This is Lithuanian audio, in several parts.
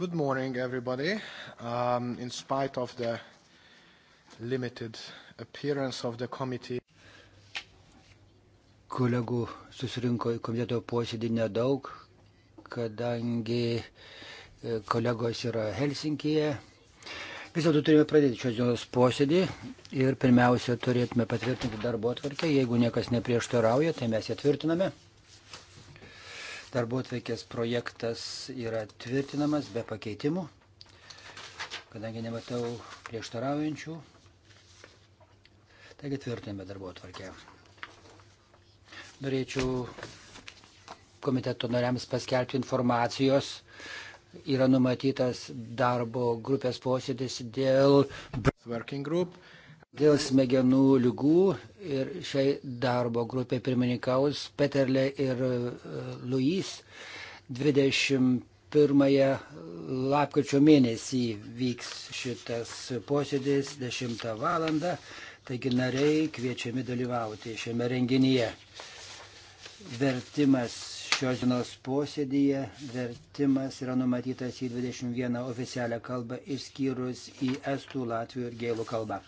Good morning, everybody. Um, in spite of the limited appearance of the committee. Kolegų susirinko į komiteto posėdį nedaug, kadangi e, kolegos yra Helsinkije. Vis dėlto turime pradėti šios dienos posėdį ir pirmiausia turėtume patvirtinti darbo atvarkę. Jeigu niekas neprieštarauja, tai mes ją tvirtiname. Darbo atveikės projektas yra tvirtinamas be pakeitimų, kadangi nematau prieštaraujančių. Taigi tvirtiname darbo atvarkę. Norėčiau komiteto noriams paskelbti informacijos. Yra numatytas darbo grupės posėdis dėl... Working group Dėl smegenų lygų ir šiai darbo grupė pirmininkaus Peterle ir e, Luis 21 lapkričio mėnesį vyks šitas posėdis 10 val. Taigi nariai kviečiami dalyvauti šiame renginyje. Vertimas šios dienos posėdyje vertimas yra numatytas į 21 oficialią kalbą išskyrus į estų, latvių ir gėlų kalbą.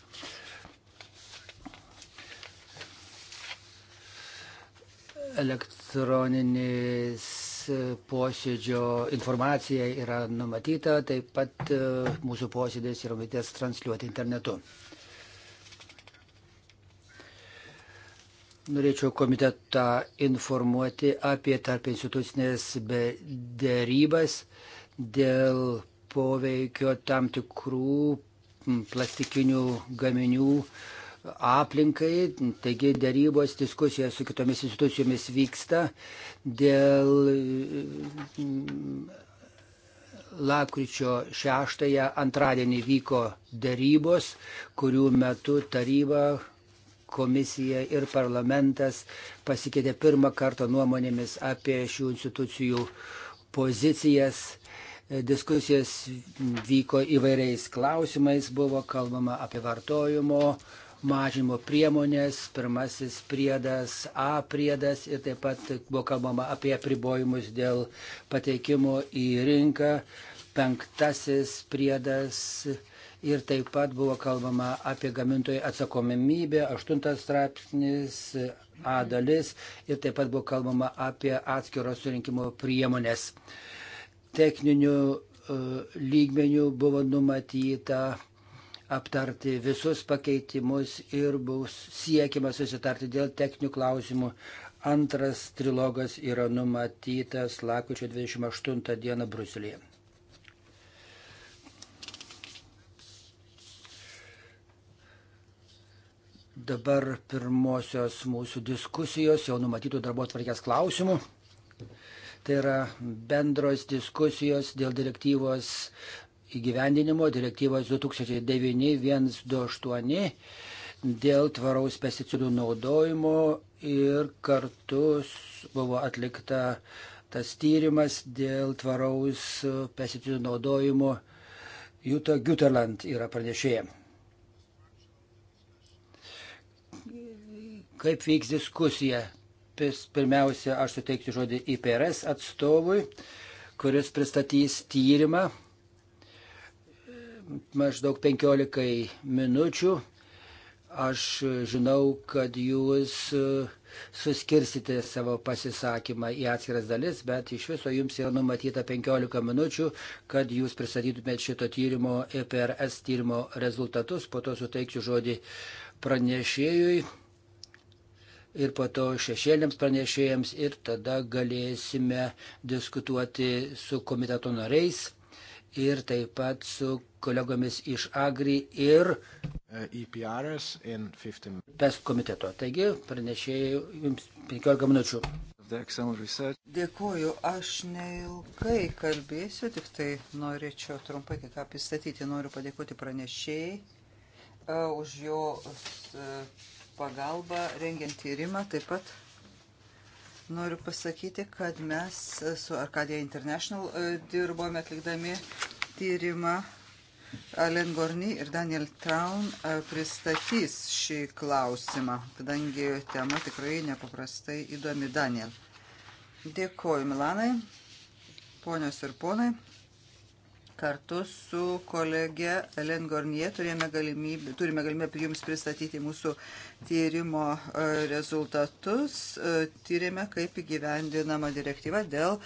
elektroninis e, posėdžio informacija yra numatyta, taip pat e, mūsų posėdės yra vietės transliuoti internetu. Norėčiau komitetą informuoti apie tarp institucinės dėrybas dėl poveikio tam tikrų plastikinių gaminių uh, aplinkai, taigi dėrybos, diskusijos su kitomis institucijomis vyksta dėl mm, lakryčio 6-ąją antradienį vyko dėrybos, kurių metu taryba, komisija ir parlamentas pasikeitė pirmą kartą nuomonėmis apie šių institucijų pozicijas diskusijos vyko įvairiais klausimais, buvo kalbama apie vartojimo mažinimo priemonės, pirmasis priedas, A priedas ir taip pat buvo kalbama apie apribojimus dėl pateikimo į rinką, penktasis priedas ir taip pat buvo kalbama apie gamintojų atsakomybę, aštuntas straipsnis, A dalis ir taip pat buvo kalbama apie atskiros surinkimo priemonės. Techninių e, lygmenių buvo numatyta aptarti visus pakeitimus ir bus siekiama susitarti dėl techninių klausimų. Antras trilogas yra numatytas lakučio 28 dieną Bruselėje. Dabar pirmosios mūsų diskusijos jau numatytų darbo atvarkės klausimų. Tai yra bendros diskusijos dėl direktyvos įgyvendinimo direktyvos 2009-128 dėl tvaraus pesticidų naudojimo ir kartu buvo atlikta tas tyrimas dėl tvaraus pesticidų naudojimo. Juta Guterland yra pranešėja. Kaip vyks diskusija? Pirmiausia, aš suteiksiu žodį IPRS atstovui, kuris pristatys tyrimą maždaug 15 minučių. Aš žinau, kad jūs e, suskirsite savo pasisakymą į atskiras dalis, bet iš viso jums yra numatyta 15 minučių, kad jūs pristatytumėte šito tyrimo, EPRS tyrimo rezultatus. Po to suteiksiu žodį pranešėjui ir po to šešėliams pranešėjams ir tada galėsime diskutuoti su komiteto nariais ir taip pat su kolegomis iš Agri ir uh, e PES komiteto. Taigi, pranešėjai jums 15 minučių. Dėkuoju, aš neilgai kalbėsiu, tik tai norėčiau trumpai kai ką pristatyti. Noriu padėkoti pranešėjai uh, už jo uh, pagalbą rengiant tyrimą. Taip pat Noriu pasakyti, kad mes su Arcadia International e, dirbome atlikdami tyrimą. Alen Gorny ir Daniel Traun e, pristatys šį klausimą, kadangi tema tikrai nepaprastai įdomi. Daniel. Dėkoju Milanai, ponios ir ponai. Kartu su kolege Len Gornie turime galimybę, turime galimybę jums pristatyti mūsų tyrimo e, rezultatus. E, tyrėme, kaip įgyvendinama direktyva dėl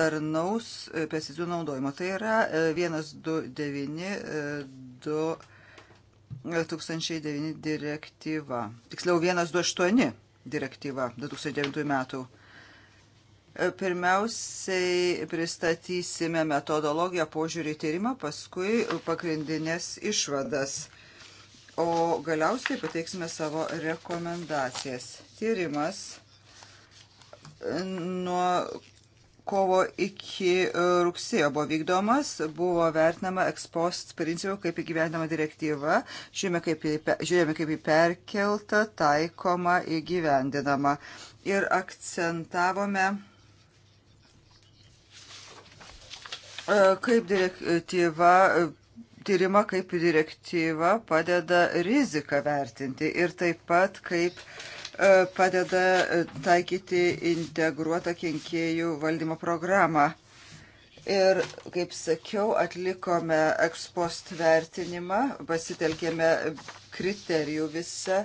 darnaus e, pesticidų naudojimo. Tai yra 129. 2009 direktyva. Tiksliau 128 direktyva 2009 metų. Pirmiausiai pristatysime metodologiją požiūrį tyrimą, paskui pagrindinės išvadas, o galiausiai pateiksime savo rekomendacijas. Tyrimas e, nuo kovo iki e, rugsėjo buvo vykdomas, buvo vertinama ekspost principų kaip įgyvendama direktyva, žiūrėjome kaip, į, žiūrėjome kaip į perkeltą, taikomą, įgyvendinamą. Ir akcentavome E, kaip direktyva, e, tyrimą kaip direktyva padeda riziką vertinti ir taip pat kaip e, padeda taikyti integruotą kenkėjų valdymo programą. Ir, kaip sakiau, atlikome ekspost vertinimą, pasitelkėme kriterijų visą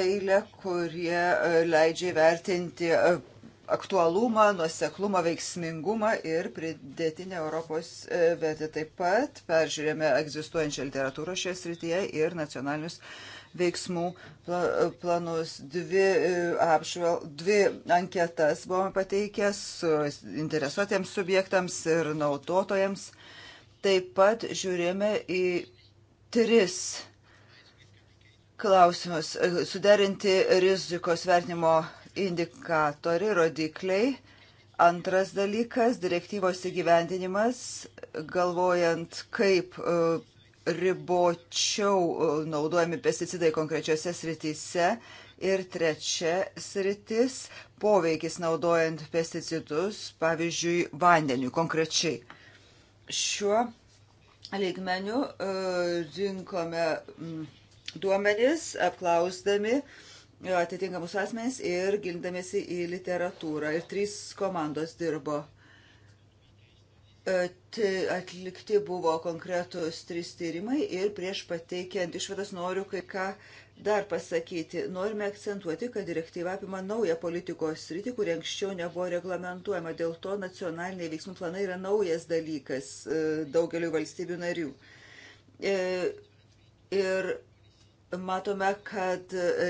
eilę, kurie leidžia įvertinti aktualumą, nuoseklumą, veiksmingumą ir pridėtinę Europos e, vertę. Taip pat peržiūrėjome egzistuojančią literatūrą šioje srityje ir nacionalinius veiksmų e, planus. Dvi, e, apšvel, dvi anketas buvome pateikę interesuotiems subjektams ir naudotojams. Taip pat žiūrėjome į tris klausimus. Suderinti rizikos vertinimo indikatoriai, rodikliai. Antras dalykas - direktyvos įgyvendinimas, galvojant, kaip e, ribočiau e, naudojami pesticidai konkrečiose srityse. Ir trečia sritis - poveikis naudojant pesticidus, pavyzdžiui, vandeniu konkrečiai. Šiuo lygmeniu e, rinkome mm, duomenis, apklausdami uh, atitinkamus asmenys ir gildamėsi į literatūrą. Ir trys komandos dirbo. E, atlikti buvo konkretus trys tyrimai ir prieš pateikiant išvadas noriu kai ką dar pasakyti. Norime akcentuoti, kad direktyva apima naują politikos sritį, kuri anksčiau nebuvo reglamentuojama. Dėl to nacionaliniai veiksmų planai yra naujas dalykas e, daugeliu valstybių narių. E, ir matome, kad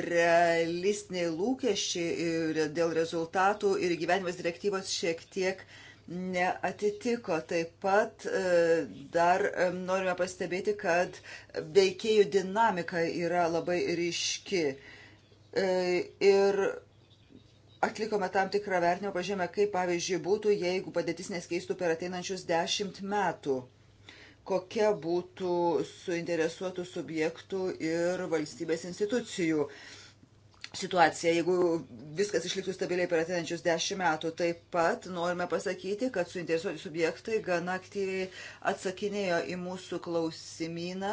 realistiniai lūkesčiai dėl rezultatų ir gyvenimas direktyvos šiek tiek neatitiko. Taip pat e, dar e, norime pastebėti, kad veikėjų dinamika yra labai ryški. E, ir atlikome tam tikrą vertinimą, pažiūrėjome, kaip pavyzdžiui būtų, jeigu padėtis neskeistų per ateinančius dešimt metų kokia būtų suinteresuotų subjektų ir valstybės institucijų situacija, jeigu viskas išliktų stabiliai per ateinančius dešimt metų. Taip pat norime pasakyti, kad suinteresuoti subjektai gana aktyviai atsakinėjo į mūsų klausimyną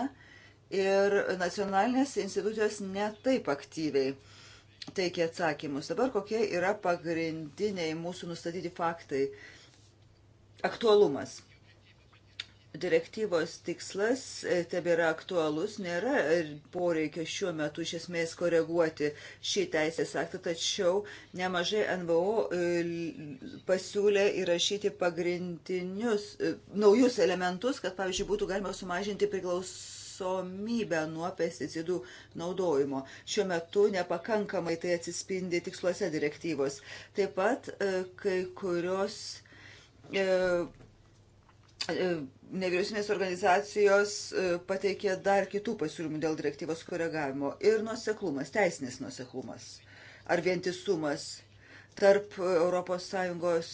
ir nacionalinės institucijos netaip aktyviai teikia atsakymus. Dabar kokie yra pagrindiniai mūsų nustatyti faktai? Aktualumas direktyvos tikslas e, tebėra aktualus, nėra poreikio šiuo metu iš esmės koreguoti šį teisės aktą, tačiau nemažai NVO e, pasiūlė įrašyti pagrindinius e, naujus elementus, kad pavyzdžiui būtų galima sumažinti priklausomybę nuo pesticidų naudojimo. Šiuo metu nepakankamai tai atsispindi tiksluose direktyvos. Taip pat kai kurios nevyriausybinės organizacijos e, pateikė dar kitų pasiūlymų dėl direktyvos koregavimo ir nuoseklumas, teisinis nuoseklumas ar vientisumas tarp ES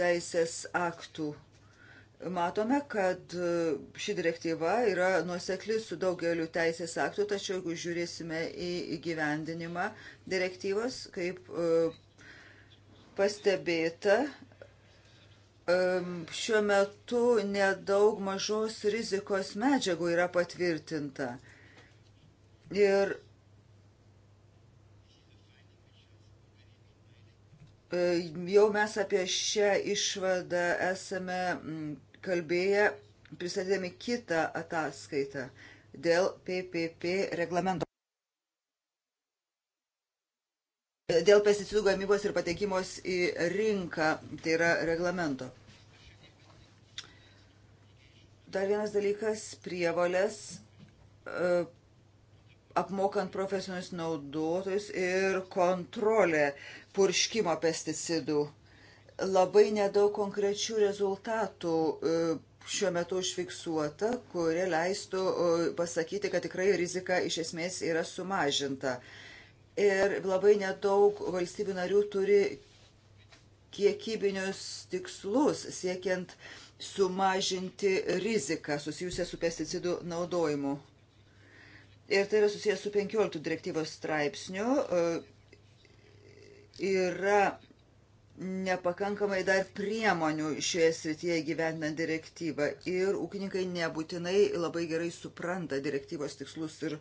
teisės aktų. Matome, kad e, ši direktyva yra nuosekli su daugeliu teisės aktų, tačiau jeigu žiūrėsime į įgyvendinimą direktyvos, kaip e, pastebėta, šiuo metu nedaug mažos rizikos medžiagų yra patvirtinta. Ir e, jau mes apie šią išvadą esame kalbėję, pristatydami kitą ataskaitą dėl PPP reglamento. Dėl pesticidų gamybos ir patekimos į rinką, tai yra reglamento. Dar vienas dalykas - prievalės e, apmokant profesinius naudotojus ir kontrolė purškimo pesticidų. Labai nedaug konkrečių rezultatų e, šiuo metu užfiksuota, kurie leistų e, pasakyti, kad tikrai rizika iš esmės yra sumažinta. Ir labai nedaug valstybių narių turi kiekybinius tikslus siekiant uh, sumažinti riziką susijusią su pesticidų naudojimu. Ir tai yra susijęs su 15 direktyvos straipsniu. E, yra nepakankamai dar priemonių šioje srityje gyvenant direktyvą ir ūkininkai nebūtinai labai gerai supranta direktyvos tikslus ir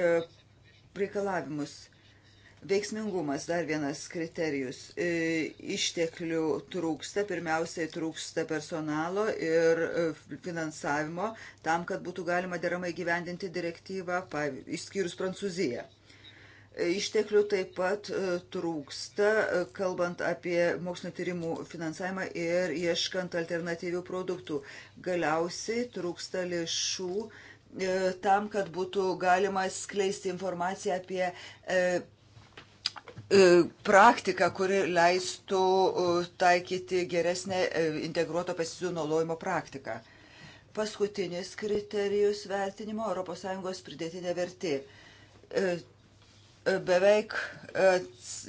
e, reikalavimus. Veiksmingumas dar vienas kriterijus. E, išteklių trūksta, pirmiausiai trūksta personalo ir e, finansavimo tam, kad būtų galima deramai gyvendinti direktyvą, išskyrus Prancūziją. E, išteklių taip pat trūksta, kalbant apie mokslinio tyrimų finansavimą ir ieškant alternatyvių produktų. Galiausiai trūksta lėšų tam, kad būtų galima skleisti informaciją apie E, praktiką, kuri leistų e, taikyti geresnę e, integruoto pesticidų naudojimo praktiką. Paskutinis kriterijus vertinimo ES pridėtinė vertė. Beveik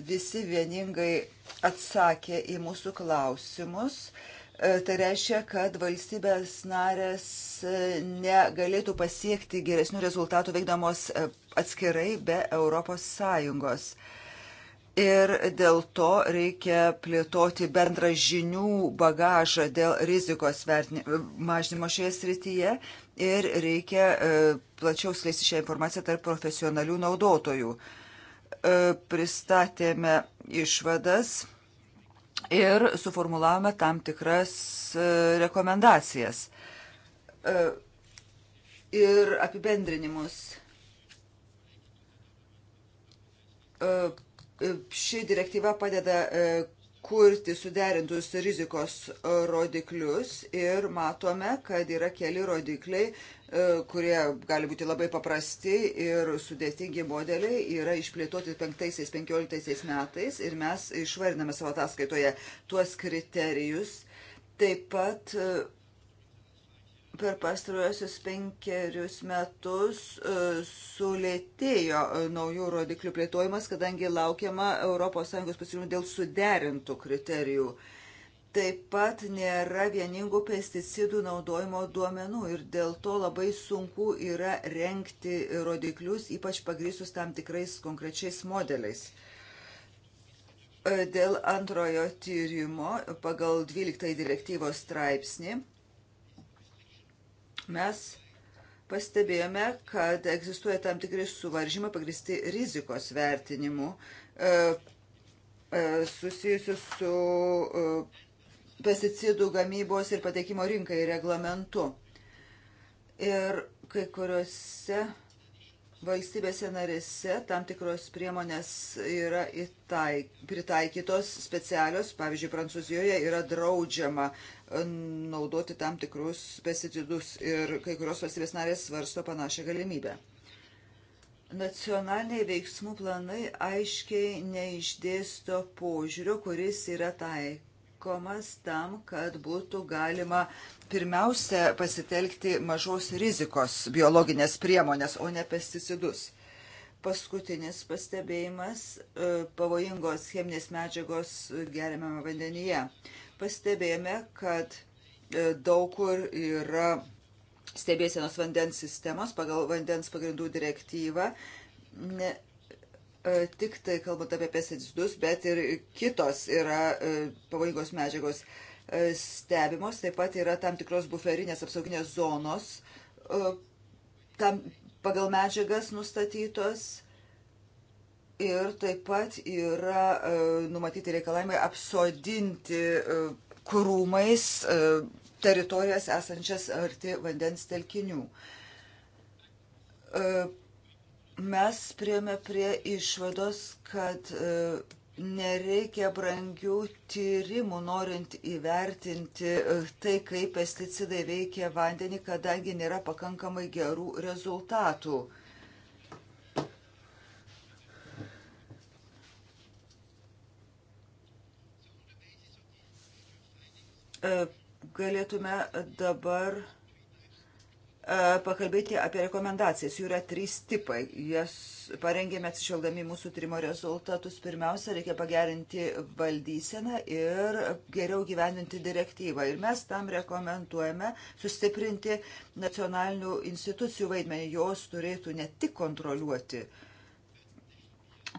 visi vieningai atsakė į mūsų klausimus. Tai reiškia, kad valstybės narės negalėtų pasiekti geresnių rezultatų veikdamos atskirai be ES. Ir dėl to reikia plėtoti bendrą žinių bagažą dėl rizikos mažnymo šioje srityje ir reikia e, plačiau skleisti šią informaciją tarp profesionalių naudotojų. E, pristatėme išvadas ir suformulavome tam tikras e, rekomendacijas ir apibendrinimus Ši direktyva padeda e, kurti suderintus rizikos rodiklius ir matome, kad yra keli rodikliai, e, kurie gali būti labai paprasti ir sudėtingi modeliai, yra išplėtoti 5-15 metais ir mes išvardiname savo ataskaitoje tuos kriterijus. Taip pat e, per pastaruosius penkerius metus e, sulėtėjo e, naujų rodiklių plėtojimas, kadangi laukiama ES pasiūlymų dėl suderintų kriterijų. Taip pat nėra vieningų pesticidų naudojimo duomenų ir dėl to labai sunku yra renkti rodiklius, ypač pagrįstus tam tikrais konkrečiais modeliais. E, dėl antrojo tyrimo pagal 12 direktyvos straipsnį mes pastebėjome, kad egzistuoja tam tikri suvaržymai pagristi rizikos vertinimu e, e, susijusiu su e, pesticidų gamybos ir patekimo rinkai reglamentu. Ir kai kuriuose valstybėse narėse tam tikros priemonės yra įtaik, pritaikytos specialios, pavyzdžiui, Prancūzijoje yra draudžiama e, naudoti tam tikrus pesticidus ir kai kurios valstybės narės svarsto panašią galimybę. Nacionaliniai veiksmų planai aiškiai neišdėsto požiūrio, kuris yra taikomas taikomas tam, kad būtų galima pirmiausia pasitelkti mažos rizikos biologinės priemonės, o ne pesticidus. Paskutinis pastebėjimas e, - pavojingos cheminės medžiagos geriamame vandenyje. Pastebėjome, kad e, daug kur yra stebėsienos vandens sistemos pagal vandens pagrindų direktyvą. Ne, E, tik tai kalbant apie pesticidus, bet ir kitos yra e, pavojingos medžiagos e, stebimos. Taip pat yra tam tikros buferinės apsauginės zonos tam pagal medžiagas nustatytos. Ir taip pat yra numatyti reikalavimai apsodinti krūmais teritorijas esančias arti vandens telkinių mes prieme prie išvados, kad e, nereikia brangių tyrimų, norint įvertinti e, tai, kaip pesticidai veikia vandenį, kadangi nėra pakankamai gerų rezultatų. E, galėtume dabar E, pakalbėti apie rekomendacijas. Jų yra trys tipai. Jas parengėme atsišaldami mūsų trimo rezultatus. Pirmiausia, reikia pagerinti valdyseną ir geriau gyveninti direktyvą. Ir mes tam rekomenduojame sustiprinti nacionalinių institucijų vaidmenį. Jos turėtų ne tik kontroliuoti uh,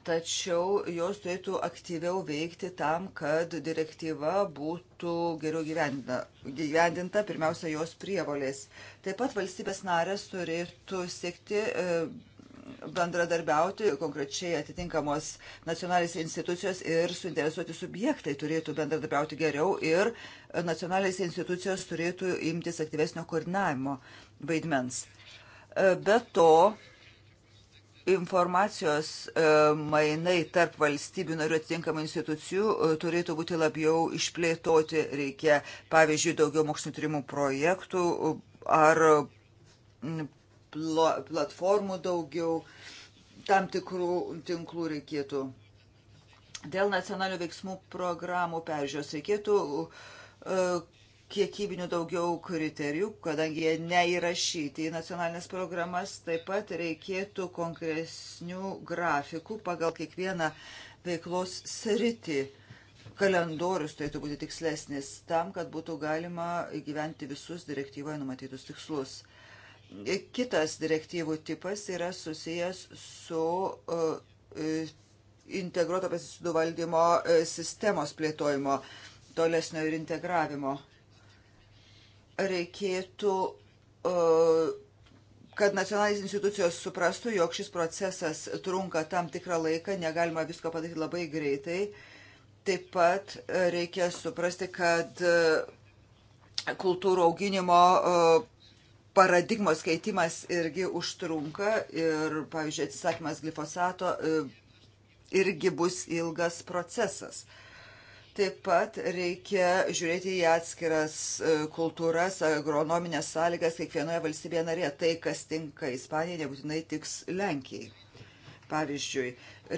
tačiau jos turėtų aktyviau veikti tam, kad direktyva būtų geriau gyvendinta, pirmiausia, jos prievolės. Taip pat valstybės narės turėtų siekti e, bendradarbiauti, konkrečiai atitinkamos nacionalinės institucijos ir suinteresuoti subjektai turėtų bendradarbiauti geriau ir nacionalinės institucijos turėtų imtis aktyvesnio koordinavimo vaidmens. E, be to, informacijos e, mainai tarp valstybių narių atitinkamų institucijų e, turėtų būti labiau išplėtoti. Reikia, pavyzdžiui, daugiau mokslinio tyrimų projektų ar platformų daugiau, tam tikrų tinklų reikėtų. Dėl nacionalių veiksmų programų peržiūros reikėtų e, kiekybinių daugiau kriterijų, kadangi jie neįrašyti į nacionalinės programas, taip pat reikėtų konkresnių grafikų pagal kiekvieną veiklos sritį. Kalendorius turėtų būti tikslesnis tam, kad būtų galima įgyventi visus direktyvoje numatytus tikslus. Kitas direktyvų tipas yra susijęs su uh, integruoto pesticidų valdymo e, sistemos plėtojimo, tolesnio ir integravimo reikėtų, kad nacionalinės institucijos suprastų, jog šis procesas trunka tam tikrą laiką, negalima visko padaryti labai greitai. Taip pat e, reikia suprasti, kad e, kultūrų auginimo paradigmos keitimas irgi užtrunka ir, pavyzdžiui, atsisakymas glifosato e, irgi bus ilgas procesas. Taip pat reikia žiūrėti į atskiras e, kultūras, agronominės sąlygas kiekvienoje valstybėje narėje. Tai, kas tinka Ispanijai, nebūtinai tiks Lenkijai. Pavyzdžiui,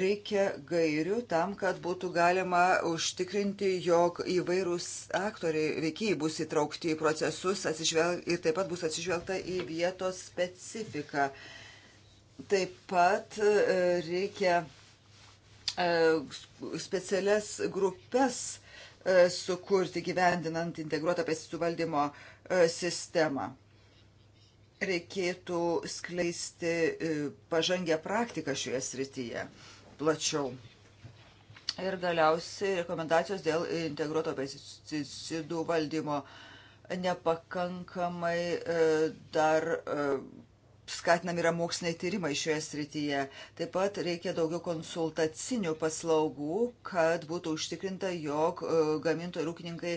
reikia gairių tam, kad būtų galima užtikrinti, jog įvairūs aktoriai, veikiai bus įtraukti į procesus atsižvel... ir taip pat bus atsižvelgta į vietos specifiką. Taip pat e, reikia E, specialias grupės e, sukurti gyvendinant integruotą pesticidų valdymo e, sistemą. Reikėtų skleisti pažangę praktiką šioje srityje plačiau. Ir galiausiai rekomendacijos dėl integruoto pesticidų valdymo nepakankamai dar skatinami yra moksliniai tyrimai šioje srityje. Taip pat reikia daugiau konsultacinių paslaugų, kad būtų užtikrinta, jog e, gamintojai ir ūkininkai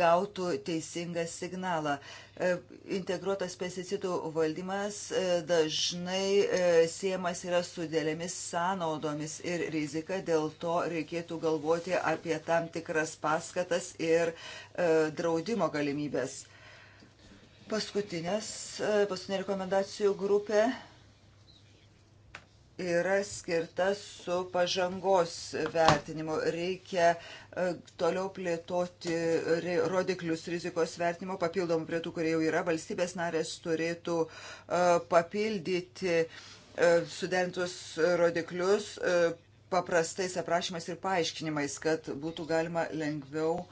gautų teisingą signalą. E, integruotas pesticidų valdymas e, dažnai siemas yra su dėlėmis sąnaudomis ir rizika, dėl to reikėtų galvoti apie tam tikras paskatas ir draudimo galimybės Paskutinės, e, paskutinė rekomendacijų grupė yra skirta su pažangos vertinimu. Reikia e, toliau plėtoti rodiklius rizikos vertinimo papildomų prie tų, kurie jau yra. Valstybės narės turėtų e, papildyti suderintus rodiklius paprastais aprašymais ir paaiškinimais, kad būtų galima lengviau uh,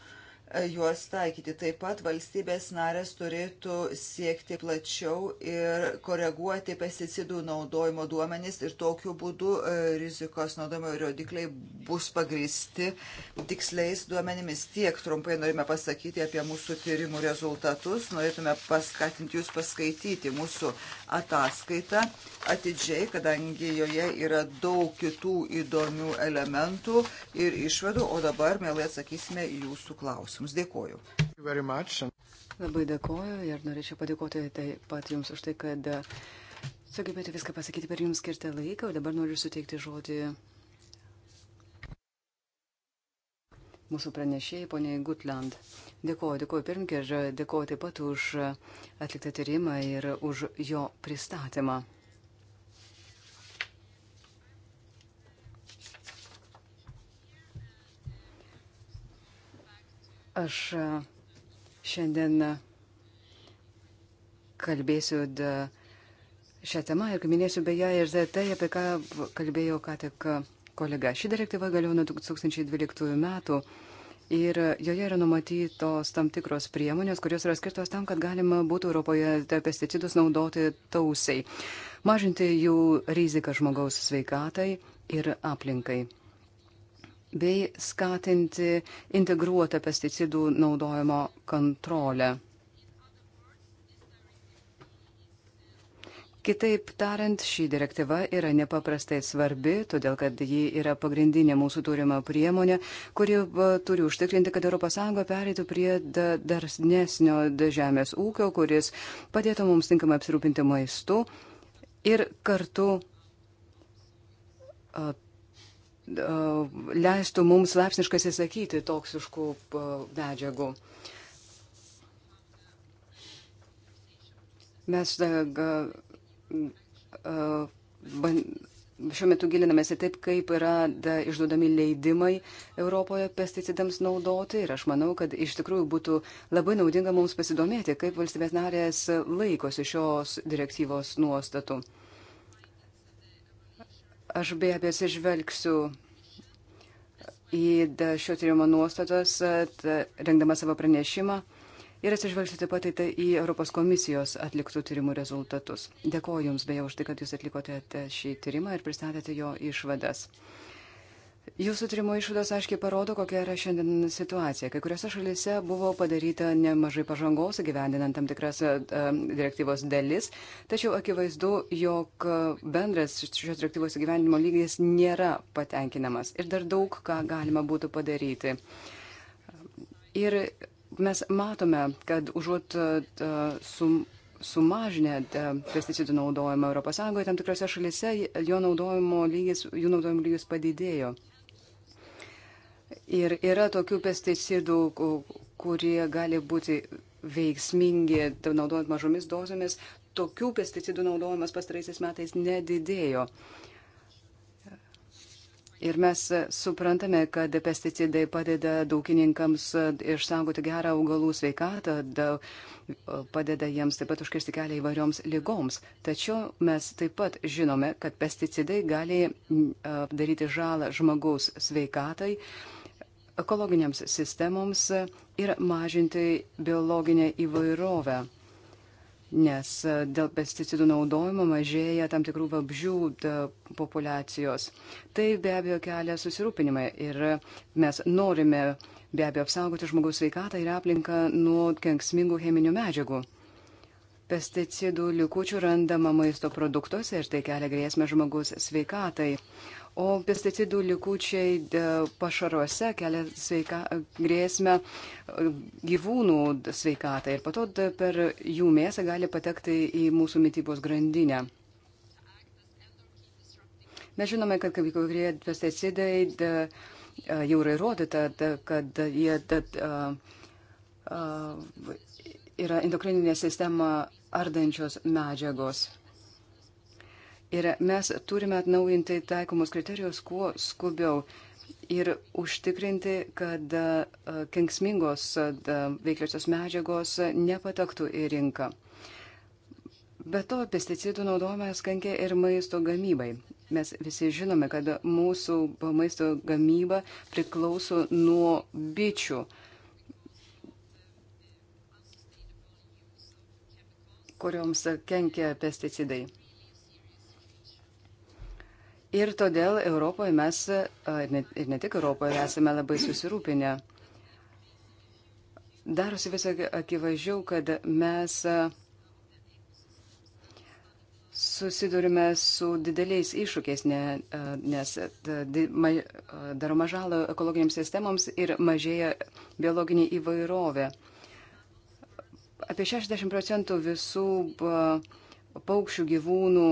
juos taikyti. Taip pat valstybės narės turėtų siekti plačiau ir koreguoti pesticidų naudojimo duomenys ir tokiu būdu e, rizikos naudojimo rodikliai bus pagristi tiksliais duomenimis. Tiek trumpai norime pasakyti apie mūsų tyrimų rezultatus. Norėtume paskatinti jūs paskaityti mūsų ataskaitą atidžiai, kadangi joje yra daug kitų įdomių elementų ir išvadų, o dabar mielai atsakysime į jūsų klausimus. Dėkuoju. Labai dėkuoju ir norėčiau padėkoti taip pat Jums už tai, kad sugebėjote viską pasakyti per Jums skirtą laiką, o dabar noriu suteikti žodį mūsų pranešėjai, poniai Gutland. Dėkuoju, dėkuoju pirmkė ir dėkuoju taip pat už atliktą tyrimą ir už jo pristatymą. Aš šiandien kalbėsiu šią temą ir minėsiu beje ir tai, apie ką kalbėjau ką tik kolega. Ši direktyva galioja nuo 2012 metų. Ir joje yra numatytos tam tikros priemonės, kurios yra skirtos tam, kad galima būtų Europoje pesticidus naudoti tausiai, mažinti jų riziką žmogaus sveikatai ir aplinkai bei skatinti integruotą pesticidų naudojimo kontrolę. Kitaip tariant, ši direktyva yra nepaprastai svarbi, todėl kad ji yra pagrindinė mūsų turima priemonė, kuri turi užtikrinti, kad ES pereitų prie darsnesnio žemės ūkio, kuris padėtų mums tinkamai apsirūpinti maistu ir kartu a, a, leistų mums laipsniškai atsisakyti toksiškų medžiagų. Mes da, ga, šiuo metu gilinamės į taip, kaip yra da, išduodami leidimai Europoje pesticidams naudoti ir aš manau, kad iš tikrųjų būtų labai naudinga mums pasidomėti, kaip valstybės narės laikosi šios direktyvos nuostatų. Aš be abejo atsižvelgsiu į šio tyrimo nuostatas, rengdama savo pranešimą ir atsižvelgsiu taip pat tai į Europos komisijos atliktų tyrimų rezultatus. Dėkoju Jums beje už tai, kad Jūs atlikote šį tyrimą ir pristatėte jo išvadas. Jūsų tyrimo išvados aiškiai parodo, kokia yra šiandien situacija. Kai kuriuose šalyse buvo padaryta nemažai pažangos, gyvendinant tam tikras e, direktyvos dalis, tačiau akivaizdu, jog bendras šios direktyvos gyvenimo lygis nėra patenkinamas ir dar daug ką galima būtų padaryti. Ir mes matome, kad užuot e, e, sum, sumažinę e, pesticidų naudojimą ES, tam tikrose šalise jo naudojimo lygis, jų naudojimo lygis padidėjo. Ir yra tokių pesticidų, kurie gali būti veiksmingi, naudojant mažomis dozėmis. Tokių pesticidų naudojimas pastaraisiais metais nedidėjo. Uh, Ir mes suprantame, kad pesticidai padeda daugininkams e, išsaugoti gerą augalų sveikatą, padeda jiems taip pat užkirsti kelią įvairioms lygoms. Tačiau mes taip pat žinome, kad pesticidai gali e, daryti žalą žmogaus sveikatai ekologiniams sistemoms ir mažinti biologinę įvairovę nes e, dėl pesticidų naudojimo mažėja tam tikrų vabžių populacijos. Tai be abejo kelia susirūpinimą ir mes norime be abejo apsaugoti žmogaus sveikatą ir aplinką nuo kenksmingų cheminių medžiagų. Pesticidų likučių randama maisto produktuose ir tai kelia grėsmę žmogus sveikatai o pesticidų likučiai e, pašaruose kelia sveika, e, grėsmę e, gyvūnų sveikatai ir pato per jų mėsą gali patekti į mūsų mytybos grandinę. Mes žinome, kad kai kurie pesticidai jau yra įrodyta, kad jie tad, uh, uh, yra endokrininę sistemą ardančios medžiagos. Ir mes turime atnaujinti taikomus kriterijus kuo skubiau ir užtikrinti, kad e, kenksmingos e, veikliosios medžiagos nepatektų į rinką. Be to, pesticidų naudojimas kenkia ir maisto gamybai. Mes visi žinome, kad mūsų maisto gamyba priklauso nuo bičių. kurioms kenkia pesticidai. Ir todėl Europoje mes, ir ne, ir ne tik Europoje, esame labai susirūpinę. Darosi vis akivaizdžiau, kad mes susidurime su dideliais iššūkiais, ne, nes daroma žala ekologiniams sistemoms ir mažėja biologinė įvairovė. Apie 60 procentų visų paukščių gyvūnų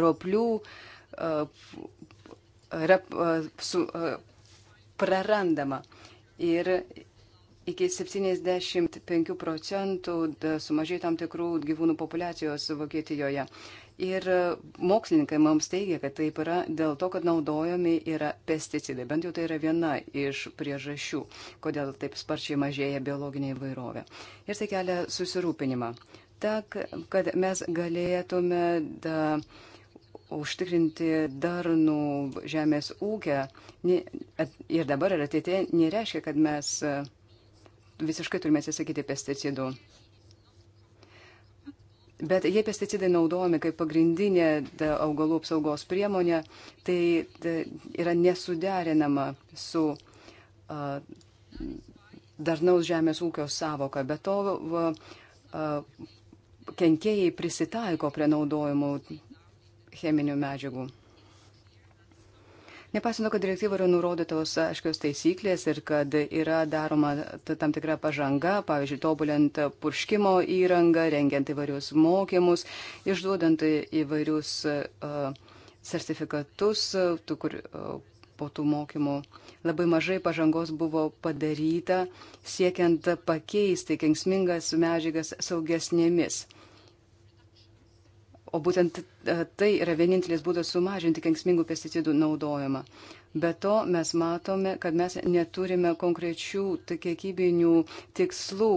roplių yra su, prarandama. Ir iki 75 procentų sumažėjo tam tikrų gyvūnų populiacijos Vokietijoje. Ir mokslininkai mums teigia, kad taip yra dėl to, kad naudojami yra pesticidai. Bent jau tai yra viena iš priežasčių, kodėl taip sparčiai mažėja biologinė įvairovė. Ir tai kelia susirūpinimą. Ta, kad mes galėtume da, uh, užtikrinti darnų žemės ūkę ir dabar ir ateitėje nereiškia, kad mes e, visiškai turime atsisakyti pesticidų. Bet jei pesticidai naudojami kaip pagrindinė da, e, augalų apsaugos priemonė, tai da, e, yra nesuderinama su a, darnaus žemės ūkio savoka. Be to, a, a, kenkėjai prisitaiko prie naudojimų cheminių medžiagų. Nepasino, kad direktyva yra nurodytos aiškios taisyklės ir kad yra daroma tam tikra pažanga, pavyzdžiui, tobulint purškimo įrangą, rengiant įvairius mokymus, išduodant įvairius uh, sertifikatus, e, tų, kur, uh, po tų mokymų. Labai mažai pažangos buvo padaryta, siekiant pakeisti kengsmingas medžiagas saugesnėmis. Uh, O būtent e, tai yra vienintelis būdas sumažinti kenksmingų pesticidų naudojimą. Be to mes matome, kad mes neturime konkrečių kiekybinių tikslų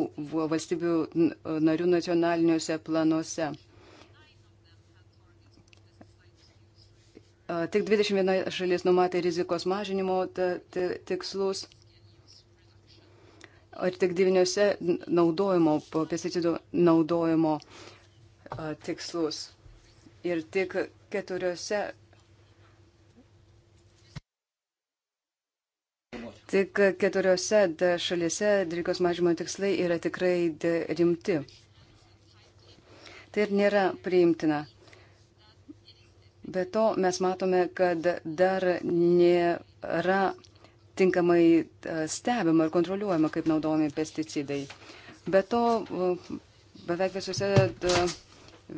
valstybių narių nacionaliniuose planuose. E, tik 21 šalis numatė rizikos mažinimo tikslus ir tik 9 naudojimo, pesticidų naudojimo e, tikslus ir tik keturiose. Tik keturiose šalise drykos mažimo tikslai yra tikrai rimti. Tai ir nėra priimtina. Be to mes matome, kad dar nėra tinkamai e, stebima ir kontroliuojama, kaip naudojami pesticidai. Be to beveik visose. Da,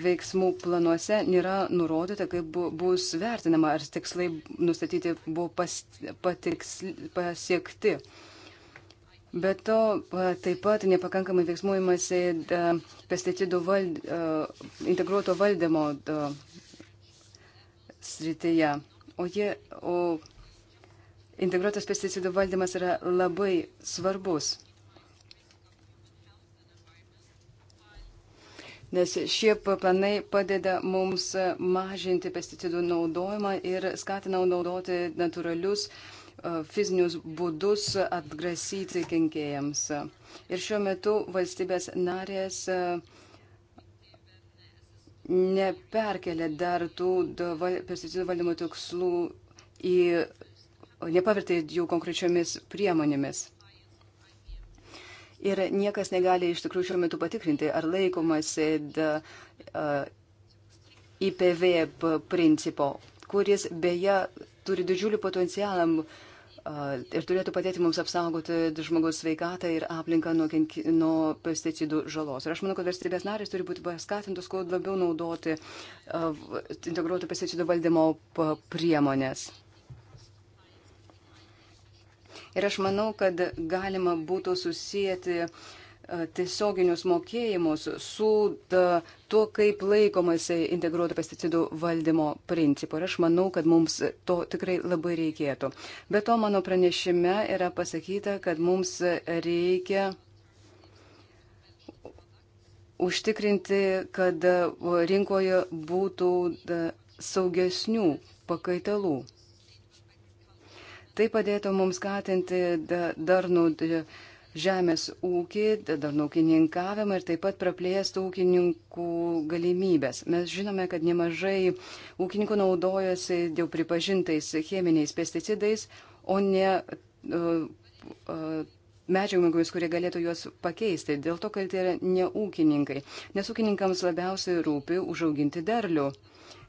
veiksmų planuose nėra nurodyta, kaip bu, bus vertinama, ar tikslai nustatyti buvo pas, patiksli, pasiekti. Bet to taip pat nepakankamai veiksmuojamasi pesticidų vald, integruoto valdymo da, srityje. O, jie, o integruotas pesticidų valdymas yra labai svarbus. nes šie planai padeda mums mažinti pesticidų naudojimą ir skatina naudoti natūralius e, fizinius būdus atgrasyti kenkėjams. Ir šiuo metu valstybės narės e, neperkelia dar tų pesticidų valdymo tikslų į, nepavirtė jų konkrečiomis priemonėmis ir niekas negali iš tikrųjų šiuo metu patikrinti, ar laikomasi IPV principo, kuris beje turi didžiulį potencialą ir turėtų padėti mums apsaugoti žmogaus sveikatą ir aplinką nuo, kenki, nuo pesticidų žalos. Ir aš manau, kad valstybės narės turi būti paskatintos kuo labiau naudoti uh, integruotų pesticidų valdymo priemonės. Ir aš manau, kad galima būtų susijęti e, tiesioginius mokėjimus su e, tuo, kaip laikomasi integruoto pesticidų valdymo principu. Ir aš manau, kad mums to tikrai labai reikėtų. Be to, mano pranešime yra pasakyta, kad mums reikia užtikrinti, kad e, rinkoje būtų saugesnių pakaitalų. Tai padėtų mums skatinti darnų žemės ūkį, darnų ūkininkavimą ir taip pat praplėstų ūkininkų galimybės. Mes žinome, kad nemažai ūkininkų naudojasi jau pripažintais cheminiais pesticidais, o ne uh, e, uh, e, medžiagomis, kurie galėtų juos pakeisti. Dėl to, kad tai yra ne ūkininkai. Nes ūkininkams labiausiai rūpi užauginti derlių.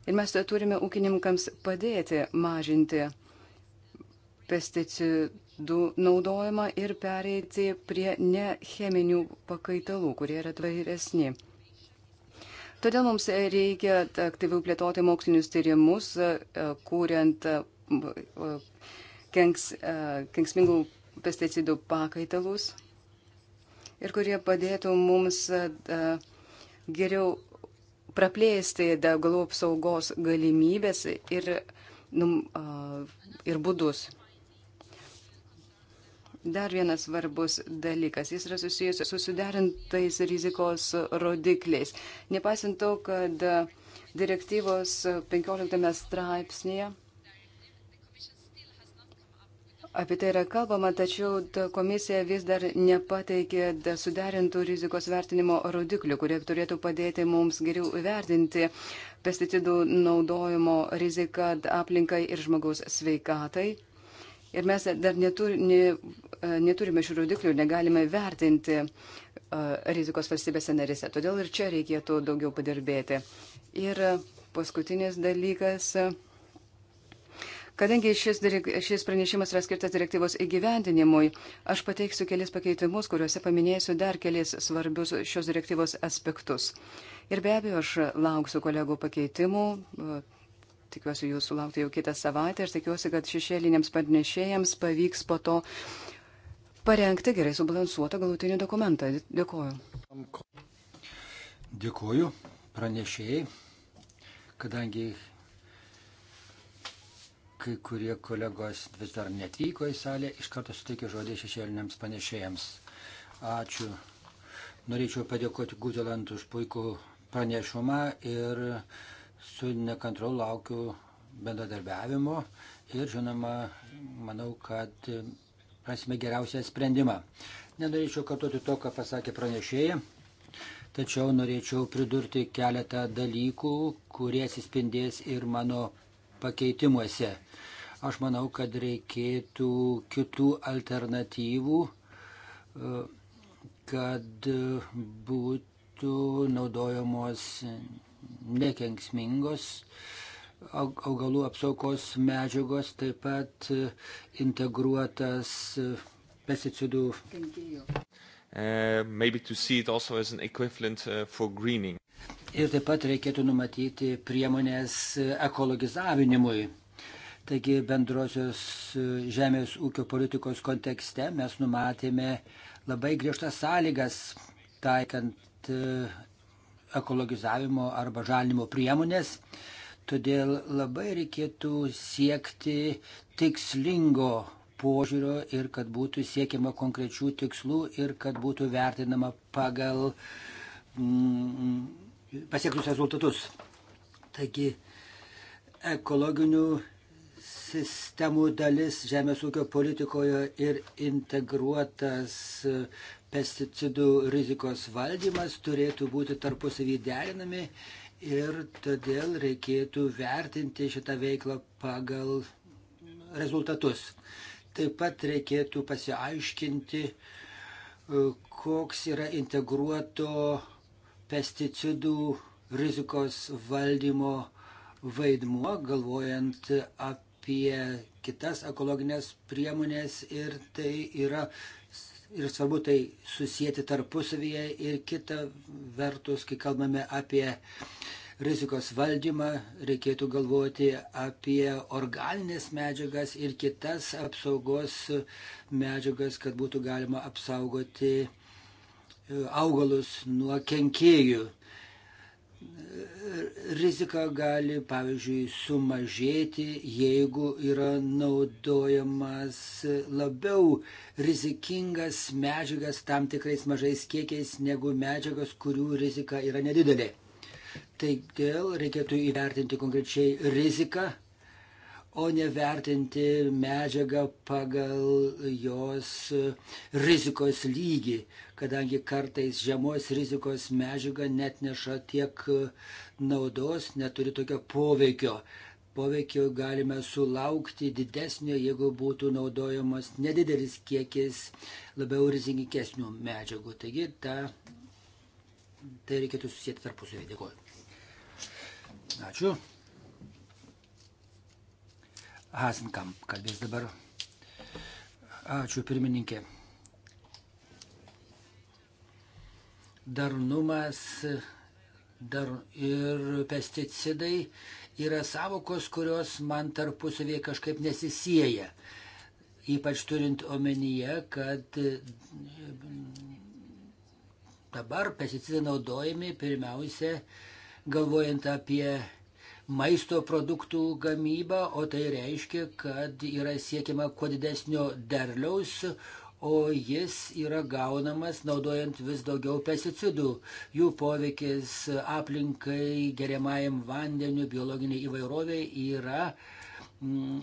Ir mes turime ūkininkams padėti mažinti pesticidų naudojimą ir pereiti prie necheminių pakaitalų, kurie yra tvairesni. Todėl mums reikia aktyviau plėtoti mokslinius tyrimus, e, kuriant e, kenks, e, kenksmingų pesticidų pakaitalus ir kurie padėtų mums geriau praplėsti degalų apsaugos galimybės ir, num, ir būdus. Dar vienas svarbus dalykas, jis yra susijęs su suderintais rizikos rodikliais. Nepaisant to, kad direktyvos 15 straipsnėje apie tai yra kalbama, tačiau ta komisija vis dar nepateikė suderintų rizikos vertinimo rodiklių, kurie turėtų padėti mums geriau vertinti pesticidų naudojimo riziką aplinkai ir žmogaus sveikatai. Ir mes dar neturi, ne, e, neturime šių rodiklių ir negalime vertinti e, rizikos valstybėse narise. Todėl ir čia reikėtų daugiau padirbėti. Ir paskutinis dalykas. Kadangi šis, šis pranešimas yra skirtas direktyvos įgyvendinimui, aš pateiksiu kelis pakeitimus, kuriuose paminėsiu dar kelis svarbius šios direktyvos aspektus. Ir be abejo, aš lauksiu kolegų pakeitimų, e, tikiuosi jūsų laukti jau kitą savaitę ir tikiuosi, kad šešėliniams pranešėjams pavyks po to parengti gerai subalansuotą galutinį dokumentą. Dėkuoju. Dėkuoju pranešėjai, kadangi kai kurie kolegos vis dar netvyko į salę, iš karto suteikiu žodį šešėliniams pranešėjams. Ačiū. Norėčiau padėkoti Gutelant už puikų pranešimą ir uh, su nekantru laukiu bendradarbiavimo ir žinoma, manau, kad rasime geriausią sprendimą. Nenorėčiau kartuoti to, ką pasakė pranešėja, tačiau norėčiau pridurti keletą dalykų, kurie atsispindės ir mano pakeitimuose. Aš manau, kad reikėtų kitų alternatyvų, kad būtų naudojamos nekenksmingos augalų apsaugos medžiagos, taip pat e, integruotas e, pesticidų. Uh, uh Ir taip pat reikėtų numatyti priemonės e, ekologizavinimui. Taigi bendrosios žemės ūkio politikos kontekste mes numatėme labai griežtas sąlygas taikant ekologizavimo arba žalinimo priemonės. Todėl labai reikėtų siekti tikslingo požiūrio ir kad būtų siekiama konkrečių tikslų ir kad būtų vertinama pagal mm, pasiektus rezultatus. Taigi, ekologinių sistemų dalis žemės ūkio politikoje ir integruotas pesticidų rizikos valdymas turėtų būti tarpusavį derinami ir todėl reikėtų vertinti šitą veiklą pagal rezultatus. Taip pat reikėtų pasiaiškinti, koks yra integruoto pesticidų rizikos valdymo vaidmuo, galvojant apie kitas ekologinės priemonės ir tai yra ir svarbu tai susijęti tarpusavyje ir kita vertus, kai kalbame apie rizikos valdymą, reikėtų galvoti apie organinės medžiagas ir kitas apsaugos medžiagas, kad būtų galima apsaugoti e, augalus nuo kenkėjų rizika gali, pavyzdžiui, sumažėti, jeigu yra naudojamas labiau rizikingas medžiagas tam tikrais mažais kiekiais negu medžiagas, kurių rizika yra nedidelė. Taigi reikia įvertinti konkrečiai riziką o ne vertinti medžiagą pagal jos rizikos lygį, kadangi kartais žemos rizikos medžiaga net neša tiek naudos, neturi tokio poveikio. Poveikio galime sulaukti didesnio, jeigu būtų naudojamas nedidelis kiekis labiau rizikesnių medžiagų. Taigi ta, tai reikėtų susijęti tarpusavį. Dėkuoju. Ačiū. Hasenkam kalbės dabar. Ačiū pirmininkė. Darnumas dar ir pesticidai yra savokos, kurios man tarpusavėje kažkaip nesisėja. Ypač turint omenyje, kad dabar pesticidai naudojami pirmiausia galvojant apie maisto produktų gamybą, o tai reiškia, kad yra siekiama kuo didesnio derliaus, o jis yra gaunamas naudojant vis daugiau pesticidų. Jų poveikis aplinkai, geriamajam vandeniu, biologiniai įvairoviai yra mm,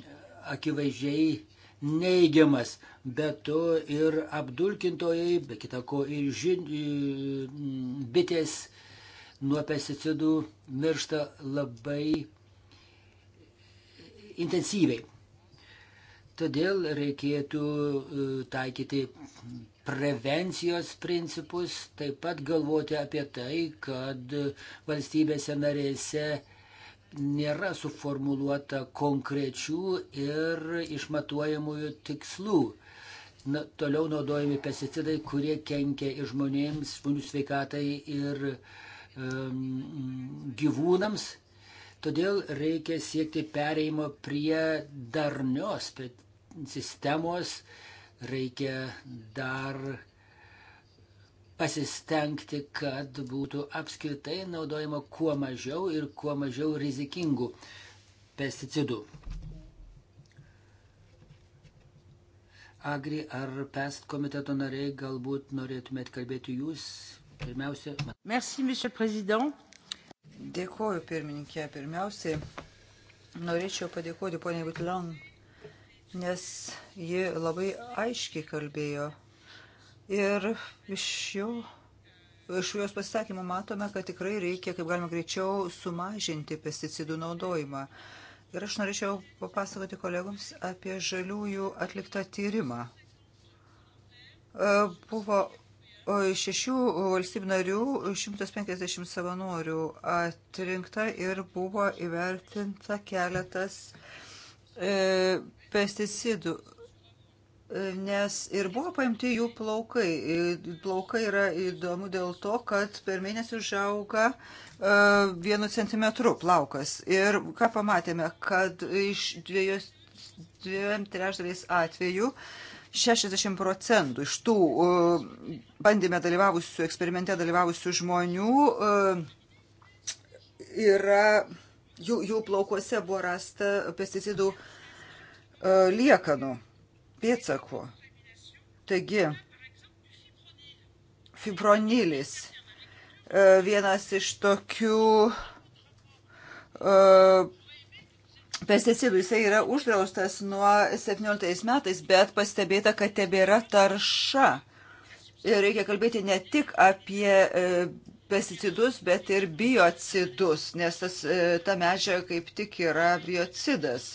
akivaizdžiai neigiamas. Be to ir apdulkintojai, be kitako ir žin, bitės nuo pesticidų miršta labai intensyviai. Todėl reikėtų e, taikyti prevencijos principus, taip pat galvoti apie tai, kad valstybėse narėse nėra suformuluota konkrečių ir išmatuojamųjų tikslų. Na, toliau naudojami pesticidai, kurie kenkia ir žmonėms, žmonių sveikatai ir uh, gyvūnams. Todėl reikia siekti pereimo prie darnios prie sistemos, reikia dar pasistengti, kad būtų apskritai naudojama kuo mažiau ir kuo mažiau rizikingų pesticidų. Agri ar PEST komiteto nariai galbūt norėtumėt kalbėti jūs, Pirmiausia. Merci, monsieur prezident. Dėkoju, pirmininkė. Pirmiausiai norėčiau padėkoti poniai Vitlan, nes ji labai aiškiai kalbėjo. Ir iš jo Iš jos pasisakymų matome, kad tikrai reikia, kaip galima greičiau, sumažinti pesticidų naudojimą. Ir aš norėčiau papasakoti kolegoms apie žaliųjų atliktą tyrimą. E, buvo O iš šešių valstybių narių 150 savanorių atrinkta ir buvo įvertinta keletas e, pesticidų, e, nes ir buvo paimti jų plaukai. E, plaukai yra įdomu dėl to, kad per mėnesį užauga e, vienu centimetru plaukas. Ir ką pamatėme, kad iš dviejos dviem trešdaliais atvejų e, 60 procentų iš tų e, bandėme dalyvavusių, eksperimente dalyvavusių žmonių e, yra, jų, jų plaukuose buvo rasta pesticidų e, liekanų, pėtsakų. Taigi, fibronilis, vienas iš tokių pesticidų. Jisai yra uždraustas nuo 17 metais, bet pastebėta, kad tebėra tarša. Ir reikia kalbėti ne tik apie e, pesticidus, bet ir biocidus, nes tas, e, ta medžiaga kaip tik yra biocidas.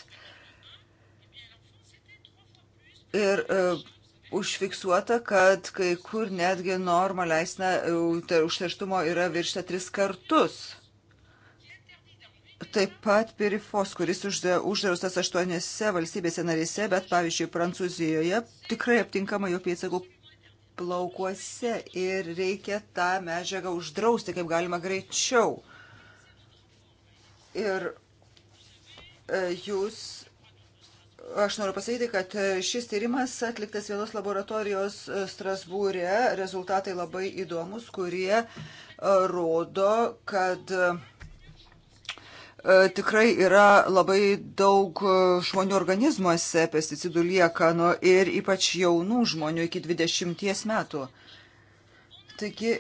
Ir uh, užfiksuota, kad kai kur netgi norma leisna užterštumo yra viršta tris kartus. Taip pat pirifos, kuris uždraustas aštuoniuose valstybėse narėse, bet pavyzdžiui Prancūzijoje tikrai aptinkama jo pėdsakų plaukuose ir reikia tą medžiagą uždrausti kaip galima greičiau. Ir e, jūs, aš noriu pasakyti, kad šis tyrimas atliktas vienos laboratorijos e, Strasbūrė, rezultatai labai įdomus, kurie e, rodo, kad E, tikrai yra labai daug e, žmonių organizmuose pesticidų liekanų ir ypač jaunų žmonių iki 20 metų. Taigi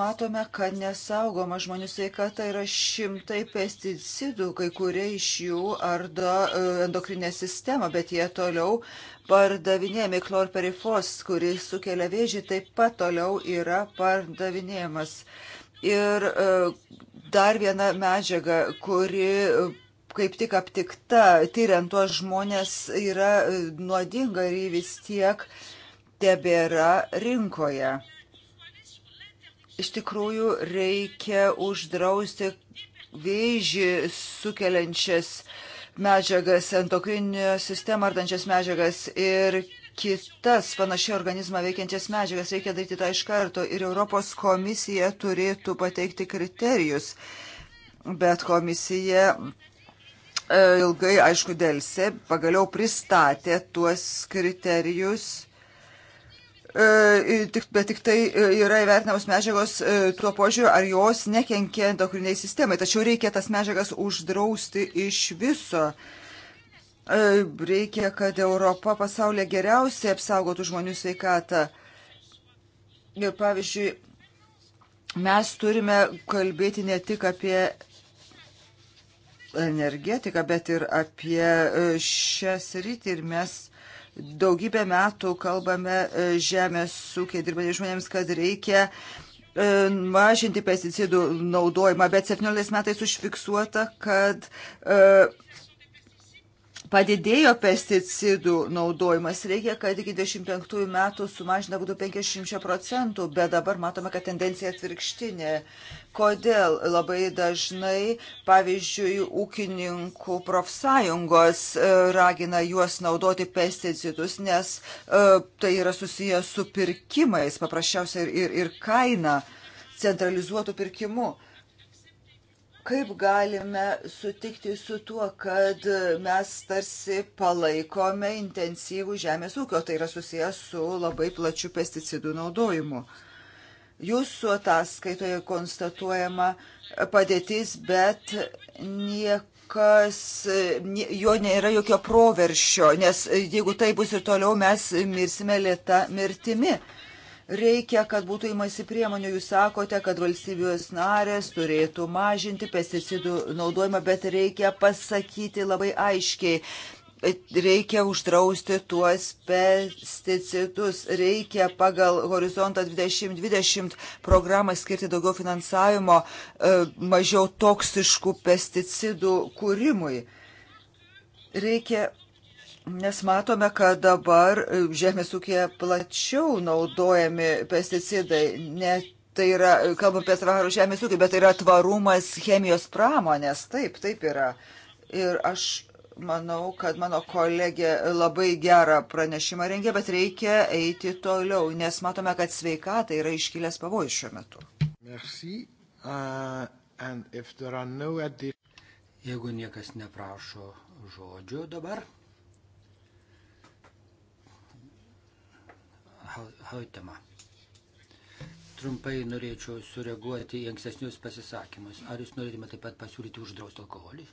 matome, kad nesaugoma žmonių sveikata yra šimtai pesticidų, kai kurie iš jų ardo e, endokrinę sistemą, bet jie toliau pardavinėjami klorperifos, kuris sukelia vėžį, taip pat toliau yra pardavinėjamas. Ir uh, dar viena medžiaga, kuri e, kaip tik aptikta, tyriant tuos žmonės, yra e, nuodinga ir jį vis tiek tebėra rinkoje. Iš tikrųjų, reikia uždrausti vėžį sukeliančias medžiagas, endokrininio sistemą ardančias medžiagas ir kitas panašiai organizmą veikiančias medžiagas. Reikia daryti tą iš karto ir Europos komisija turėtų pateikti kriterijus. Bet komisija e, ilgai, aišku, dėlse, pagaliau pristatė tuos kriterijus. E, bet tik tai e, yra įvertinamos medžiagos tuo požiūriu, ar jos nekenkia endokriniai sistemai. Tačiau reikia tas medžiagas uždrausti iš viso. Uh, E, reikia, kad Europa pasaulyje geriausiai apsaugotų žmonių sveikatą. Ir pavyzdžiui, mes turime kalbėti ne tik apie energetiką, bet ir apie e, šią sritį. Ir mes daugybę metų kalbame e, žemės ūkiai dirbantys žmonėms, kad reikia mažinti pesticidų naudojimą, bet 17 metais užfiksuota, kad uh, Padidėjo pesticidų naudojimas. Reikia, kad iki 25 metų sumažina būtų 50 procentų, bet dabar matome, kad tendencija atvirkštinė. Kodėl labai dažnai, pavyzdžiui, ūkininkų profsąjungos e, ragina juos naudoti pesticidus, nes e, tai yra susijęs su pirkimais, paprasčiausiai ir, ir, ir kaina centralizuotų pirkimų kaip galime sutikti su tuo, kad mes tarsi palaikome intensyvų žemės ūkio, tai yra susijęs su labai plačiu pesticidų naudojimu. Jūsų ataskaitoje konstatuojama padėtis, bet niekas, jo nėra jokio proveršio, nes jeigu tai bus ir toliau, mes mirsime lėta mirtimi. Reikia, kad būtų įmasi priemonių. Jūs sakote, kad valstybės narės turėtų mažinti pesticidų naudojimą, bet reikia pasakyti labai aiškiai reikia uždrausti tuos pesticidus, reikia pagal horizontą 2020 programą skirti daugiau finansavimo e, mažiau toksiškų pesticidų kūrimui. Reikia Nes matome, kad dabar e, žemės ūkėje plačiau naudojami pesticidai, net tai yra, e, kalbam apie tvarų žemės ūkį, bet tai yra tvarumas chemijos pramonės, taip, taip yra. Ir aš manau, kad mano kolegė labai gerą pranešimą rengė, bet reikia eiti toliau, nes matome, kad sveikata yra iškilęs pavojus šiuo metu. Merci. Uh, no... Jeigu niekas neprašo žodžio dabar. Hautama. Trumpai norėčiau sureaguoti į ankstesnius pasisakymus. Ar jūs norėtumėte taip pat pasiūlyti uždrausti alkoholį?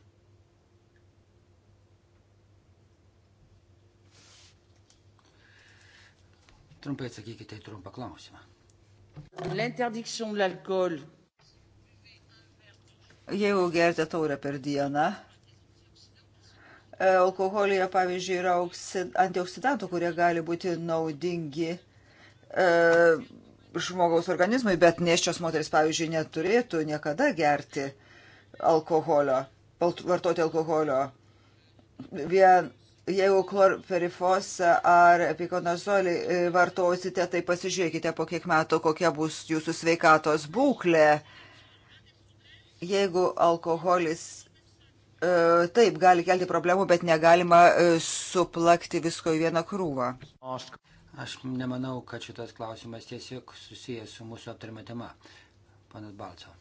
Trumpai atsakykite į trumpą klausimą. L'interdiction de l'alcool. Jeigu gerite taurę per dieną, e, alkoholija, pavyzdžiui, yra antioksidantų, kurie gali būti naudingi E, žmogaus organizmui, bet neščios moteris, pavyzdžiui, neturėtų niekada gerti alkoholio, vartoti alkoholio. Vien, jeigu chlorperifosą ar epikonazolį e, vartosite, tai pasižiūrėkite po kiek metų, kokia bus jūsų sveikatos būklė. Jeigu alkoholis e, taip gali kelti problemų, bet negalima suplakti visko į vieną krūvą. Aš nemanau, kad šitas klausimas tiesiog susijęs su mūsų aptarima tema. Panas Balco.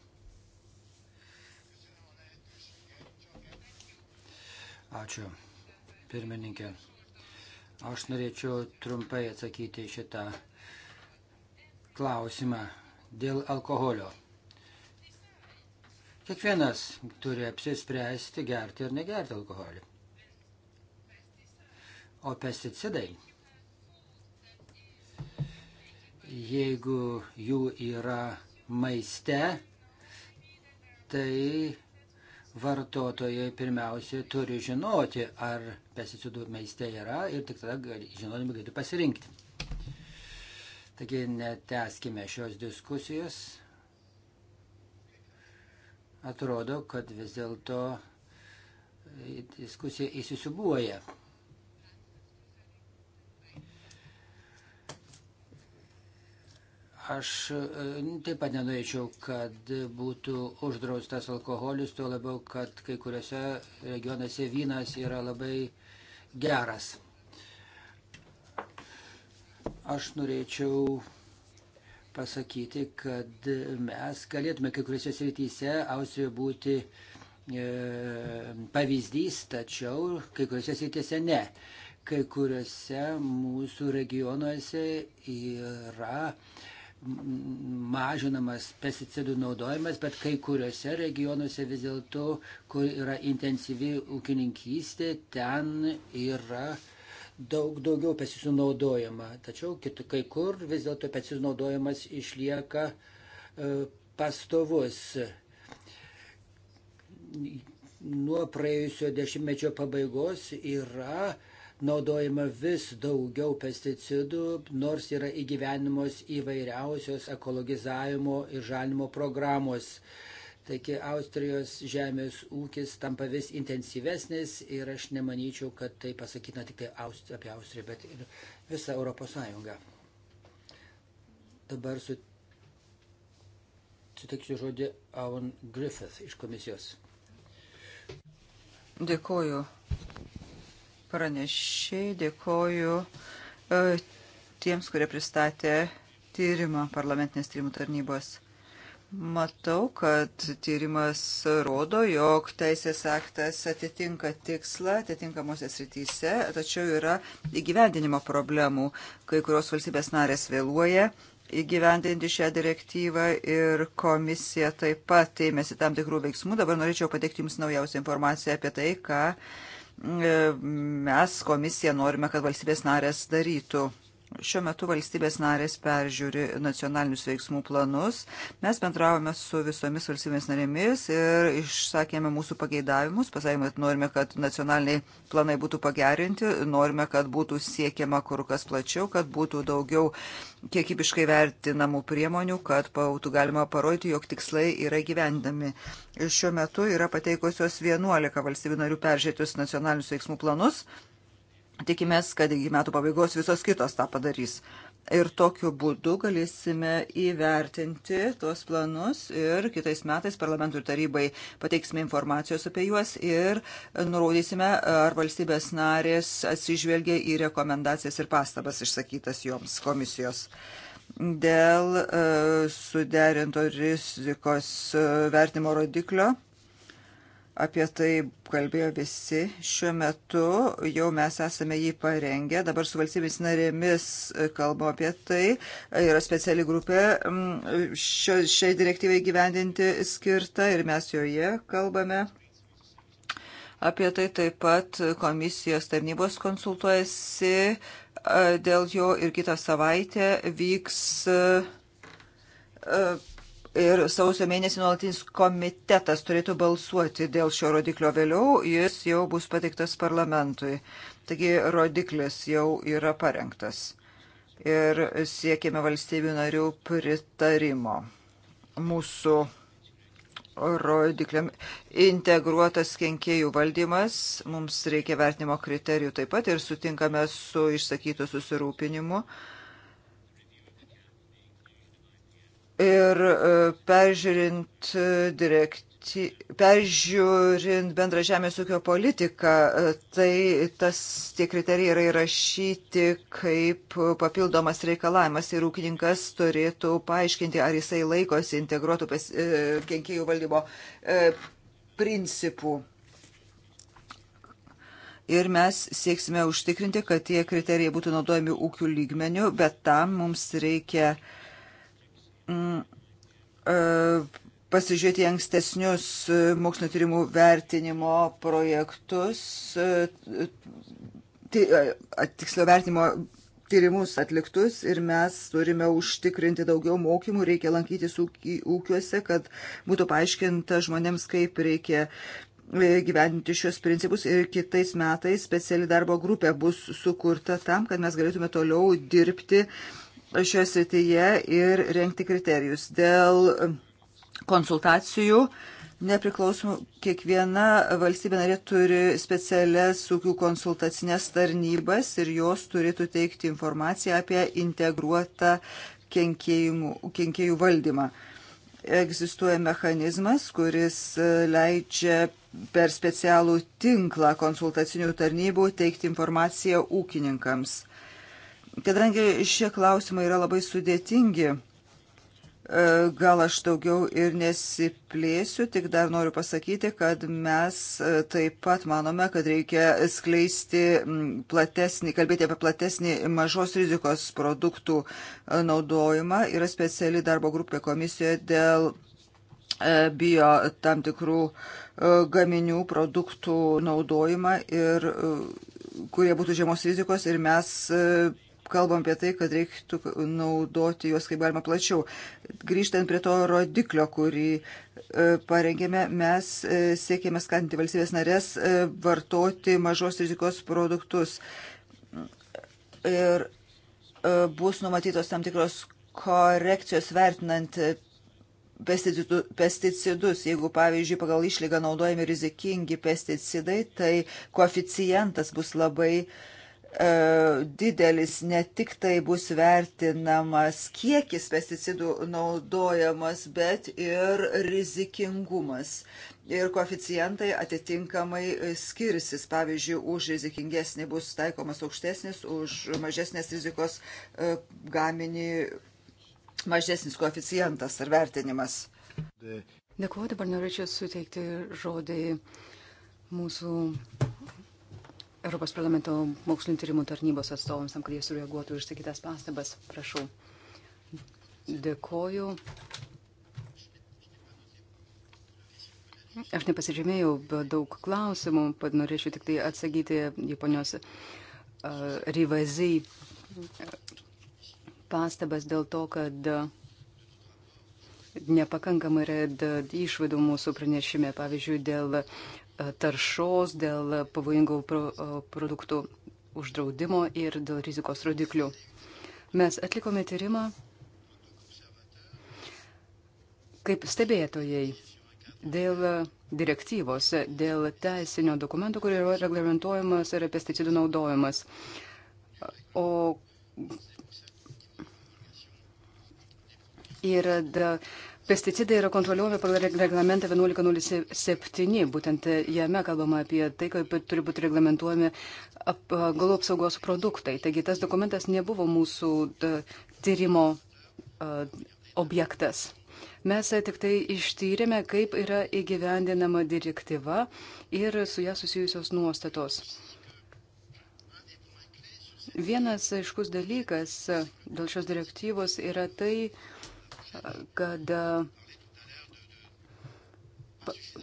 Ačiū, pirmininkė. Aš norėčiau trumpai atsakyti šitą klausimą dėl alkoholio. Kiekvienas turi apsispręsti gerti ar negerti alkoholį. O pesticidai Jeigu jų yra maiste, tai vartotojai pirmiausia turi žinoti, ar pesticidų maiste yra ir tik tada gali, žinodami gali pasirinkti. Taigi neteskime šios diskusijos. Atrodo, kad vis dėlto diskusija įsisubuoja. Aš e, taip pat nenorėčiau, kad būtų uždraustas alkoholis, tuo labiau, kad kai kuriuose regionuose vynas yra labai geras. Aš norėčiau pasakyti, kad mes galėtume kai kuriuose srityse Austrijoje būti e, pavyzdys, tačiau kai kuriuose srityse ne. Kai kuriuose mūsų regionuose yra e, mažinamas pesticidų naudojimas, bet kai kuriuose regionuose vis dėlto, kur yra intensyvi ūkininkystė, ten yra daug daugiau pesticidų naudojama. Tačiau kit, kai kur vis dėlto pesticidų naudojimas išlieka e, pastovus. Nuo praėjusio dešimtmečio pabaigos yra naudojama vis daugiau pesticidų, nors yra įgyvenimos įvairiausios ekologizavimo ir žalimo programos. Taigi Austrijos žemės ūkis tampa vis intensyvesnis ir aš nemanyčiau, kad tai pasakytina tik tai Aust apie Austriją, bet ir visą Europos Sąjungą. Dabar su suteiksiu žodį Alan Griffith iš komisijos. Dėkoju, pranešiai, dėkoju e, tiems, kurie pristatė tyrimą parlamentinės tyrimų tarnybos. Matau, kad tyrimas rodo, jog teisės aktas atitinka tikslą atitinkamosios rytyse, tačiau yra įgyvendinimo problemų. Kai kurios valstybės narės vėluoja įgyvendinti šią direktyvą ir komisija taip pat ėmėsi tam tikrų veiksmų. Dabar norėčiau pateikti Jums naujausią informaciją apie tai, ką mes komisija norime, kad valstybės narės darytų. Šiuo metu valstybės narės peržiūri nacionalinius veiksmų planus. Mes bendravome su visomis valstybės narėmis ir išsakėme mūsų pageidavimus. Pasakėme, kad norime, kad nacionaliniai planai būtų pagerinti, norime, kad būtų siekiama kur kas plačiau, kad būtų daugiau kiekybiškai vertinamų priemonių, kad būtų galima parodyti, jog tikslai yra gyvendami. Ir šiuo metu yra pateikusios 11 valstybių narių peržiūrėtus nacionalinius veiksmų planus. Tikimės, kad iki metų pabaigos visos kitos tą padarys. Ir tokiu būdu galėsime įvertinti tuos planus ir kitais metais parlamentų ir tarybai pateiksime informacijos apie juos ir nurodysime, ar valstybės narės atsižvelgia į rekomendacijas ir pastabas išsakytas joms komisijos. Dėl e, suderinto rizikos e, vertimo rodiklio apie tai kalbėjo visi. Šiuo metu jau mes esame jį parengę, dabar su valstybės narėmis kalbam apie tai. Yra speciali grupė mm, šio, šiai direktyvai gyvendinti skirta ir mes joje kalbame. Apie tai taip pat komisijos tarnybos konsultuojasi e, dėl jo ir kitą savaitę vyks e, ir sausio mėnesį nuolatinis komitetas turėtų balsuoti dėl šio rodiklio vėliau, jis jau bus pateiktas parlamentui. Taigi rodiklis jau yra parengtas ir siekėme valstybių narių pritarimo mūsų rodikliam. Integruotas kenkėjų valdymas, mums reikia vertinimo kriterijų taip pat ir sutinkame su išsakytų susirūpinimu. Uh, Ir e, peržiūrint e, direktyvą peržiūrint bendrą žemės ūkio politiką, e, tai tas tie kriterijai yra įrašyti kaip papildomas reikalavimas ir ūkininkas turėtų paaiškinti, ar jisai laikosi integruotų pes, e, kenkėjų valdymo e, principų. Ir mes sieksime užtikrinti, kad tie kriterijai būtų naudojami ūkių lygmenių, bet tam mums reikia e, Mm, e, pasižiūrėti ankstesnius e, mokslinio tyrimų vertinimo projektus, e, tiksliau vertinimo tyrimus atliktus ir mes turime užtikrinti daugiau mokymų, reikia lankytis ūkiuose, kad būtų paaiškinta žmonėms, kaip reikia gyventi šios principus ir kitais metais speciali darbo grupė bus sukurta tam, kad mes galėtume toliau dirbti uh, šioje srityje ir renkti kriterijus. Dėl konsultacijų nepriklausomų kiekviena valstybė narė turi specialias ūkių konsultacinės tarnybas ir jos turėtų teikti informaciją apie integruotą kenkėjų valdymą egzistuoja mechanizmas, kuris leidžia per specialų tinklą konsultacinių tarnybų teikti informaciją ūkininkams. Kadangi šie klausimai yra labai sudėtingi, e, gal aš daugiau ir nesiplėsiu, tik dar noriu pasakyti, kad mes e, taip pat manome, kad reikia skleisti platesnį, kalbėti apie platesnį mažos rizikos produktų e, naudojimą. Yra speciali darbo grupė komisijoje dėl bio tam tikrų gaminių produktų naudojimą ir kurie būtų žemos rizikos ir mes kalbam apie tai, kad reiktų naudoti juos kaip galima plačiau. Grįžtant prie to rodiklio, kurį e, parengėme, mes e, siekėme skatinti valstybės narės e, vartoti mažos rizikos produktus. Ir bus numatytos tam tikros korekcijos vertinant pesticidų, pesticidus. Jeigu, pavyzdžiui, pagal išlygą naudojami rizikingi pesticidai, tai koeficientas bus labai uh, E, didelis ne tik tai bus vertinamas kiekis pesticidų naudojamas, bet ir rizikingumas. Ir koficijantai atitinkamai skirsis. Pavyzdžiui, už rizikingesnį bus taikomas aukštesnis, už mažesnės rizikos e, gaminį mažesnis koficijantas ar vertinimas. Dėkuoju, dabar norėčiau suteikti žodį mūsų Europos parlamento mokslinio tyrimų tarnybos atstovams, tam, kad jie sureaguotų išsakytas pastabas. Prašau. Dėkoju. Aš nepasižymėjau daug klausimų, pat norėčiau tik tai atsakyti į ponios uh, Rivazai pastabas dėl to, kad nepakankamai yra išvadų mūsų pranešime, pavyzdžiui, dėl uh, taršos, dėl pavojingų produktų uždraudimo ir dėl rizikos rodiklių. Mes atlikome tyrimą kaip stebėtojai dėl direktyvos, dėl teisinio dokumento, kur yra reglamentuojamas yra pesticidų naudojimas. O ir da, Pesticidai yra kontroliuojami pagal reglamentą 1107. Būtent e, jame kalbama apie tai, kaip turi būti reglamentuojami augalų apsaugos produktai. Taigi tas dokumentas nebuvo mūsų e, tyrimo e, objektas. Mes tik tai ištyrėme, kaip yra įgyvendinama direktyva ir su ją susijusios nuostatos. Vienas aiškus dalykas dėl šios direktyvos yra tai, kad e,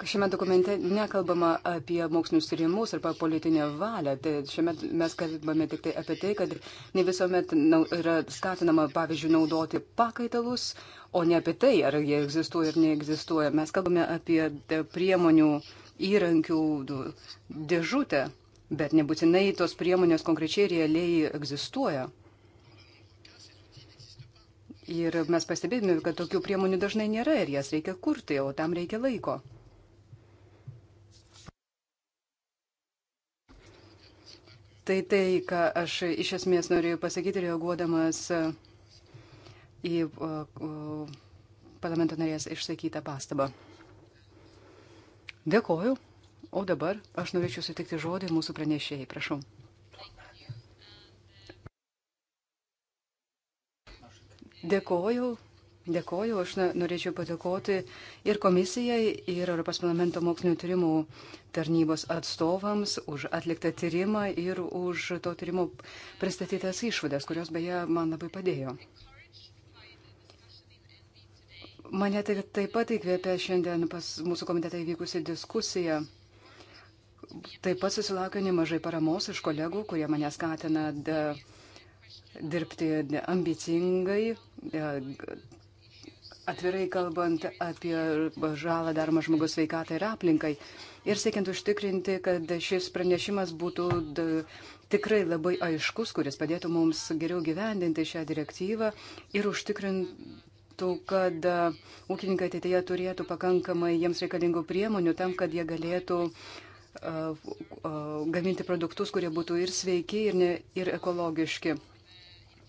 šiame dokumente nekalbama apie mokslinius tyrimus arba politinę valią. Tai šiame mes kalbame tik tai apie tai, kad ne visuomet yra skatinama, pavyzdžiui, naudoti pakaitalus, o ne apie tai, ar jie egzistuoja ar neegzistuoja. Mes kalbame apie e, priemonių įrankių dėžutę, bet nebūtinai tos priemonės konkrečiai realiai egzistuoja. Ir mes pastebėjome, kad tokių priemonių dažnai nėra ir jas reikia kurti, o tam reikia laiko. Tai tai, ką aš iš esmės norėjau pasakyti, reaguodamas į parlamento narės išsakytą pastabą. Dėkoju. O dabar aš norėčiau sutikti žodį mūsų pranešėjai. Prašau. Dėkoju. Dėkoju, aš norėčiau padėkoti ir komisijai, ir Europos parlamento mokslinio tyrimų tarnybos atstovams už atliktą tyrimą ir už to tyrimo pristatytas išvadas, kurios beje man labai padėjo. Mane tai taip pat įkvėpė šiandien pas mūsų komitetą įvykusi diskusija. Taip pat susilaukiu nemažai paramos iš kolegų, kurie mane skatina. De, da dirbti ambicingai, e, atvirai kalbant apie žalą daromą žmogus sveikatai ir aplinkai. Ir siekiant užtikrinti, kad šis pranešimas būtų tikrai labai aiškus, kuris padėtų mums geriau gyvendinti šią direktyvą ir užtikrintų, kad ūkininkai ateityje turėtų pakankamai jiems reikalingų priemonių tam, kad jie galėtų e, e, gaminti produktus, kurie būtų ir sveiki, ir, ne, ir ekologiški.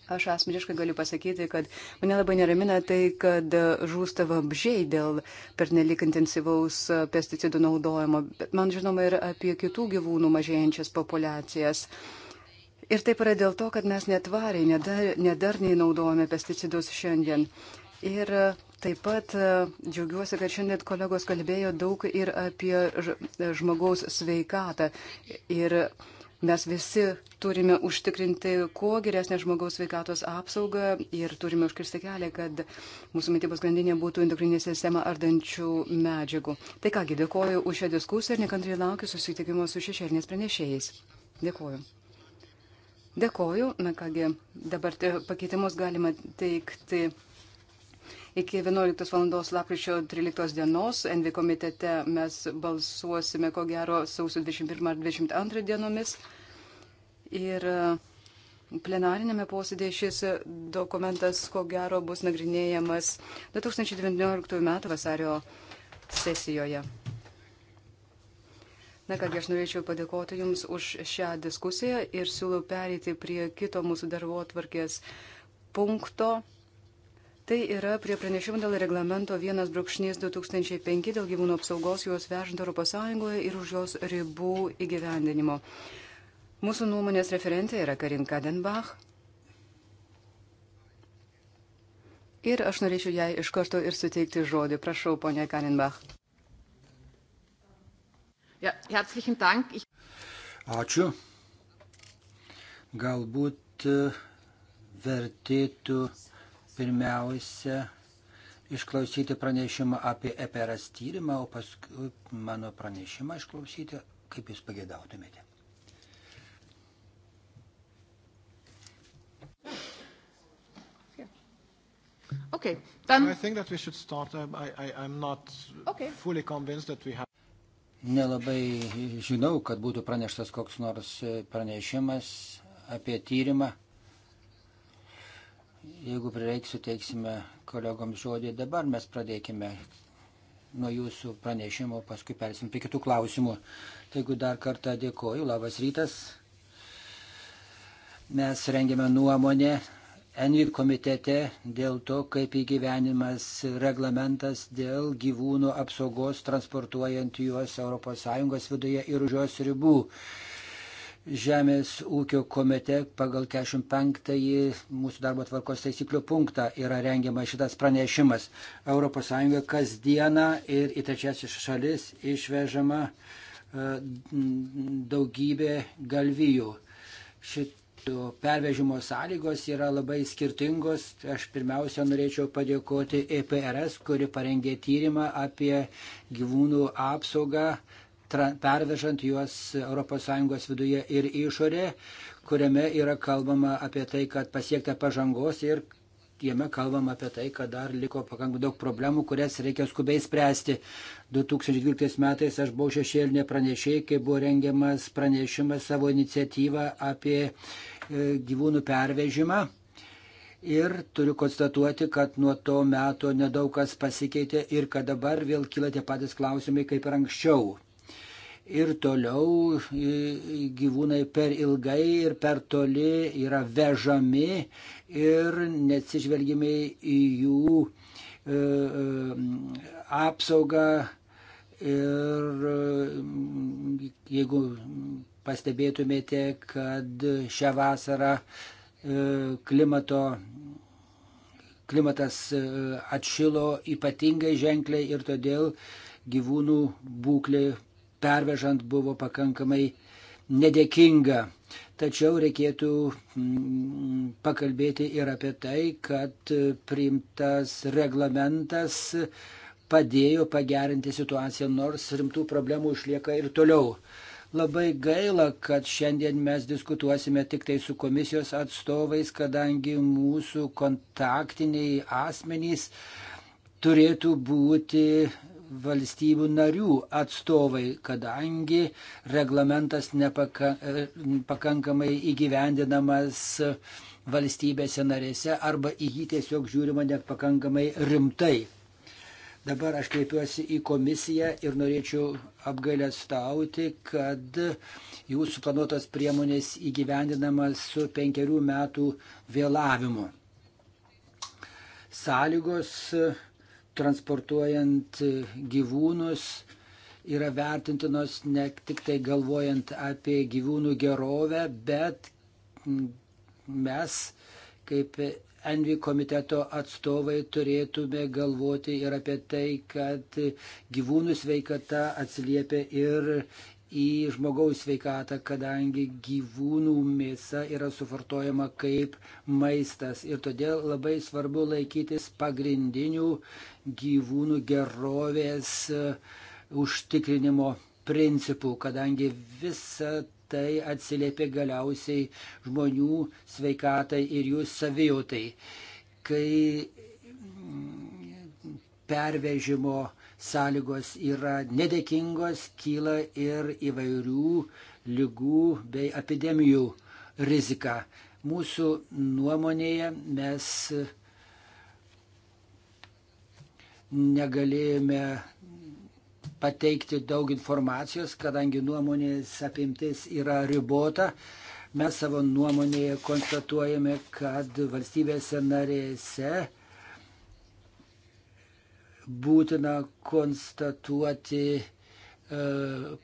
Aš asmeniškai galiu pasakyti, kad mane labai neramina tai, kad žūsta vabžiai dėl pernelik intensyvaus pesticidų naudojimo, bet man žinoma ir apie kitų gyvūnų mažėjančias populiacijas. Ir taip yra dėl to, kad mes netvariai, nedar, nedarniai naudojame pesticidus šiandien. Ir taip pat e, džiaugiuosi, kad šiandien kolegos kalbėjo daug ir apie e, žmogaus sveikatą. Ir Mes visi turime užtikrinti kuo geresnę žmogaus sveikatos apsaugą ir turime užkirsti kelią, kad mūsų mytybos grandinė būtų endokrininė sistema ardančių medžiagų. Tai kągi, dėkoju už šią diskusiją ir nekantriai laukiu susitikimo su šešėlinės pranešėjais. Dėkoju. Dėkoju. Na kągi, dabar pakeitimus galima teikti Iki 11 val. lapkričio 13 dienos NV komitete mes balsuosime, ko gero, sausio 21 ar 22 dienomis. Ir e, plenarinėme posėdėje šis dokumentas, ko gero, bus nagrinėjamas 2019 m. vasario sesijoje. Na kągi, aš norėčiau padėkoti Jums už šią diskusiją ir siūlau pereiti prie kito mūsų darbo atvarkės punkto. Tai yra prie pranešimo dėl reglamento 1.2005 dėl gyvūnų apsaugos juos vežant ES ir už jos ribų įgyvendinimo. Mūsų nuomonės referentė yra Karin Kadenbach. Ir aš norėčiau jai iš karto ir suteikti žodį. Prašau, ponia Kaninbach. Ja, herzlichen Dank. Ich... Ačiū. Galbūt e, vertėtų pirmiausia išklausyti pranešimą apie EPRS tyrimą, o paskui mano pranešimą išklausyti, kaip jūs pagėdautumėte. Okay, then... I think that we should start. I, I, I'm not okay. fully convinced that we have. Nelabai žinau, kad būtų praneštas koks nors e, pranešimas apie tyrimą. Jeigu prireiks, suteiksime kolegoms žodį. Dabar mes pradėkime nuo jūsų pranešimo, paskui persim prie kitų klausimų. Taigi dar kartą dėkoju, labas rytas. Mes rengiame nuomonę Envi komitete dėl to, kaip įgyvenimas reglamentas dėl gyvūnų apsaugos transportuojant juos ES viduje ir už jos ribų. Žemės ūkio komite pagal 45 mūsų darbo tvarkos taisyklių punktą yra rengiamas šitas pranešimas. ES kasdieną ir į trečiasis šalis išvežama e, daugybė galvijų. Šito pervežimo sąlygos yra labai skirtingos. Aš pirmiausia norėčiau padėkoti EPRS, kuri parengė tyrimą apie gyvūnų apsaugą pervežant juos ES viduje ir išorė, kuriame yra kalbama apie tai, kad pasiekta pažangos ir jame kalbama apie tai, kad dar liko pakankamai daug problemų, kurias reikia skubiai spręsti. 2012 metais aš buvau šešėlinė pranešėjai, kai buvo rengiamas pranešimas savo iniciatyvą apie e, gyvūnų pervežimą. Ir turiu konstatuoti, kad nuo to meto nedaug kas pasikeitė ir kad dabar vėl kyla tie patys klausimai kaip ir anksčiau ir toliau gyvūnai per ilgai ir per toli yra vežami ir neatsižvelgime į jų e, e, apsaugą ir e, jeigu pastebėtumėte, kad šią vasarą klimato, klimatas atšilo ypatingai ženkliai ir todėl gyvūnų būklė pervežant buvo pakankamai nedėkinga. Tačiau reikėtų mm, pakalbėti ir apie tai, kad priimtas reglamentas padėjo pagerinti situaciją, nors rimtų problemų išlieka ir toliau. Labai gaila, kad šiandien mes diskutuosime tik tai su komisijos atstovais, kadangi mūsų kontaktiniai asmenys turėtų būti valstybių narių atstovai, kadangi reglamentas nepakankamai e, įgyvendinamas valstybėse narėse arba į jį tiesiog žiūrima nepakankamai rimtai. Dabar aš kreipiuosi į komisiją ir norėčiau apgailestauti, kad jūsų planuotos priemonės įgyvendinamas su penkerių metų vėlavimu. Sąlygos transportuojant gyvūnus yra vertintinos ne tik tai galvojant apie gyvūnų gerovę, bet mes kaip Envi komiteto atstovai turėtume galvoti ir apie tai, kad gyvūnų sveikata atsiliepia ir į žmogaus sveikatą, kadangi gyvūnų mėsa yra suvartojama kaip maistas ir todėl labai svarbu laikytis pagrindinių gyvūnų gerovės uh, užtikrinimo principų, kadangi visa tai atsiliepia galiausiai žmonių sveikatai ir jų savijautai. Kai mm, pervežimo uh, sąlygos yra nedėkingos, kyla ir įvairių lygų bei epidemijų rizika. Mūsų nuomonėje mes negalėjome pateikti daug informacijos, kadangi nuomonės apimtis yra ribota. Mes savo nuomonėje konstatuojame, kad valstybėse narėse būtina konstatuoti e,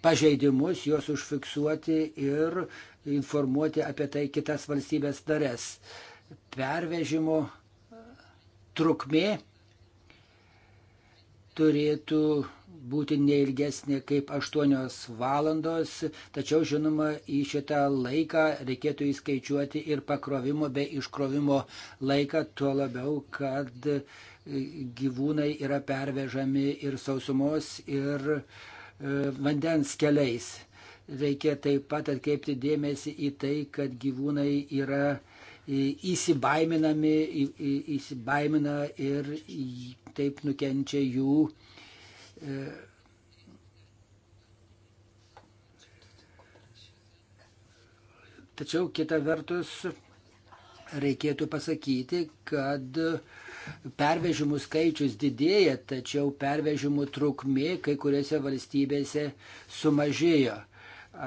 pažeidimus, juos užfiksuoti ir informuoti apie tai kitas valstybės narės. Pervežimo trukmė turėtų būti neilgesnė kaip 8 valandos, tačiau žinoma į šitą laiką reikėtų įskaičiuoti ir pakrovimo bei iškrovimo laiką, tuo labiau, kad uh, gyvūnai yra pervežami ir sausumos, ir e, vandens keliais. Reikia taip pat atkreipti dėmesį į tai, kad gyvūnai yra e, įsibaiminami, įsibaimina ir taip nukenčia jų e, Tačiau kita vertus reikėtų pasakyti, kad uh, Pervežimų skaičius didėja, tačiau pervežimų trukmė kai kuriuose valstybėse sumažėjo.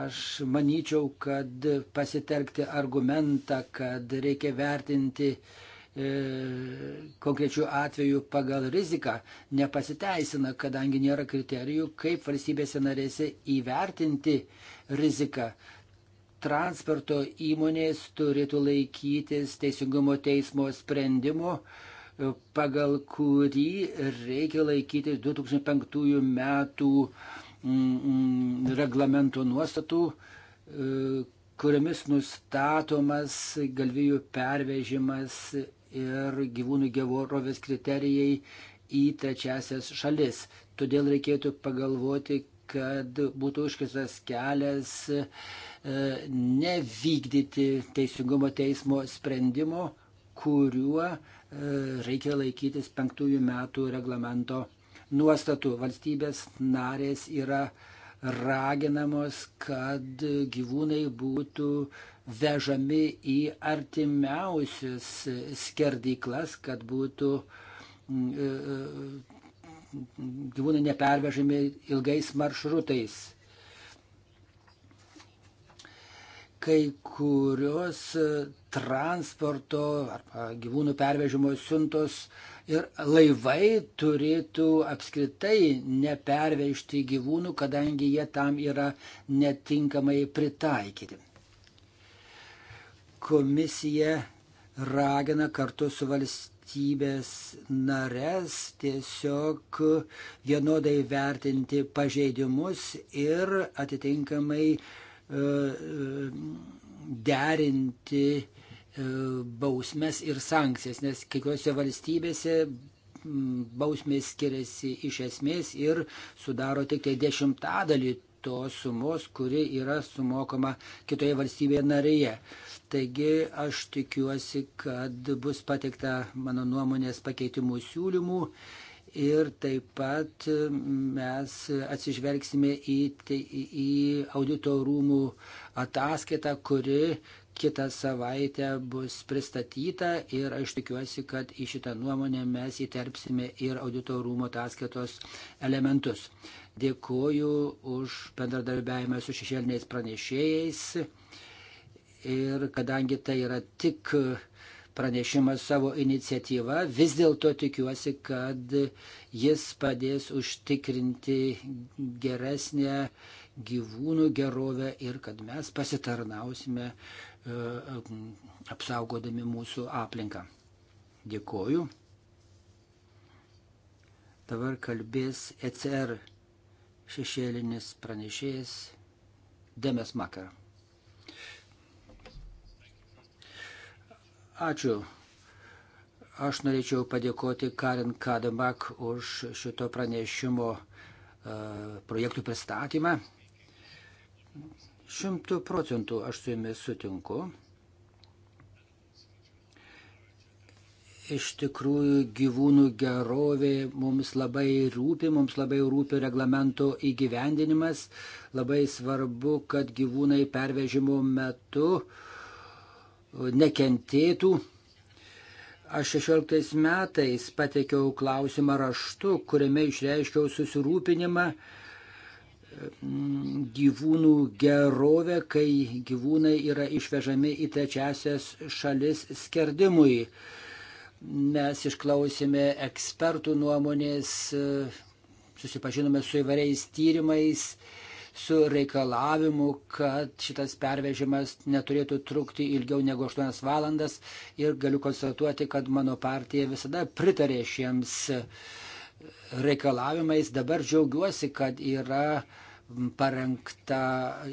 Aš manyčiau, kad pasitelkti argumentą, kad reikia vertinti e, konkrečių atvejų pagal riziką, nepasiteisina, kadangi nėra kriterijų, kaip valstybėse narėse įvertinti riziką transporto įmonės turėtų laikytis Teisingumo teismo sprendimo pagal kurį reikia laikytis 2005 metų mm, mm, reglamento nuostatų, e, kuriamis nustatomas galvijų pervežimas ir gyvūnų gevorovės kriterijai į trečiasias šalis. Todėl reikėtų pagalvoti, kad būtų užkistas kelias e, nevykdyti teisingumo teismo sprendimo, kuriuo reikia laikytis penktųjų metų reglamento nuostatų. Valstybės narės yra raginamos, kad gyvūnai būtų vežami į artimiausias skerdyklas, kad būtų mm, e, e, gyvūnai nepervežami ilgais maršrutais. kai kurios e, transporto arba gyvūnų pervežimo siuntos ir laivai turėtų apskritai nepervežti gyvūnų, kadangi jie tam yra netinkamai pritaikyti. Komisija ragina kartu su valstybės nares tiesiog vienodai vertinti pažeidimus ir atitinkamai uh, E, e, derinti e, bausmes ir sankcijas, nes kiekvienose valstybėse bausmės skiriasi iš esmės ir sudaro tik tai dešimtadalį tos sumos, kuri yra sumokama kitoje valstybėje narėje. Taigi aš tikiuosi, kad bus pateikta mano nuomonės pakeitimų siūlymų ir taip pat mes atsižvelgsime į, į audito rūmų ataskaitą, kuri kitą savaitę bus pristatyta ir aš tikiuosi, kad į šitą nuomonę mes įterpsime ir audito rūmų ataskaitos elementus. Dėkuoju už bendradarbiavimą su šešėliniais pranešėjais ir kadangi tai yra tik uh, pranešimą savo iniciatyvą. Vis dėlto tikiuosi, kad jis padės užtikrinti geresnę gyvūnų gerovę ir kad mes pasitarnausime e, e, apsaugodami mūsų aplinką. Dėkoju. Dabar kalbės ECR šešėlinis pranešėjas Demes Makara. Ačiū. Aš norėčiau padėkoti Karin Kademak už šito pranešimo e, projektų pristatymą. Šimtų procentų aš su jumis sutinku. Iš tikrųjų, gyvūnų gerovė mums labai rūpi, mums labai rūpi reglamento įgyvendinimas. Labai svarbu, kad gyvūnai pervežimo metu uh, nekentėtų. Aš 16 metais pateikiau klausimą raštu, kuriame išreiškiau susirūpinimą mm, gyvūnų gerovę, kai gyvūnai yra išvežami į trečiasias šalis skerdimui. Mes išklausėme ekspertų nuomonės, susipažinome su įvairiais tyrimais, su reikalavimu, kad šitas pervežimas neturėtų trukti ilgiau negu 8 valandas ir galiu konstatuoti, kad mano partija visada pritarė šiems reikalavimais. Dabar džiaugiuosi, kad yra parengta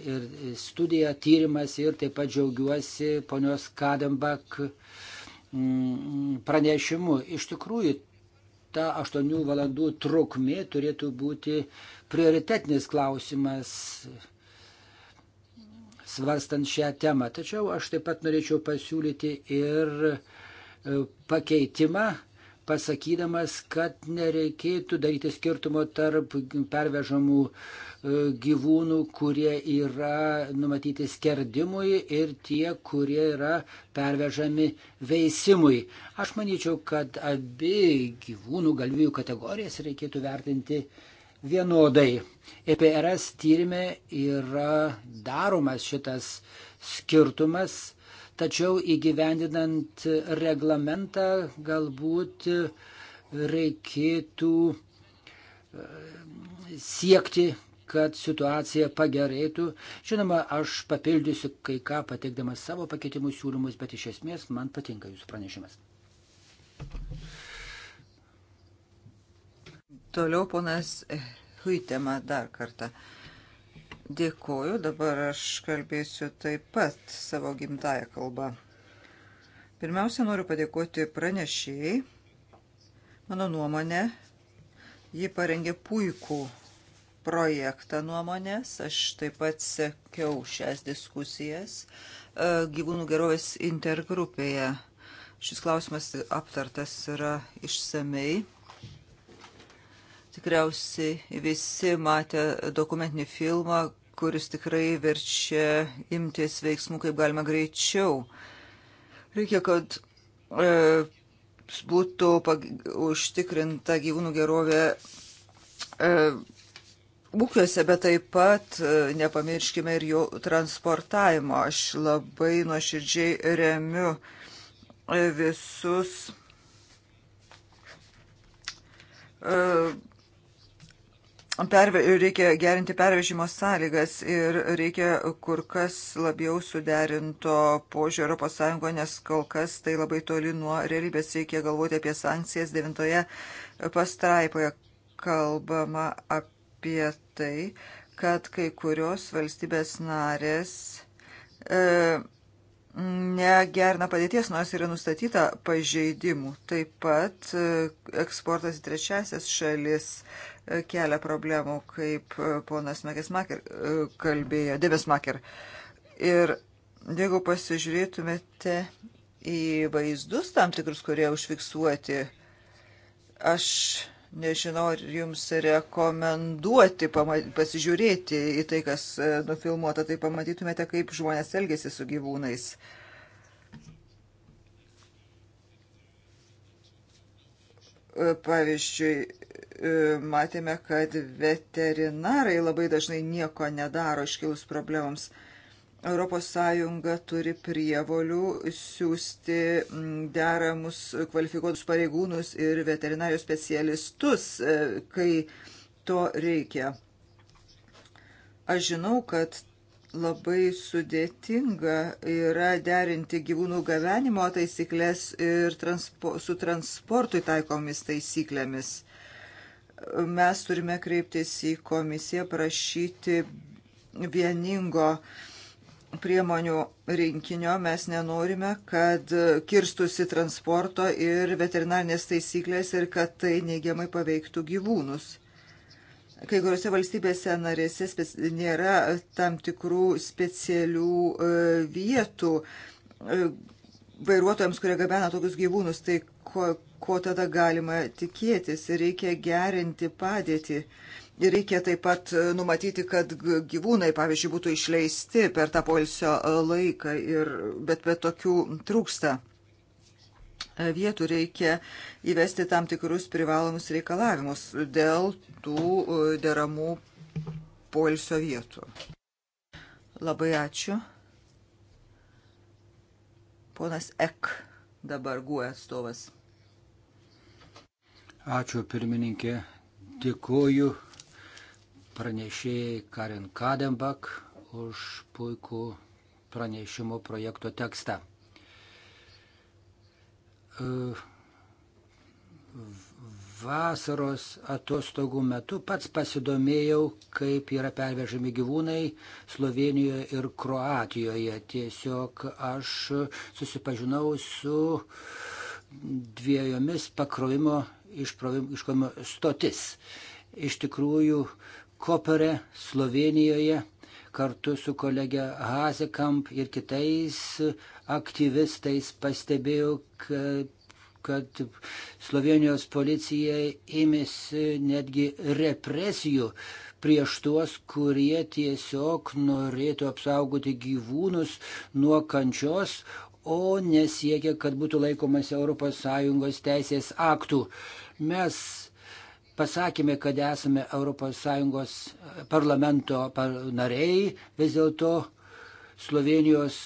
ir studija, tyrimas ir taip pat džiaugiuosi ponios Kadambak mm, pranešimu. Iš tikrųjų, ta 8 valandų trukmė turėtų būti prioritetinis klausimas svarstant šią temą. Tačiau aš taip pat norėčiau pasiūlyti ir e, pakeitimą, pasakydamas, kad nereikėtų daryti skirtumo tarp pervežamų e, gyvūnų, kurie yra numatyti skerdimui ir tie, kurie yra pervežami veisimui. Aš manyčiau, kad abi gyvūnų galvijų kategorijas reikėtų vertinti vienodai. EPRS tyrimė yra daromas šitas skirtumas Tačiau įgyvendinant reglamentą galbūt reikėtų e, siekti, kad situacija pagerėtų. Žinoma, aš papildysiu kai ką pateikdamas savo pakeitimų siūlymus, bet iš esmės man patinka jūsų pranešimas. Toliau ponas Huitema dar kartą. Uh, Dėkuoju, dabar aš kalbėsiu taip pat savo gimtają kalbą. Pirmiausia, noriu padėkoti pranešėjai. Mano nuomonė, ji parengė puikų projektą nuomonės. Aš taip pat sekiau šias diskusijas e, gyvūnų gerovės intergrupėje. Šis klausimas aptartas yra išsamei. Tikriausiai visi matė dokumentinį filmą, kuris tikrai verčia imtis veiksmų kaip galima greičiau. Reikia, kad e, būtų pag... užtikrinta gyvūnų gerovė e, ūkiuose, bet taip pat e, nepamirškime ir jų transportavimo. Aš labai nuoširdžiai remiu e, visus e, Perve, reikia gerinti pervežimo sąlygas ir reikia kur kas labiau suderinto požiūrio ES, nes kol kas tai labai toli nuo realybės. Reikia galvoti apie sankcijas. Devintoje pastraipoje kalbama apie tai, kad kai kurios valstybės narės e, negerina padėties, nors yra nustatyta pažeidimų. Taip pat e, eksportas į trečiasias šalis e, kelia problemų, kaip e, ponas Maker kalbėjo, Debes Maker. Ir jeigu pasižiūrėtumėte į vaizdus tam tikrus, kurie užfiksuoti, aš Nežinau, ar jums rekomenduoti pasižiūrėti į tai, kas e, nufilmuota, tai pamatytumėte, kaip žmonės elgesi su gyvūnais. E, pavyzdžiui, e, matėme, kad veterinarai labai dažnai nieko nedaro iškilus problemams. ES turi prievolių siūsti mm, deramus kvalifikuotus pareigūnus ir veterinarijos specialistus, e, kai to reikia. Aš žinau, kad labai sudėtinga yra derinti gyvūnų gavenimo taisyklės ir transpo, su transportui taikomis taisyklėmis. Mes turime kreiptis į komisiją prašyti vieningo uh, priemonių rinkinio mes nenorime, kad kirstusi transporto ir veterinarnės taisyklės ir kad tai neigiamai paveiktų gyvūnus. Kai kuriuose valstybėse narėse nėra tam tikrų specialių e, vietų e, vairuotojams, kurie gabena tokius gyvūnus, tai ko, ko tada galima tikėtis ir reikia gerinti padėtį. Ir reikia taip pat e, numatyti, kad gyvūnai, pavyzdžiui, būtų išleisti per tą polsio e, laiką, ir, bet be tokių trūksta e, vietų reikia įvesti tam tikrus privalomus reikalavimus dėl tų deramų polsio vietų. Labai ačiū. Ponas Ek dabar guoja atstovas. Ačiū pirmininkė. Dėkuoju pranešėjai Karin Kadenbach už puikų pranešimo projekto tekstą. E, vasaros atostogų metu pats pasidomėjau, kaip yra pervežami gyvūnai Slovenijoje ir Kroatijoje. Tiesiog aš susipažinau su dviejomis pakrovimo iškrovimo stotis. Iš tikrųjų, Kopere, Slovenijoje, kartu su kolege Hazekamp ir kitais aktyvistais pastebėjau, kad kad Slovenijos policija ėmėsi netgi represijų prieš tuos, kurie tiesiog norėtų apsaugoti gyvūnus nuo kančios, o nesiekia, kad būtų laikomas ES teisės aktų. Mes pasakėme, kad esame ES parlamento nariai, vis dėlto Slovenijos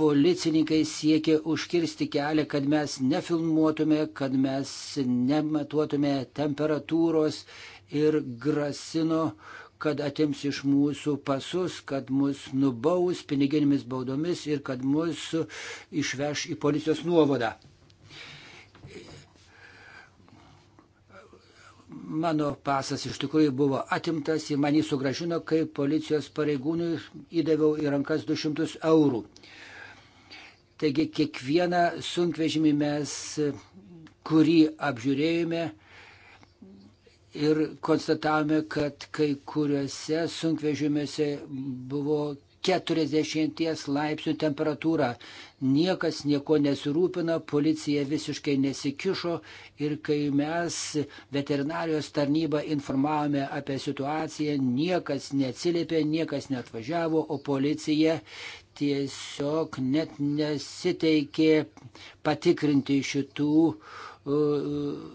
policininkai siekia užkirsti kelią, kad mes nefilmuotume, kad mes nematuotume temperatūros ir grasino, kad atims iš mūsų pasus, kad mus nubaus piniginėmis baudomis ir kad mus išveš į policijos nuovodą. Mano pasas iš tikrųjų buvo atimtas, jį manį sugražino, kai policijos pareigūnui įdaviau į rankas 200 eurų. Taigi kiekvieną sunkvežimį mes, kurį apžiūrėjome ir konstatavome, kad kai kuriuose sunkvežimiuose buvo 40 laipsnių temperatūrą. Niekas nieko nesirūpina, policija visiškai nesikišo ir kai mes veterinarijos tarnybą informavome apie situaciją, niekas neatsiliepė, niekas neatvažiavo, o policija tiesiog net nesiteikė patikrinti šitų uh,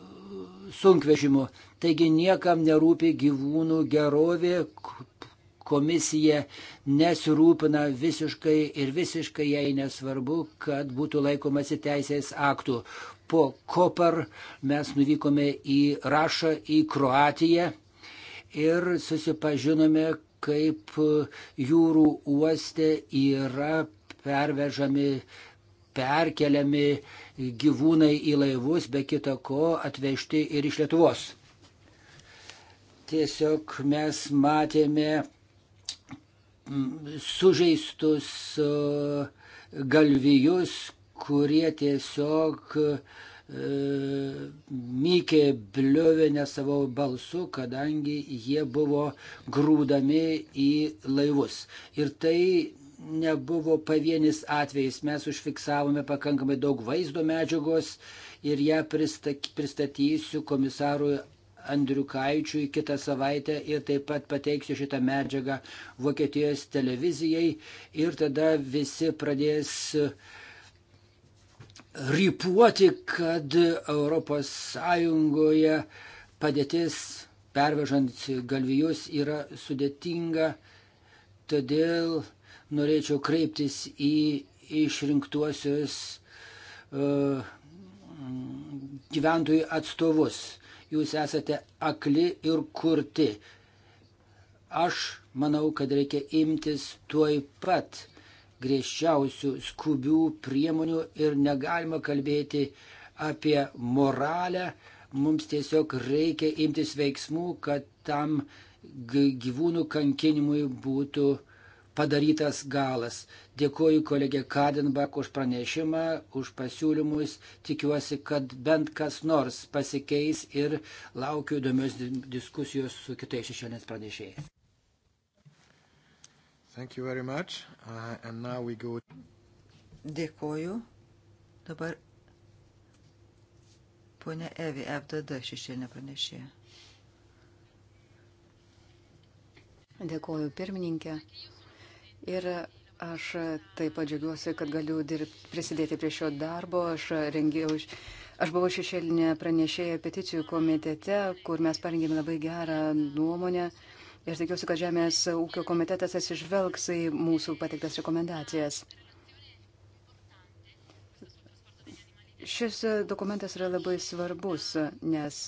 sunkvežimų. Taigi niekam nerūpi gyvūnų gerovė, komisija nesirūpina visiškai ir visiškai jai nesvarbu, kad būtų laikomasi teisės aktų. Po Kopar mes nuvykome į Rašą, į Kroatiją ir susipažinome, kaip jūrų uoste yra pervežami perkeliami gyvūnai į laivus, be kita ko atvežti ir iš Lietuvos. Tiesiog mes matėme sužeistus e, galvijus, kurie tiesiog e, mykė bliuvinę savo balsu, kadangi jie buvo grūdami į laivus. Ir tai nebuvo pavienis atvejis. Mes užfiksavome pakankamai daug vaizdo medžiagos ir ją pristatysiu komisarui Andriukaičiui kitą savaitę ir taip pat pateiksiu šitą medžiagą Vokietijos televizijai ir tada visi pradės uh, rypuoti, kad ES padėtis pervežant galvijus yra sudėtinga, todėl norėčiau kreiptis į išrinktuosius uh, gyventojų atstovus jūs esate akli ir kurti. Aš manau, kad reikia imtis tuoj pat griežčiausių skubių priemonių ir negalima kalbėti apie moralę. Mums tiesiog reikia imtis veiksmų, kad tam gyvūnų kankinimui būtų uh, padarytas galas. Dėkuoju kolegė Kadenbach už pranešimą, už pasiūlymus. Tikiuosi, kad bent kas nors pasikeis ir laukiu įdomios diskusijos su kitais šešėlės pranešėjais. Thank you very much. Uh, and now we go. Dėkoju. Dabar ponia Evi FDD šešėlė pranešė. Dėkoju pirmininkė. Ir aš taip pat džiaugiuosi, kad galiu dirb, prisidėti prie šio darbo. Aš, rengiau, aš buvau šešėlinė pranešėja peticijų komitete, kur mes parengėme labai gerą nuomonę. Ir tikiuosi, kad Žemės ūkio komitetas atsižvelgs į mūsų pateiktas rekomendacijas. Šis dokumentas yra labai svarbus, nes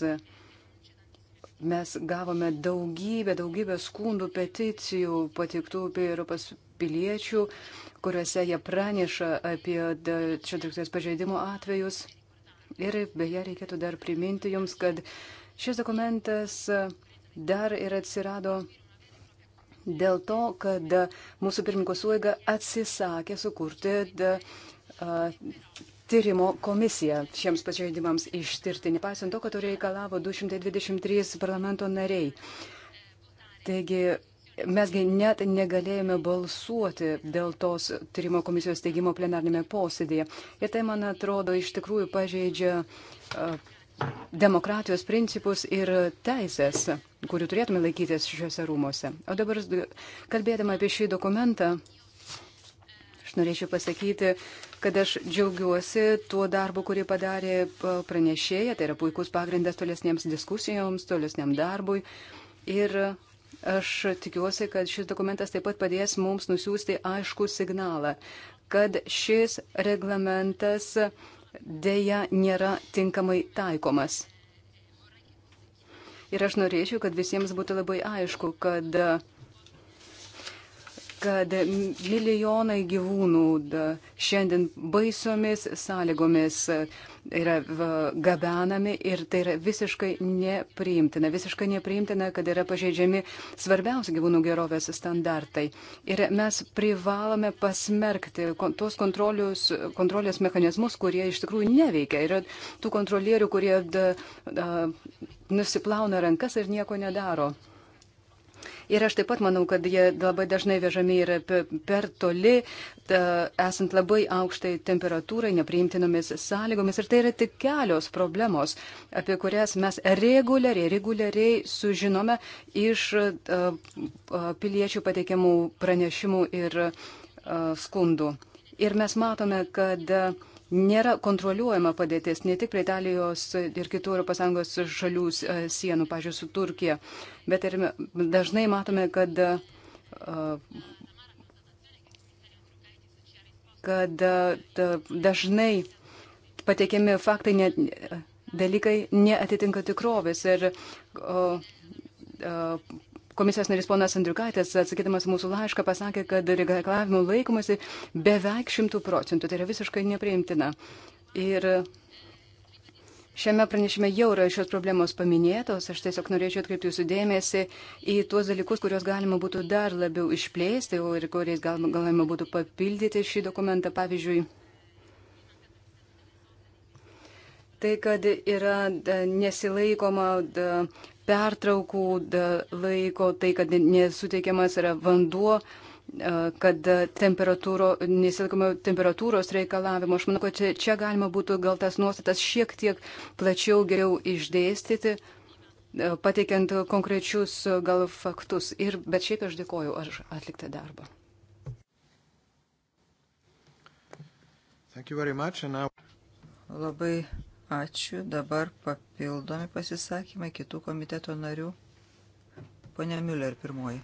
Mes gavome daugybę, daugybę skundų, peticijų patiktų apie Europos piliečių, kuriuose jie praneša apie šio direktyvos pažeidimo atvejus. Ir beje, reikėtų dar priminti jums, kad šis dokumentas dar ir atsirado dėl to, kad mūsų pirmininko suėga atsisakė sukurti tyrimo komisija šiems pažeidimams ištirti, nepaisant to, kad to reikalavo 223 parlamento nariai. Taigi mesgi net negalėjome balsuoti dėl tos tyrimo komisijos teigimo plenarnėme posėdėje. Ir tai, man atrodo, iš tikrųjų pažeidžia demokratijos principus ir teisės, kurių turėtume laikytis šiuose rūmose. O dabar, kalbėdama apie šį dokumentą, aš norėčiau pasakyti, kad aš džiaugiuosi tuo darbu, kurį padarė pranešėja. Tai yra puikus pagrindas tolesniems diskusijoms, tolesniam darbui. Ir aš tikiuosi, kad šis dokumentas taip pat padės mums nusiųsti aišku signalą, kad šis reglamentas dėja nėra tinkamai taikomas. Ir aš norėčiau, kad visiems būtų labai aišku, kad uh, kad milijonai gyvūnų šiandien baisiomis sąlygomis e, yra gabenami ir tai yra visiškai nepriimtina. Visiškai nepriimtina, kad yra pažeidžiami svarbiausi gyvūnų gerovės standartai. Ir mes privalome pasmerkti tuos kontrolės mechanizmus, kurie iš tikrųjų neveikia. Yra tų kontrolierių, kurie da, da, nusiplauna rankas ir nieko nedaro. Ir aš taip pat manau, kad jie labai dažnai vežami yra per toli, ta, esant labai aukštai temperatūrai, nepriimtinomis sąlygomis. Ir tai yra tik kelios problemos, apie kurias mes reguliariai, reguliariai sužinome iš uh, piliečių pateikiamų pranešimų ir uh, skundų. Ir mes matome, kad uh, nėra kontroliuojama padėtis ne tik prie Italijos ir kitų ES šalių e, sienų, pažiūrėjau, su Turkija, bet ir dažnai matome, kad, e, kad e, dažnai pateikiami faktai, ne, dalykai neatitinka tikrovės ir o, o, Komisijos narys ponas Andriukaitės, atsakydamas mūsų laišką, pasakė, kad reikalavimų laikomasi beveik šimtų procentų. Tai yra visiškai nepriimtina. Ir šiame pranešime jau yra šios problemos paminėtos. Aš tiesiog norėčiau atkreipti jūsų dėmesį į tuos dalykus, kuriuos galima būtų dar labiau išplėsti ir kuriais galima būtų papildyti šį dokumentą. Pavyzdžiui, tai, kad yra nesilaikoma. Da, pertraukų laiko, tai, kad nesuteikiamas yra vanduo, kad nesilaikoma temperatūros reikalavimo. Aš manau, kad čia, čia galima būtų gal tas nuostatas šiek tiek plačiau geriau išdėstyti, pateikiant konkrečius gal faktus. Ir, bet šiaip aš dėkoju už atliktą darbą. Now... Labai Ačiū. Dabar papildomi pasisakymai kitų komiteto narių. Pone Miller pirmoji.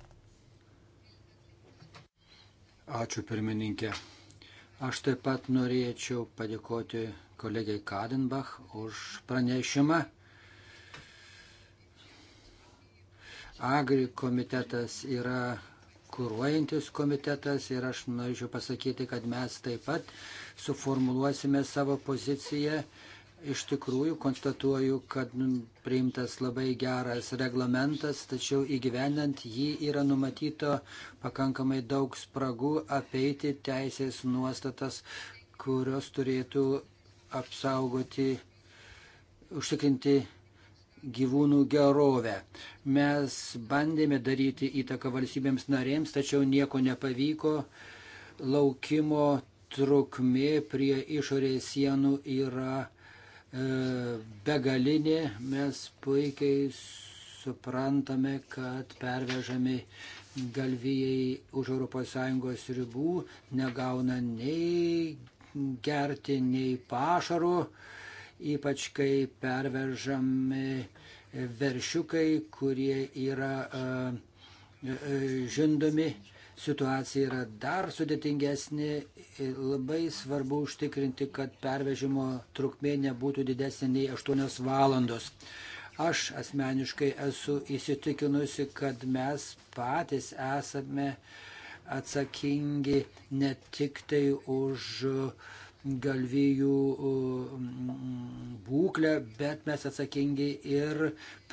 Ačiū pirmininkė. Aš taip pat norėčiau padėkoti kolegiai Kadenbach už pranešimą. Agri komitetas yra kūruojantis komitetas ir aš norėčiau pasakyti, kad mes taip pat suformuluosime savo poziciją iš tikrųjų konstatuoju, kad priimtas labai geras reglamentas, tačiau įgyvenant jį yra numatyto pakankamai daug spragų apeiti teisės nuostatas, kurios turėtų apsaugoti, užtikrinti gyvūnų gerovę. Mes bandėme daryti įtaką valstybėms narėms, tačiau nieko nepavyko. Laukimo trukmė prie išorės sienų yra E, begalinė, mes puikiai suprantame, kad pervežami galvijai už ES ribų negauna nei gerti, nei pašaro, ypač kai pervežami veršiukai, kurie yra e, e, žindomi. Uh, uh, situacija yra dar sudėtingesnė ir labai svarbu užtikrinti, kad pervežimo trukmė nebūtų didesnė nei 8 valandos. Aš asmeniškai esu įsitikinusi, kad mes patys esame atsakingi ne tik tai už galvijų um, būklę, bet mes atsakingi ir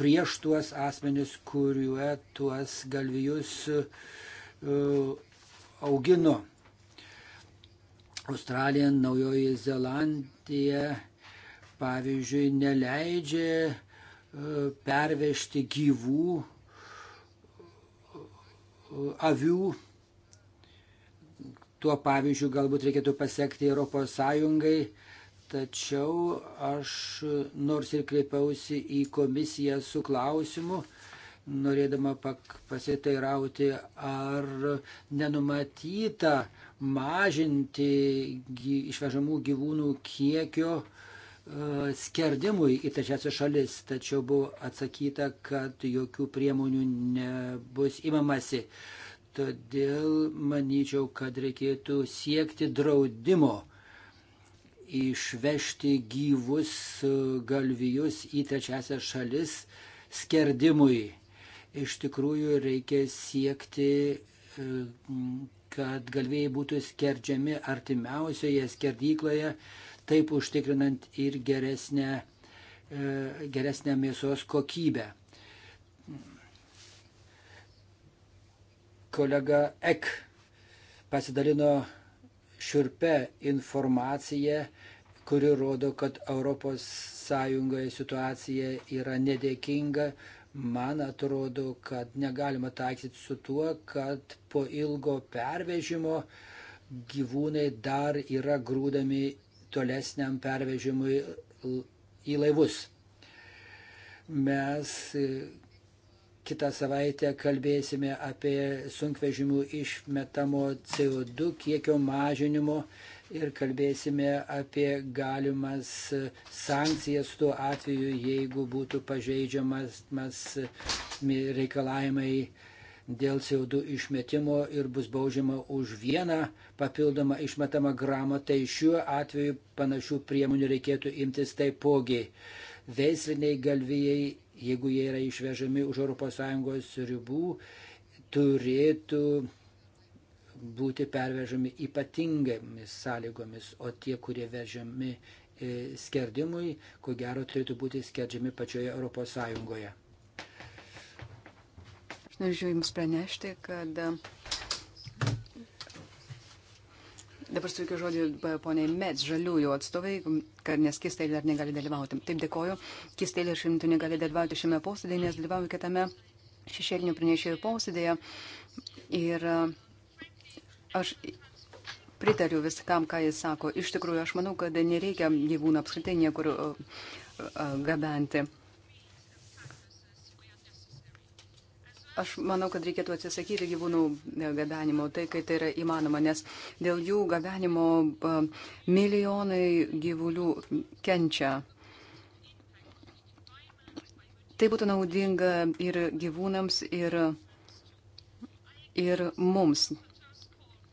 prieš tuos asmenis, kuriuo tuos galvijus uh, E, augino. Australija, Naujoji Zelandija, pavyzdžiui, neleidžia e, pervežti gyvų e, avių. Tuo pavyzdžiu galbūt reikėtų pasiekti ES, tačiau aš nors ir kreipiausi į komisiją su klausimu, norėdama pasiteirauti, ar nenumatyta mažinti išvežamų gyvūnų kiekio e, skerdimui į trečiasias šalis, tačiau buvo atsakyta, kad jokių priemonių nebus imamasi. Todėl manyčiau, kad reikėtų siekti draudimo išvežti gyvus galvijus į trečiasias šalis skerdimui iš tikrųjų reikia siekti, e, kad galvėjai būtų skerdžiami artimiausioje skerdykloje, taip užtikrinant ir geresnę, e, geresnę mėsos kokybę. Kolega Ek pasidalino šiurpę informaciją, kuri rodo, kad ES situacija yra nedėkinga, Man atrodo, kad negalima taikyti su tuo, kad po ilgo pervežimo gyvūnai dar yra grūdami tolesniam pervežimui į laivus. Mes e, kitą savaitę kalbėsime apie sunkvežimių išmetamo CO2 kiekio mažinimo ir kalbėsime apie galimas sankcijas tuo atveju, jeigu būtų pažeidžiamas reikalavimai dėl CO2 išmetimo ir bus baudžiama už vieną papildomą išmetamą gramą, tai šiuo atveju panašių priemonių reikėtų imtis taipogi. Veisliniai galvijai, jeigu jie yra išvežami už ES ribų, turėtų būti pervežami ypatingomis sąlygomis, o tie, kurie vežami e, skerdimui, ko gero turėtų būti skerdžiami pačioje Europos Sąjungoje. Aš norėčiau Jums pranešti, kad dabar suteikiu žodį e, poniai Mets, žaliųjų atstovai, kad nes Kistelė dar negali dalyvauti. Taip dėkoju, Kistelė šimtų negali dalyvauti šiame posėdėje, nes dalyvauju kitame šešėlinių pranešėjų posėdėje. Ir uh, Aš pritariu viskam, ką jis sako. Iš tikrųjų, aš manau, kad nereikia gyvūnų apskritai niekur uh, uh, gabenti. Aš manau, kad reikėtų atsisakyti gyvūnų uh, gabenimo, tai kai tai yra įmanoma, nes dėl jų gabenimo milijonai gyvulių kenčia. Tai būtų naudinga ir gyvūnams, ir, ir mums,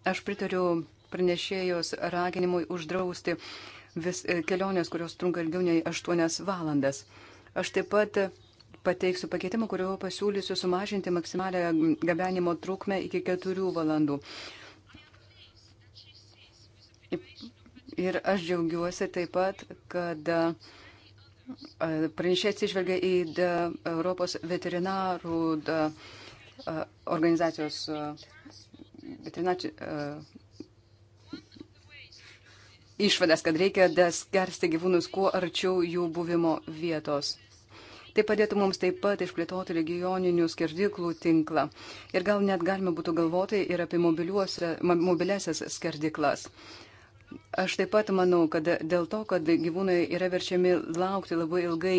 Aš pritariu pranešėjos raginimui uždrausti vis, e, kelionės, kurios trunka ilgiau nei 8 valandas. Aš taip pat pateiksiu pakeitimą, kuriuo pasiūlysiu sumažinti maksimalę gabenimo trukmę iki 4 valandų. Ir aš džiaugiuosi taip pat, kad e, pranešė atsižvelgia į Europos veterinarų e, organizacijos E, išvadas, kad reikia deskersti gyvūnus kuo arčiau jų buvimo vietos. Tai padėtų mums taip pat išplėtoti regioninių skerdiklų tinklą. Ir gal net galima būtų galvoti ir apie mobiliasias skerdiklas. Aš taip pat manau, kad dėl to, kad gyvūnai yra verčiami laukti labai ilgai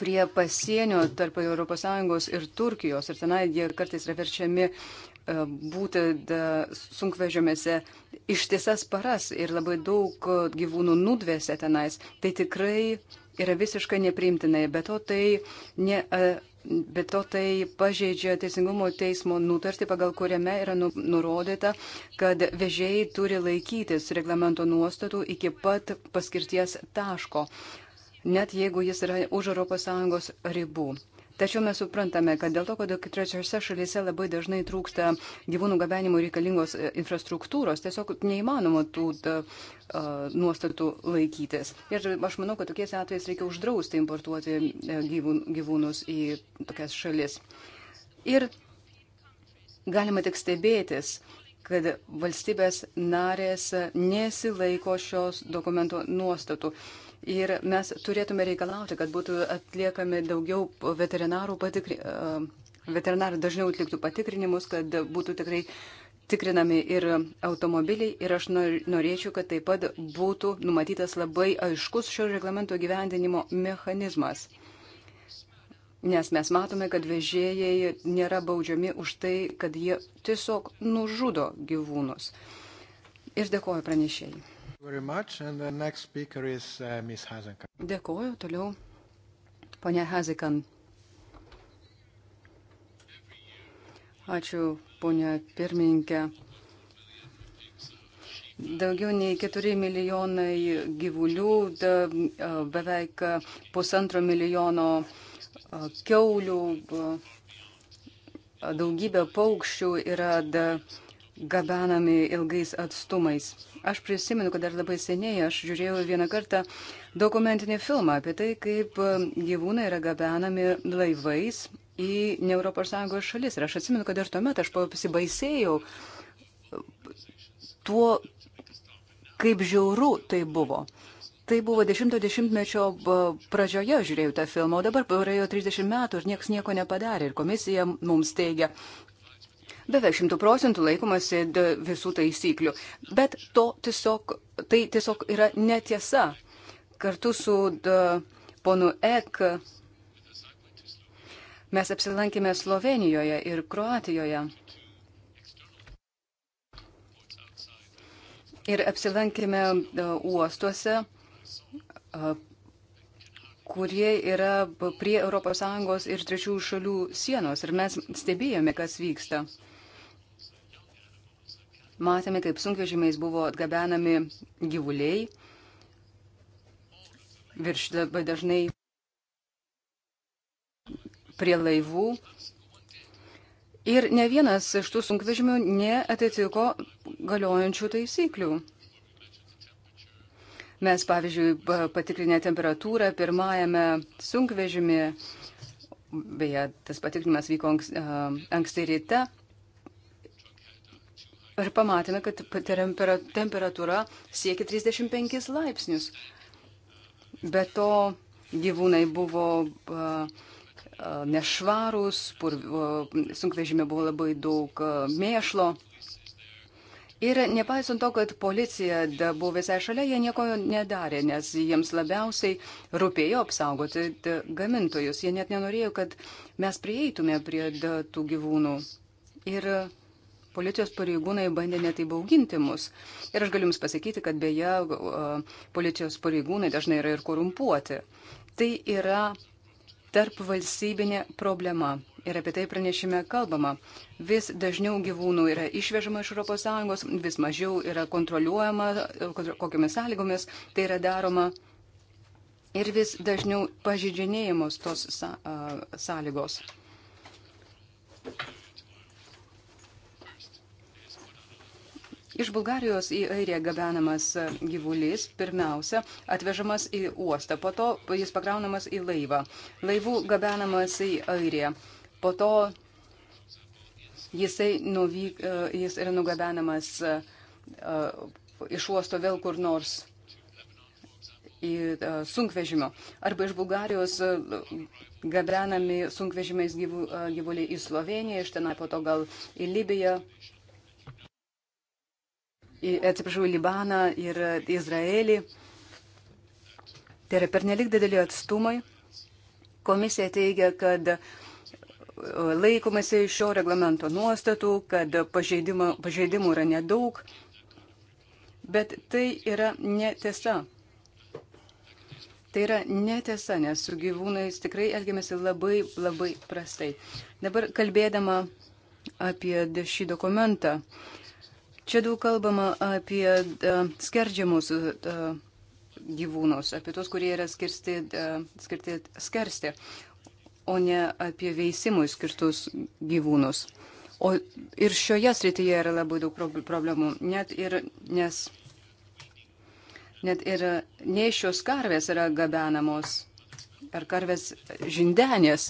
prie pasienio tarp ES ir Turkijos, ir tenai jie kartais yra verčiami uh, E, būti e, sunkvežimėse ištisas paras ir labai daug e, gyvūnų nudvėse tenais, tai tikrai yra visiškai nepriimtinai. Be to tai, ne, be to tai pažeidžia Teisingumo teismo nutartį, pagal kuriame yra nu, nurodyta, kad vežėjai turi laikytis reglamento nuostatų iki pat paskirties taško, net jeigu jis yra už ES ribų. Tačiau mes suprantame, kad dėl to, kad trečiose šalyse labai dažnai trūksta gyvūnų gabenimo reikalingos e, infrastruktūros, tiesiog neįmanoma tų ta, uh, nuostatų laikytis. Ir aš manau, kad tokiais atvejais reikia uždrausti importuoti e, gyvūn, gyvūnus į tokias šalis. Ir galima tik stebėtis, kad valstybės narės nesilaiko šios dokumento nuostatų. Uh, Ir mes turėtume reikalauti, kad būtų atliekami daugiau veterinarų patikri, veterinarai dažniau atliktų patikrinimus, kad būtų tikrai tikrinami ir automobiliai. Ir aš norėčiau, kad taip pat būtų numatytas labai aiškus šio reglamento gyvendinimo mechanizmas. Nes mes matome, kad vežėjai nėra baudžiami už tai, kad jie tiesiog nužudo gyvūnus. Ir dėkoju pranešėjai. Is, uh, Dėkuoju toliau, ponia Hazekan. Ačiū, ponia pirmininkė. Daugiau nei 4 milijonai gyvulių, da, beveik pusantro milijono keulių, daugybė paukščių yra da, gabenami ilgais atstumais. Aš prisimenu, kad dar labai seniai aš žiūrėjau vieną kartą dokumentinį filmą apie tai, kaip gyvūnai yra gabenami laivais į ne Europos Sąjungos šalis. Ir aš atsimenu, kad ir tuomet aš pasibaisėjau tuo, kaip žiauru tai buvo. Tai buvo 10-mečio pradžioje žiūrėjau tą filmą, o dabar praėjo 30 metų ir niekas nieko nepadarė. Ir komisija mums teigia, beveik šimtų procentų laikomasi visų taisyklių. Bet to tiesiog, tai tiesiog yra netiesa. Kartu su ponu Ek mes apsilankėme Slovenijoje ir Kroatijoje. Ir apsilankėme uostuose, kurie yra prie ES ir trečių šalių sienos. Ir mes stebėjome, kas vyksta matėme, kaip sunkvežimiais buvo atgabenami gyvuliai virš labai dažnai prie laivų. Ir ne vienas iš tų sunkvežimių neatitiko galiojančių taisyklių. Mes, pavyzdžiui, patikrinę temperatūrą pirmajame sunkvežimėje, beje, tas patikrinimas vyko anksti ryte, Ir pamatėme, kad temperatūra siekia 35 laipsnius. Be to gyvūnai buvo nešvarūs, sunkvežimė buvo labai daug mėšlo. Ir nepaisant to, kad policija buvo visai šalia, jie nieko nedarė, nes jiems labiausiai rūpėjo apsaugoti gamintojus. Jie net nenorėjo, kad mes prieitume prie tų gyvūnų. Ir policijos pareigūnai bandė netai bauginti mus. Ir aš galiu Jums pasakyti, kad beje, policijos pareigūnai dažnai yra ir korumpuoti. Tai yra tarp valstybinė problema. Ir apie tai pranešime kalbama. Vis dažniau gyvūnų yra išvežama iš ES, vis mažiau yra kontroliuojama, kokiamis sąlygomis tai yra daroma. Ir vis dažniau pažydžinėjimos tos sąlygos. Iš Bulgarijos į Airiją gabenamas e, gyvulys pirmiausia atvežamas į uostą, po to jis pakraunamas į laivą. Laivų gabenamas į Airiją. Po to jisai nuvyk, e, jis yra nugabenamas e, iš uosto vėl kur nors į sunkvežimio. Arba iš Bulgarijos gabenami sunkvežimiais gyvuliai į Sloveniją, iš tenai po to gal į Libiją, atsiprašau, Libaną ir Izraelį. Tai yra pernelik dideli atstumai. Komisija teigia, kad e, laikomasi šio reglamento nuostatų, kad pažeidimų yra nedaug, bet tai yra netiesa. Tai yra netiesa, nes su gyvūnais tikrai elgiamasi labai, labai prastai. Dabar kalbėdama apie šį dokumentą, Čia daug kalbama apie e, skerdžiamus e, gyvūnus, apie tos, kurie yra skirsti, e, skirti skersti, o ne apie veisimui skirtus gyvūnus. O ir šioje srityje yra labai daug problemų, net ir nes. Net ir neišios karvės yra gabenamos, ar karvės žindenės.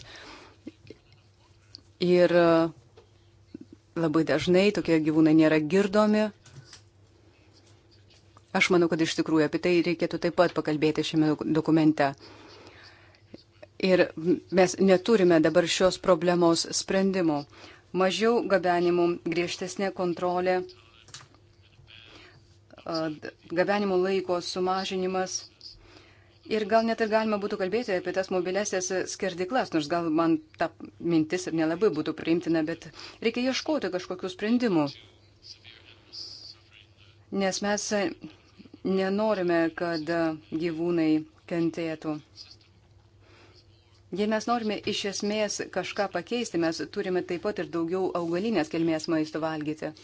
Ir uh, Labai dažnai tokie gyvūnai nėra girdomi. Aš manau, kad iš tikrųjų apie tai reikėtų taip pat pakalbėti šiame dokumente. Ir mes neturime dabar šios problemos sprendimų. Mažiau gabenimų, griežtesnė kontrolė, gabenimų laiko sumažinimas Ir gal net ir galima būtų kalbėti apie tas mobilesias skerdiklas, nors gal man ta mintis ir nelabai būtų priimtina, bet reikia ieškoti kažkokių sprendimų. Nes mes nenorime, kad gyvūnai kentėtų. Jei mes norime iš esmės kažką pakeisti, mes turime taip pat ir daugiau augalinės kelmės maisto valgyti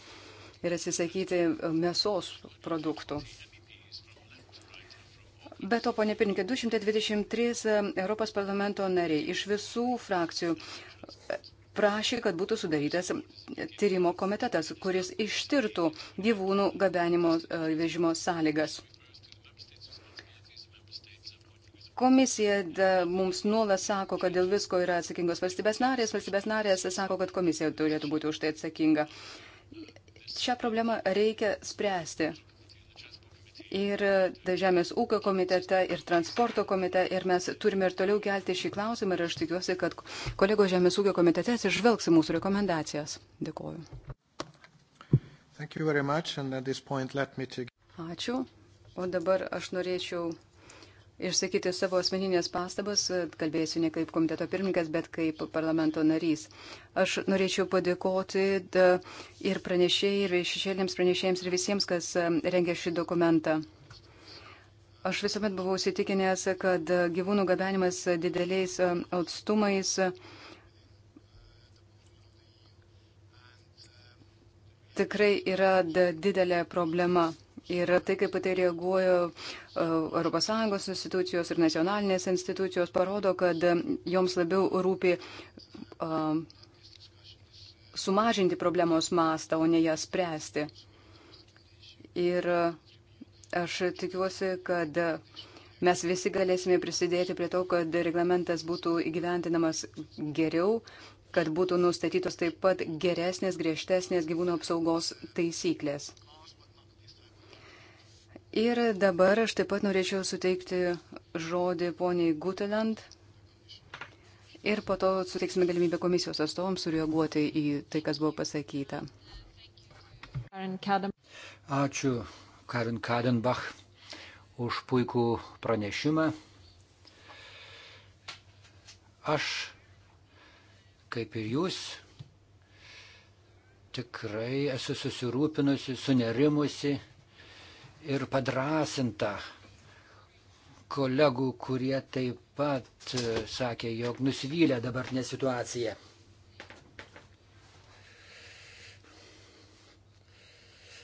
ir atsisakyti mėsos produktų. Be to, ponė Pirinkė, 223 e, Europos parlamento nariai iš visų frakcijų e, prašė, kad būtų sudarytas tyrimo komitetas, kuris ištirtų gyvūnų gabenimo e, vežimo sąlygas. Komisija da, mums nuolat sako, kad dėl visko yra atsakingos valstybės narės, valstybės narės sako, kad komisija turėtų būti už tai atsakinga. Šią problemą reikia spręsti ir Žemės ūkio komitete, ir transporto komitete, ir mes turime ir toliau kelti šį klausimą ir aš tikiuosi, kad kolego Žemės ūkio komitete atsižvelgs į mūsų rekomendacijas. Dėkuoju. Much, take... Ačiū. O dabar aš norėčiau išsakyti savo asmeninės pastabas, kalbėsiu ne kaip komiteto pirmininkas, bet kaip parlamento narys. Aš norėčiau padėkoti ir pranešėjai, ir šešėlėms pranešėjams, ir visiems, kas rengė šį dokumentą. Aš visuomet buvau įsitikinęs, kad gyvūnų gabenimas dideliais atstumais tikrai yra didelė problema. Ir tai, kaip tai reaguoja ES institucijos ir nacionalinės institucijos, parodo, kad e, joms labiau rūpi e, sumažinti problemos mastą, o ne ją spręsti. Ir e, aš tikiuosi, kad mes visi galėsime prisidėti prie to, kad reglamentas būtų įgyventinamas geriau, kad būtų nustatytos taip pat geresnės, griežtesnės gyvūnų apsaugos taisyklės. Ir dabar aš taip pat norėčiau suteikti žodį poniai Guteland. Ir po to suteiksime galimybę komisijos atstovams sureaguoti į tai, kas buvo pasakyta. Ačiū Karin Kadenbach už puikų pranešimą. Aš, kaip ir jūs, tikrai esu susirūpinusi, sunerimusi ir padrasinta kolegų, kurie taip pat e, sakė, jog nusivylę dabartinę situaciją.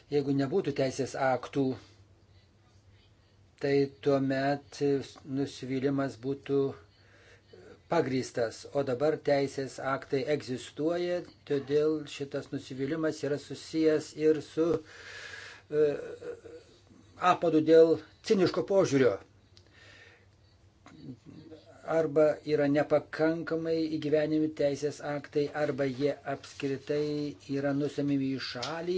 Jeigu nebūtų teisės aktų, tai tuomet nusivylimas būtų pagrystas. O dabar teisės aktai egzistuoja, todėl šitas nusivylimas yra susijęs ir su uh, apadų dėl ciniško požiūrio arba yra nepakankamai įgyvenimi teisės aktai, arba jie apskritai yra nusamimi į šalį,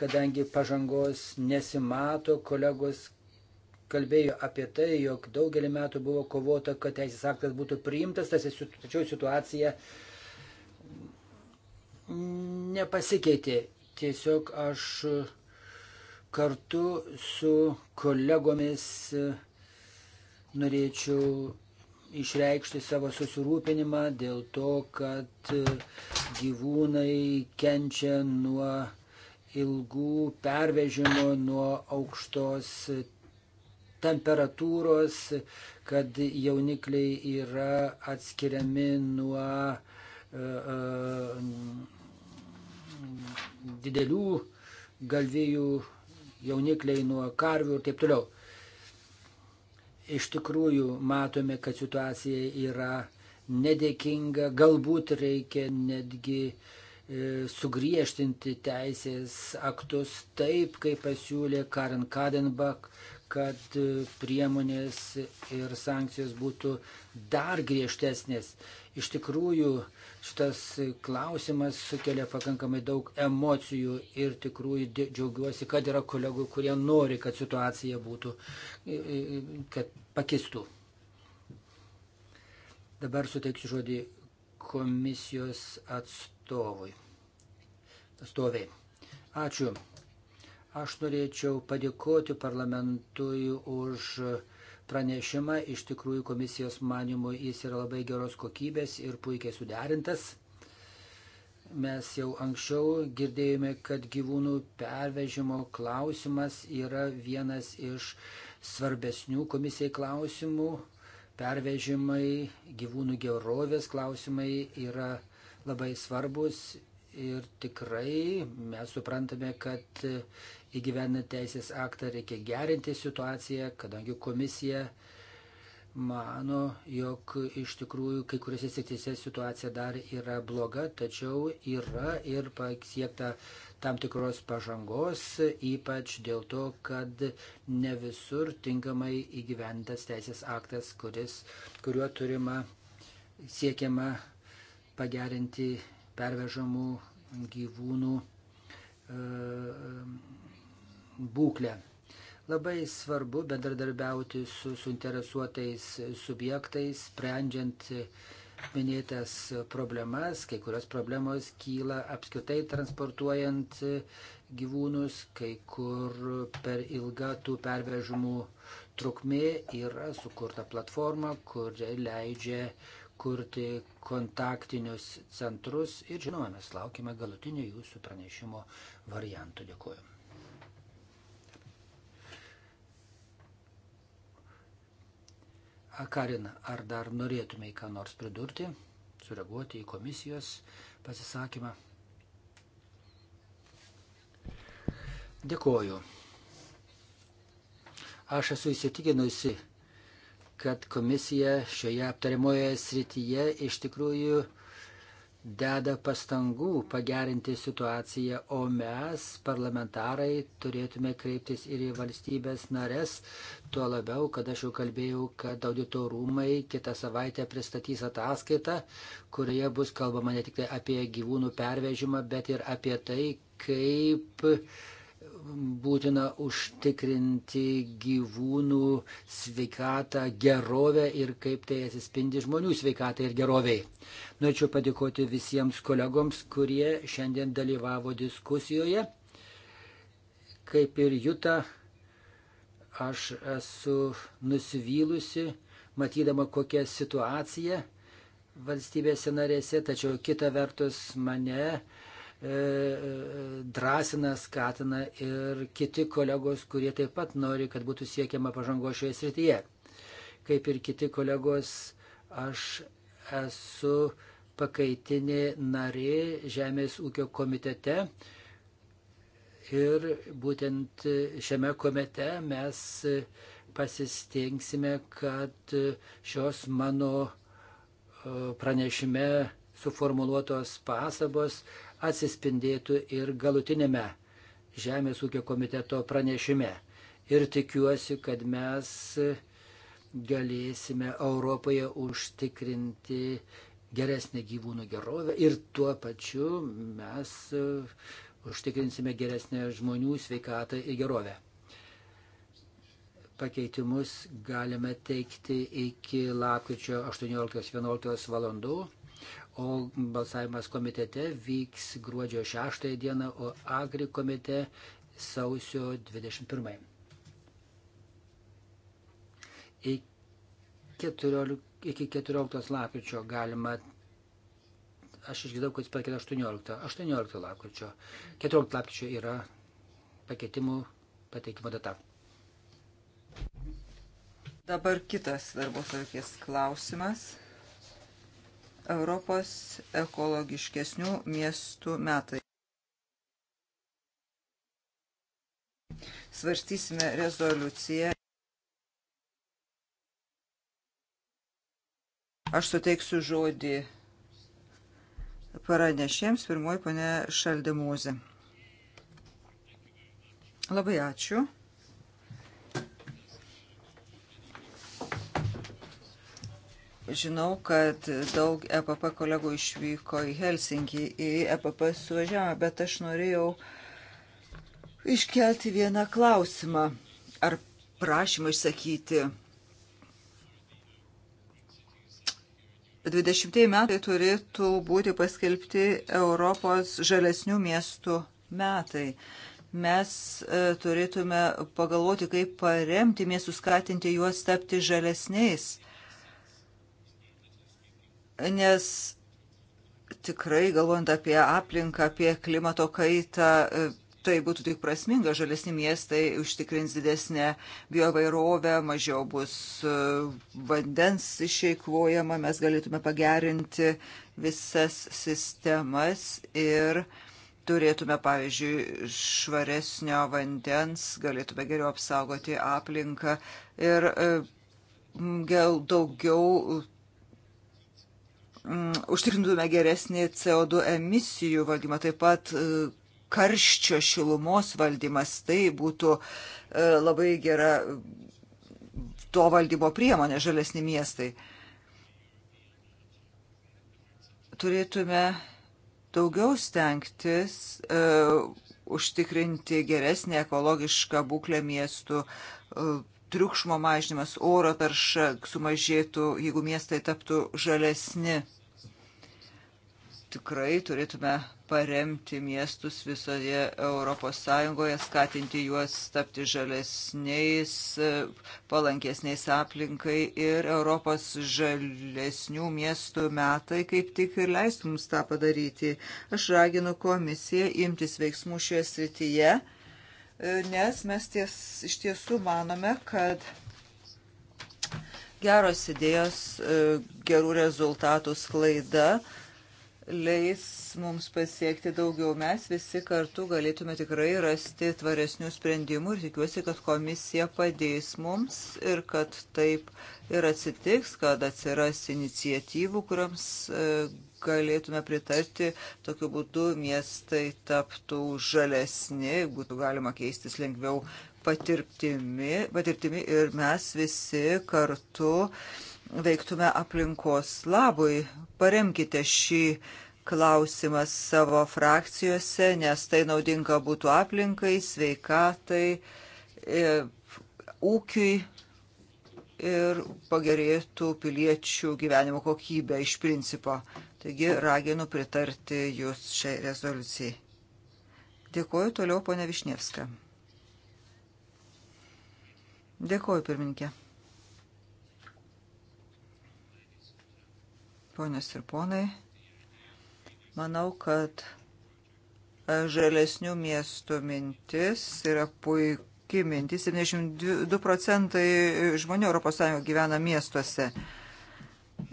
kadangi pažangos nesimato. Kolegos kalbėjo apie tai, jog daugelį metų buvo kovota, kad teisės aktas būtų priimtas, tačiau situacija nepasikeitė. Tiesiog aš Kartu su kolegomis e, norėčiau išreikšti savo susirūpinimą dėl to, kad e, gyvūnai kenčia nuo ilgų pervežimų, nuo aukštos temperatūros, kad jaunikliai yra atskiriami nuo uh, uh, didelių galvijų jaunikliai nuo karvių ir taip toliau. Iš tikrųjų matome, kad situacija yra nedėkinga, galbūt reikia netgi e, sugriežtinti teisės aktus taip, kaip pasiūlė Karen Kadenbach, kad e, priemonės ir sankcijos būtų dar griežtesnės. Iš tikrųjų, šitas klausimas sukelia pakankamai daug emocijų ir tikrųjų džiaugiuosi, kad yra kolegų, kurie nori, kad situacija būtų, kad pakistų. Dabar suteiksiu žodį komisijos atstovui. Atstoviai. Ačiū. Aš norėčiau padėkoti parlamentui už uh, pranešimą. Iš tikrųjų, komisijos manimų jis yra labai geros kokybės ir puikiai suderintas. Mes jau anksčiau girdėjome, kad gyvūnų pervežimo klausimas yra vienas iš svarbesnių komisijai klausimų. Pervežimai, gyvūnų gerovės klausimai yra labai svarbus ir tikrai mes suprantame, kad įgyvenant teisės aktą reikia gerinti situaciją, kadangi komisija mano, jog iš tikrųjų kai kuriuose srityse situacija dar yra bloga, tačiau yra ir pasiekta tam tikros pažangos, ypač dėl to, kad ne visur tinkamai įgyventas teisės aktas, kuris, kuriuo turima siekiama pagerinti pervežamų gyvūnų e, būklę. Labai svarbu bendradarbiauti su suinteresuotais subjektais, sprendžiant minėtas problemas. Kai kurios problemos kyla apskritai transportuojant gyvūnus, kai kur per ilga tų pervežimų trukmė yra sukurta platforma, kuri leidžia kurti kontaktinius centrus ir žinoma, mes laukime galutinio jūsų pranešimo variantų. Dėkuoju. Akarin, ar dar norėtumėj ką nors pridurti, sureaguoti į komisijos pasisakymą? Dėkoju. Aš esu įsitikinusi, kad komisija šioje aptariamoje srityje iš tikrųjų uh, deda pastangų pagerinti situaciją, o mes, parlamentarai, turėtume kreiptis ir į valstybės narės, tuo labiau, kad aš jau kalbėjau, kad audito rūmai kitą savaitę pristatys ataskaitą, kurioje bus kalbama ne tik tai apie gyvūnų pervežimą, bet ir apie tai, kaip būtina užtikrinti gyvūnų sveikatą, gerovę ir kaip tai atsispindi žmonių sveikatai ir geroviai. Norėčiau padėkoti visiems kolegoms, kurie šiandien dalyvavo diskusijoje. Kaip ir Juta, aš esu nusivylusi, matydama kokią situaciją valstybėse narėse, tačiau kita vertus mane E, e, drąsina, skatina ir kiti kolegos, kurie taip pat nori, kad būtų siekiama pažango šioje srityje. Kaip ir kiti kolegos, aš esu pakaitinė narė Žemės ūkio komitete ir būtent šiame komitete mes pasistengsime, kad šios mano e, pranešime suformuluotos pasabos atsispindėtų ir galutinėme Žemės ūkio komiteto pranešime. Ir tikiuosi, kad mes galėsime Europoje užtikrinti geresnę gyvūnų gerovę ir tuo pačiu mes e, užtikrinsime geresnę žmonių sveikatą ir gerovę. Pakeitimus galime teikti iki lakryčio 18-11 valandų o balsavimas komitete vyks gruodžio 6 dieną, o agri komite sausio 21. Iki 14 lapkričio galima, aš išgirdau, kad jis pakelia 18, 18 lapkričio, 14 lapkričio yra pakeitimų pateikimo data. Dabar kitas darbo tvarkės klausimas. Europos ekologiškesnių miestų metai. Svarstysime rezoliuciją. Aš suteiksiu žodį pranešėms, pirmoji ponė Šaldemūzė. Labai ačiū. Žinau, kad daug EPP kolegų išvyko į Helsinkį, į EPP suvažiavimą, bet aš norėjau iškelti vieną klausimą ar prašymą išsakyti. 20 metai turėtų būti paskelbti Europos žalesnių miestų metai. Mes e, turėtume pagalvoti, kaip paremti miestus, skatinti juos tapti žalesniais nes tikrai galvojant apie aplinką, apie klimato kaitą, tai būtų tik prasminga, žalesni miestai užtikrins didesnę biovairovę, mažiau bus e, vandens išeikvojama, mes galėtume pagerinti visas sistemas ir turėtume, pavyzdžiui, švaresnio vandens, galėtume geriau apsaugoti aplinką ir e, gal daugiau mm, užtikrintume geresnį CO2 emisijų valdymą, taip pat e, karščio šilumos valdymas, tai būtų e, labai gera mm, to valdymo priemonė žalesni miestai. Turėtume daugiau stengtis e, užtikrinti geresnį ekologišką būklę miestų, e, triukšmo mažinimas, oro tarša sumažėtų, jeigu miestai taptų žalesni. Tikrai turėtume paremti miestus visoje Europos Sąjungoje, skatinti juos tapti žalesniais, palankesniais aplinkai ir Europos žalesnių miestų metai kaip tik ir leis mums tą padaryti. Aš raginu komisiją imtis veiksmų šioje srityje E, nes mes ties, iš tiesų manome, kad geros idėjos, e, gerų rezultatų sklaida leis mums pasiekti daugiau. Mes visi kartu galėtume tikrai rasti tvaresnių sprendimų ir tikiuosi, kad komisija padės mums ir kad taip ir atsitiks, kad atsiras iniciatyvų, kuriams e, galėtume pritarti, tokiu būdu miestai taptų žalesni, būtų galima keistis lengviau patirtimi, patirtimi ir mes visi kartu veiktume aplinkos labui. Paremkite šį klausimą savo frakcijose, nes tai naudinga būtų aplinkai, sveikatai, e, ūkiui ir pagerėtų piliečių gyvenimo kokybė iš principo. Taigi raginu pritarti jūs šiai rezoliucijai. Dėkuoju toliau, ponia Višnievska. Dėkuoju, pirminkė. Ponios ir ponai, manau, kad žalesnių miestų mintis yra puikiai mintis. 72 procentai žmonių ES gyvena miestuose.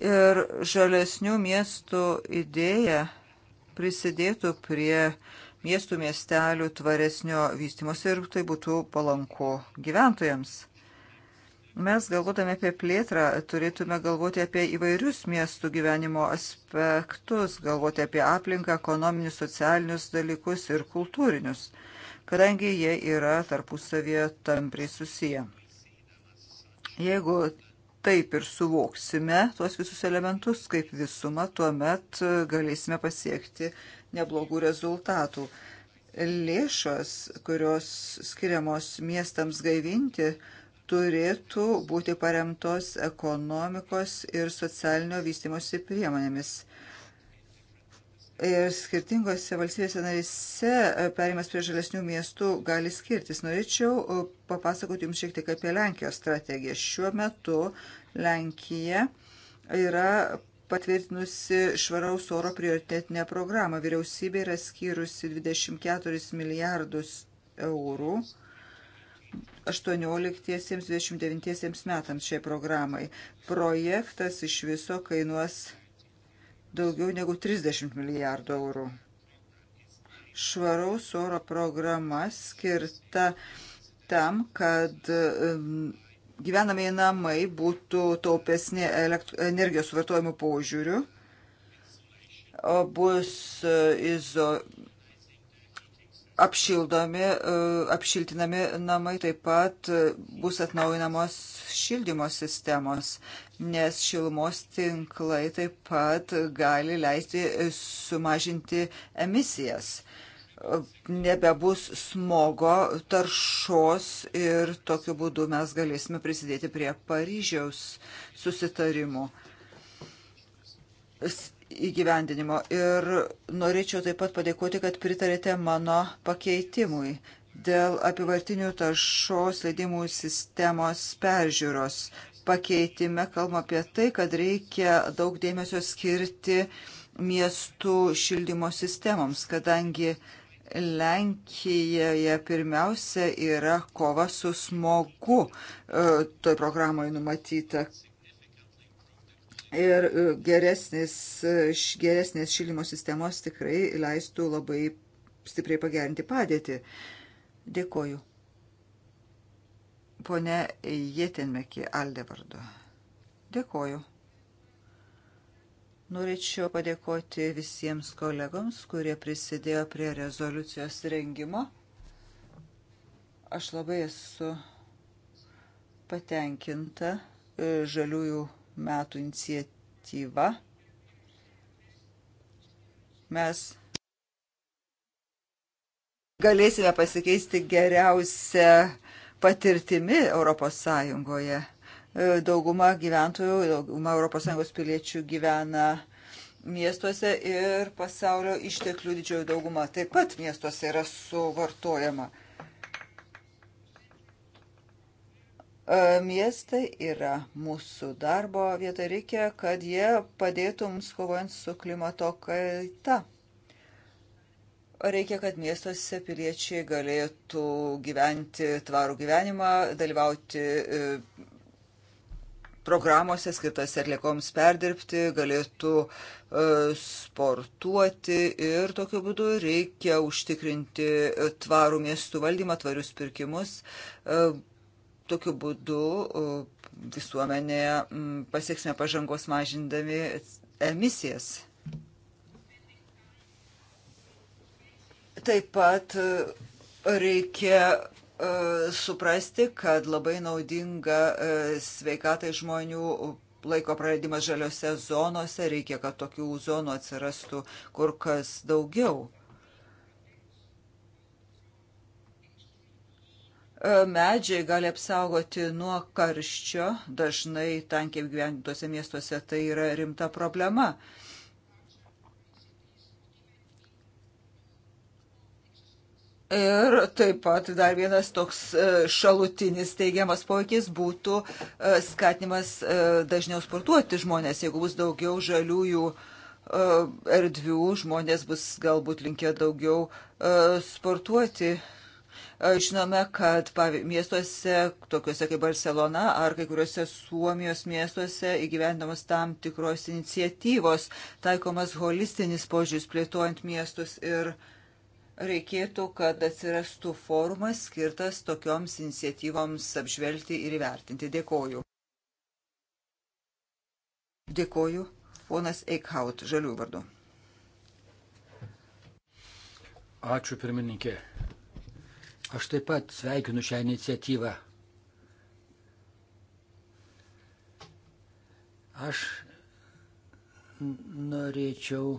Ir žalesnių miestų idėja prisidėtų prie miestų miestelių tvaresnio vystimos ir tai būtų palanku gyventojams. Mes galvodami apie plėtrą turėtume galvoti apie įvairius miestų gyvenimo aspektus, galvoti apie aplinką, ekonominius, socialinius dalykus ir kultūrinius, kadangi jie yra tarpusavėje tampriai susiję. Jeigu taip ir suvoksime tuos visus elementus kaip visumą, tuomet e, galėsime pasiekti neblogų rezultatų. Lėšos, kurios skiriamos miestams gaivinti, turėtų būti paremtos ekonomikos ir socialinio vystimosi priemonėmis ir skirtingose valstybėse narėse e, perimas prie žalesnių miestų gali skirtis. Norėčiau e, papasakoti Jums šiek tiek apie Lenkijos strategiją. Šiuo metu Lenkija yra patvirtinusi švaraus oro prioritetinę programą. Vyriausybė yra skyrusi 24 milijardus eurų 18-29 metams šiai programai. Projektas iš viso kainuos daugiau negu 30 milijardų eurų. Švaraus oro programa skirta tam, kad gyvenamieji namai būtų taupesni energijos suvartojimo požiūriu, o bus e, izo apšildomi, e, apšiltinami namai, taip pat e, bus atnaujinamos šildymo sistemos nes šilumos tinklai taip pat gali leisti sumažinti emisijas. Nebebus smogo taršos ir tokiu būdu mes galėsime prisidėti prie Paryžiaus susitarimų įgyvendinimo. Ir norėčiau taip pat padėkoti, kad pritarėte mano pakeitimui dėl apivartinių taršos leidimų sistemos peržiūros pakeitime kalbama apie tai, kad reikia daug dėmesio skirti miestų šildymo sistemoms, kadangi Lenkijoje pirmiausia yra kova su smogu, e, toj programoje numatyta. Ir e, geresnės, e, geresnės šildymo sistemos tikrai leistų labai stipriai pagerinti padėtį. Dėkoju. Pone Jėtinmekį Aldė vardu. Dėkoju. Norėčiau padėkoti visiems kolegoms, kurie prisidėjo prie rezoliucijos rengimo. Aš labai esu patenkinta e, žaliųjų metų iniciatyva. Mes galėsime pasikeisti geriausią patirtimi Europos Sąjungoje. E, dauguma gyventojų, dauguma Europos Sąjungos piliečių gyvena miestuose ir pasaulio išteklių didžioji dauguma taip pat miestuose yra suvartojama. E, miestai yra mūsų darbo vieta, reikia, kad jie padėtų mums kovojant su klimato kaita. Reikia, kad miestuose piliečiai galėtų gyventi tvarų gyvenimą, dalyvauti e, programuose skirtose atliekoms perdirbti, galėtų e, sportuoti ir tokiu būdu reikia užtikrinti tvarų miestų valdymą, tvarius pirkimus. E, tokiu būdu visuomenėje pasieksime pažangos mažindami emisijas. Taip pat e, reikia e, suprasti, kad labai naudinga e, sveikatai žmonių laiko praradimas žaliose zonose, reikia, kad tokių zonų atsirastų kur kas daugiau. Medžiai gali apsaugoti nuo karščio, dažnai tankiai gyventose miestuose tai yra rimta problema. Uh, Ir taip pat dar vienas toks e, šalutinis teigiamas poveikis būtų e, skatinimas e, dažniau sportuoti žmonės. Jeigu bus daugiau žaliųjų erdvių, žmonės bus galbūt linkę daugiau sportuoti. Žinome, kad miestuose, tokiuose kaip Barcelona ar kai kuriuose Suomijos miestuose įgyvendamos tam tikros iniciatyvos, taikomas holistinis požiūris plėtojant miestus ir miestus reikėtų, kad atsirastų forumas skirtas tokioms iniciatyvoms apžvelgti ir įvertinti. Dėkoju. Dėkoju, ponas Eikhaut, žalių vardu. Ačiū, pirmininkė. Aš taip pat sveikinu šią iniciatyvą. Aš norėčiau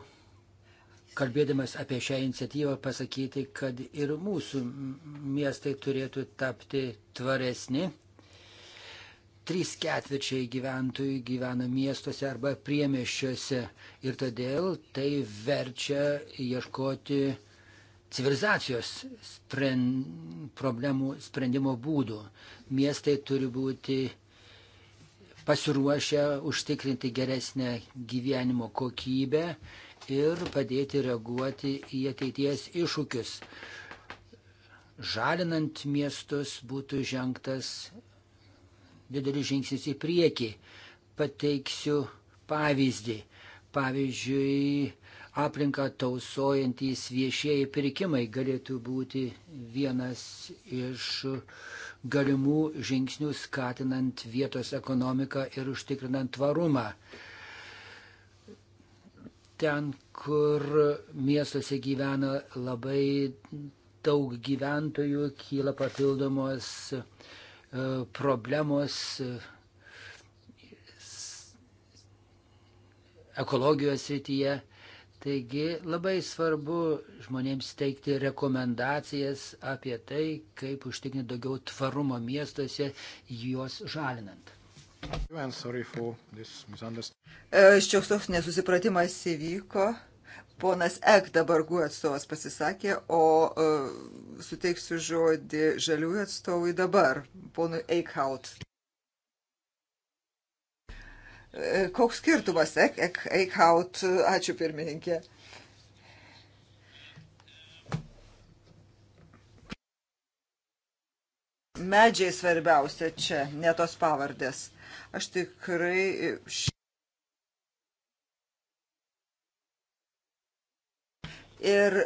kalbėdamas apie šią iniciatyvą pasakyti, kad ir mūsų miestai turėtų tapti tvaresni. Trys ketvirčiai gyventojų gyvena miestuose arba priemeščiuose ir todėl tai verčia ieškoti civilizacijos spren, problemų sprendimo būdų. Miestai turi būti pasiruošę užtikrinti geresnę gyvenimo kokybę ir padėti reaguoti į ateities iššūkius. Žalinant miestus būtų žengtas didelis žingsnis į priekį. Pateiksiu pavyzdį. Pavyzdžiui, aplinką tausojantys viešieji pirkimai galėtų būti vienas iš galimų žingsnių skatinant vietos ekonomiką ir užtikrinant tvarumą ten, kur miestuose gyvena labai daug gyventojų, kyla papildomos e, problemos e, ekologijos srityje. Taigi labai svarbu žmonėms teikti rekomendacijas apie tai, kaip užtikrinti daugiau tvarumo miestuose, juos žalinant. Šioks toks nesusipratimas įvyko. Ponas Ek dabar GU atstovas pasisakė, o uh, suteiksiu žodį žaliųjų atstovui dabar, ponui Eikhaut. E, koks skirtumas, Ek, Ek, Eikhaut, ačiū pirmininkė. Medžiai svarbiausia čia, ne tos pavardės. Aš tikrai. E, ir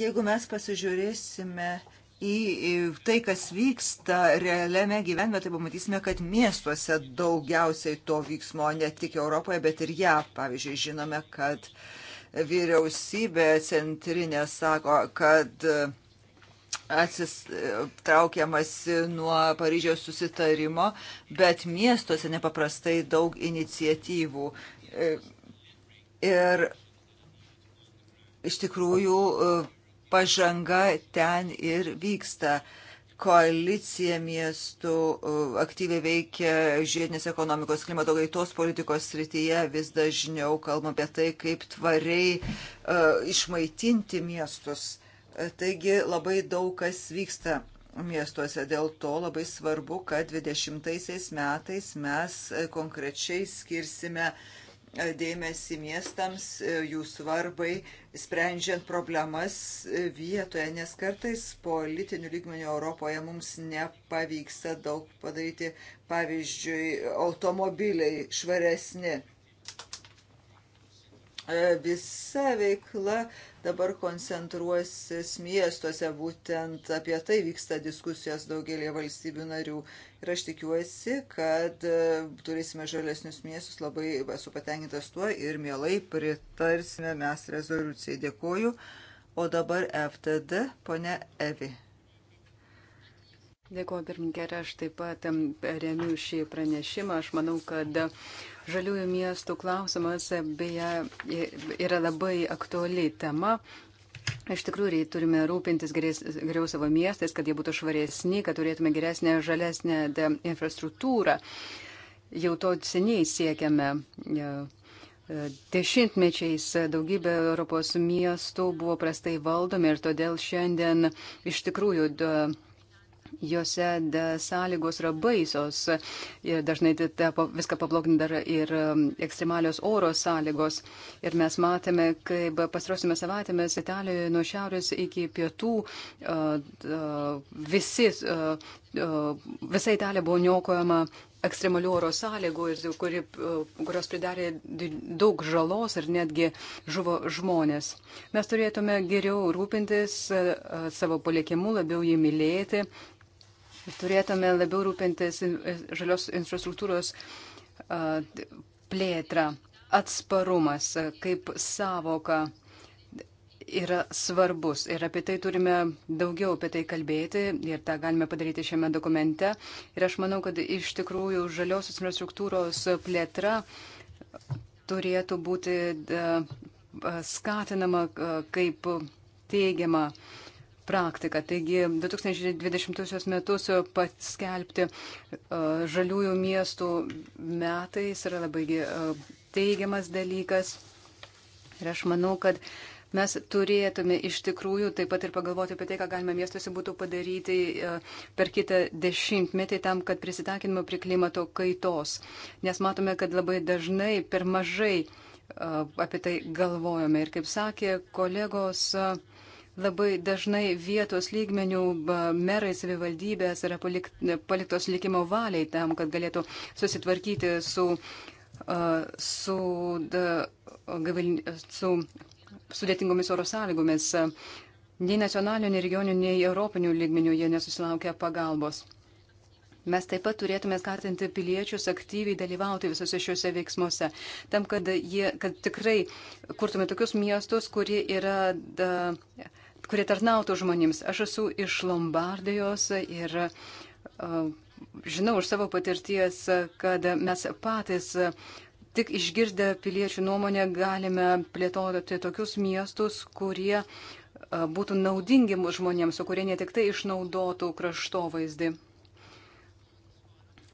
jeigu mes pasižiūrėsime į, į tai, kas vyksta realiame gyvenime, tai pamatysime, kad miestuose daugiausiai to vyksmo ne tik Europoje, bet ir ją. Pavyzdžiui, žinome, kad vyriausybė centrinė sako, kad atsitraukiamasi nuo Paryžiaus susitarimo, bet miestuose nepaprastai daug iniciatyvų. E, ir iš tikrųjų e, pažanga ten ir vyksta. Koalicija miestų e, aktyviai veikia žiedinės ekonomikos klimato kaitos politikos srityje. Vis dažniau kalbam apie tai, kaip tvariai uh, išmaitinti miestus. Taigi labai daug kas vyksta miestuose. Dėl to labai svarbu, kad 20 metais mes konkrečiai skirsime dėmesį miestams, jų svarbai, sprendžiant problemas vietoje, nes kartais politinių lygmenių Europoje mums nepavyksta daug padaryti, pavyzdžiui, automobiliai švaresni. Visa veikla dabar koncentruosis miestuose, būtent apie tai vyksta diskusijos daugelį valstybių narių. Ir aš tikiuosi, kad e, turėsime žalesnius miestus, labai esu patenkintas tuo ir mielai pritarsime mes rezoliucijai. Dėkuoju. O dabar FTD, ponia Evi. Dėkuoju, pirmininkė, ir aš taip pat remiu šį pranešimą. Aš manau, kad žaliųjų miestų klausimas beje yra labai aktuali tema. Iš tikrųjų, turime rūpintis geriau savo miestais, kad jie būtų švaresni, kad turėtume geresnę, žalesnę infrastruktūrą. Jau to seniai siekiame. E, dešimtmečiais daugybė Europos miestų buvo prastai valdomi ir todėl šiandien iš tikrųjų. Da, Jose sąlygos yra baisos ir dažnai tai viską pablogina dar ir um, ekstremalios oro sąlygos. Ir mes matėme, kaip pastarosime savaitėmis Italijoje nuo šiaurės iki pietų uh, uh, visi, uh, visa Italija buvo niokojama ekstremalių oro sąlygų, kuri, kurios pridarė daug žalos ir netgi žuvo žmonės. Mes turėtume geriau rūpintis savo palikimu, labiau jį mylėti Turėtume labiau rūpintis e, žalios infrastruktūros plėtrą. Atsparumas kaip savoka yra svarbus ir apie tai turime daugiau apie tai kalbėti ir tą galime padaryti šiame dokumente. Ir aš manau, kad iš tikrųjų žaliosios infrastruktūros plėtra turėtų būti skatinama kaip teigiama uh, praktiką. Taigi 2020 metus paskelbti e, žaliųjų miestų metais yra labai e, teigiamas dalykas. Ir aš manau, kad mes turėtume iš tikrųjų taip pat ir pagalvoti apie tai, ką galima miestuose būtų padaryti e, per kitą dešimtmetį tam, kad prisitakinimo prie klimato kaitos. Nes matome, kad labai dažnai per mažai apie tai galvojame. Ir kaip sakė kolegos, uh, Labai dažnai vietos lygmenių merai savivaldybės yra paliktos likimo valiai tam, kad galėtų susitvarkyti su, su, su sudėtingomis oro sąlygomis. Nei nacionalinių, nei regioninių, nei europinių lygmenių jie nesusilaukia pagalbos. Mes taip pat turėtume skatinti piliečius aktyviai dalyvauti visose šiuose veiksmuose, tam, kad, jie, kad tikrai kurtume tokius miestus, kurie yra da, kurie tarnautų žmonėms. Aš esu iš Lombardijos ir žinau iš savo patirties, kad mes patys tik išgirdę piliečių nuomonę galime plėtoti tokius miestus, kurie būtų naudingi žmonėms, o kurie ne tik tai išnaudotų kraštovaizdį.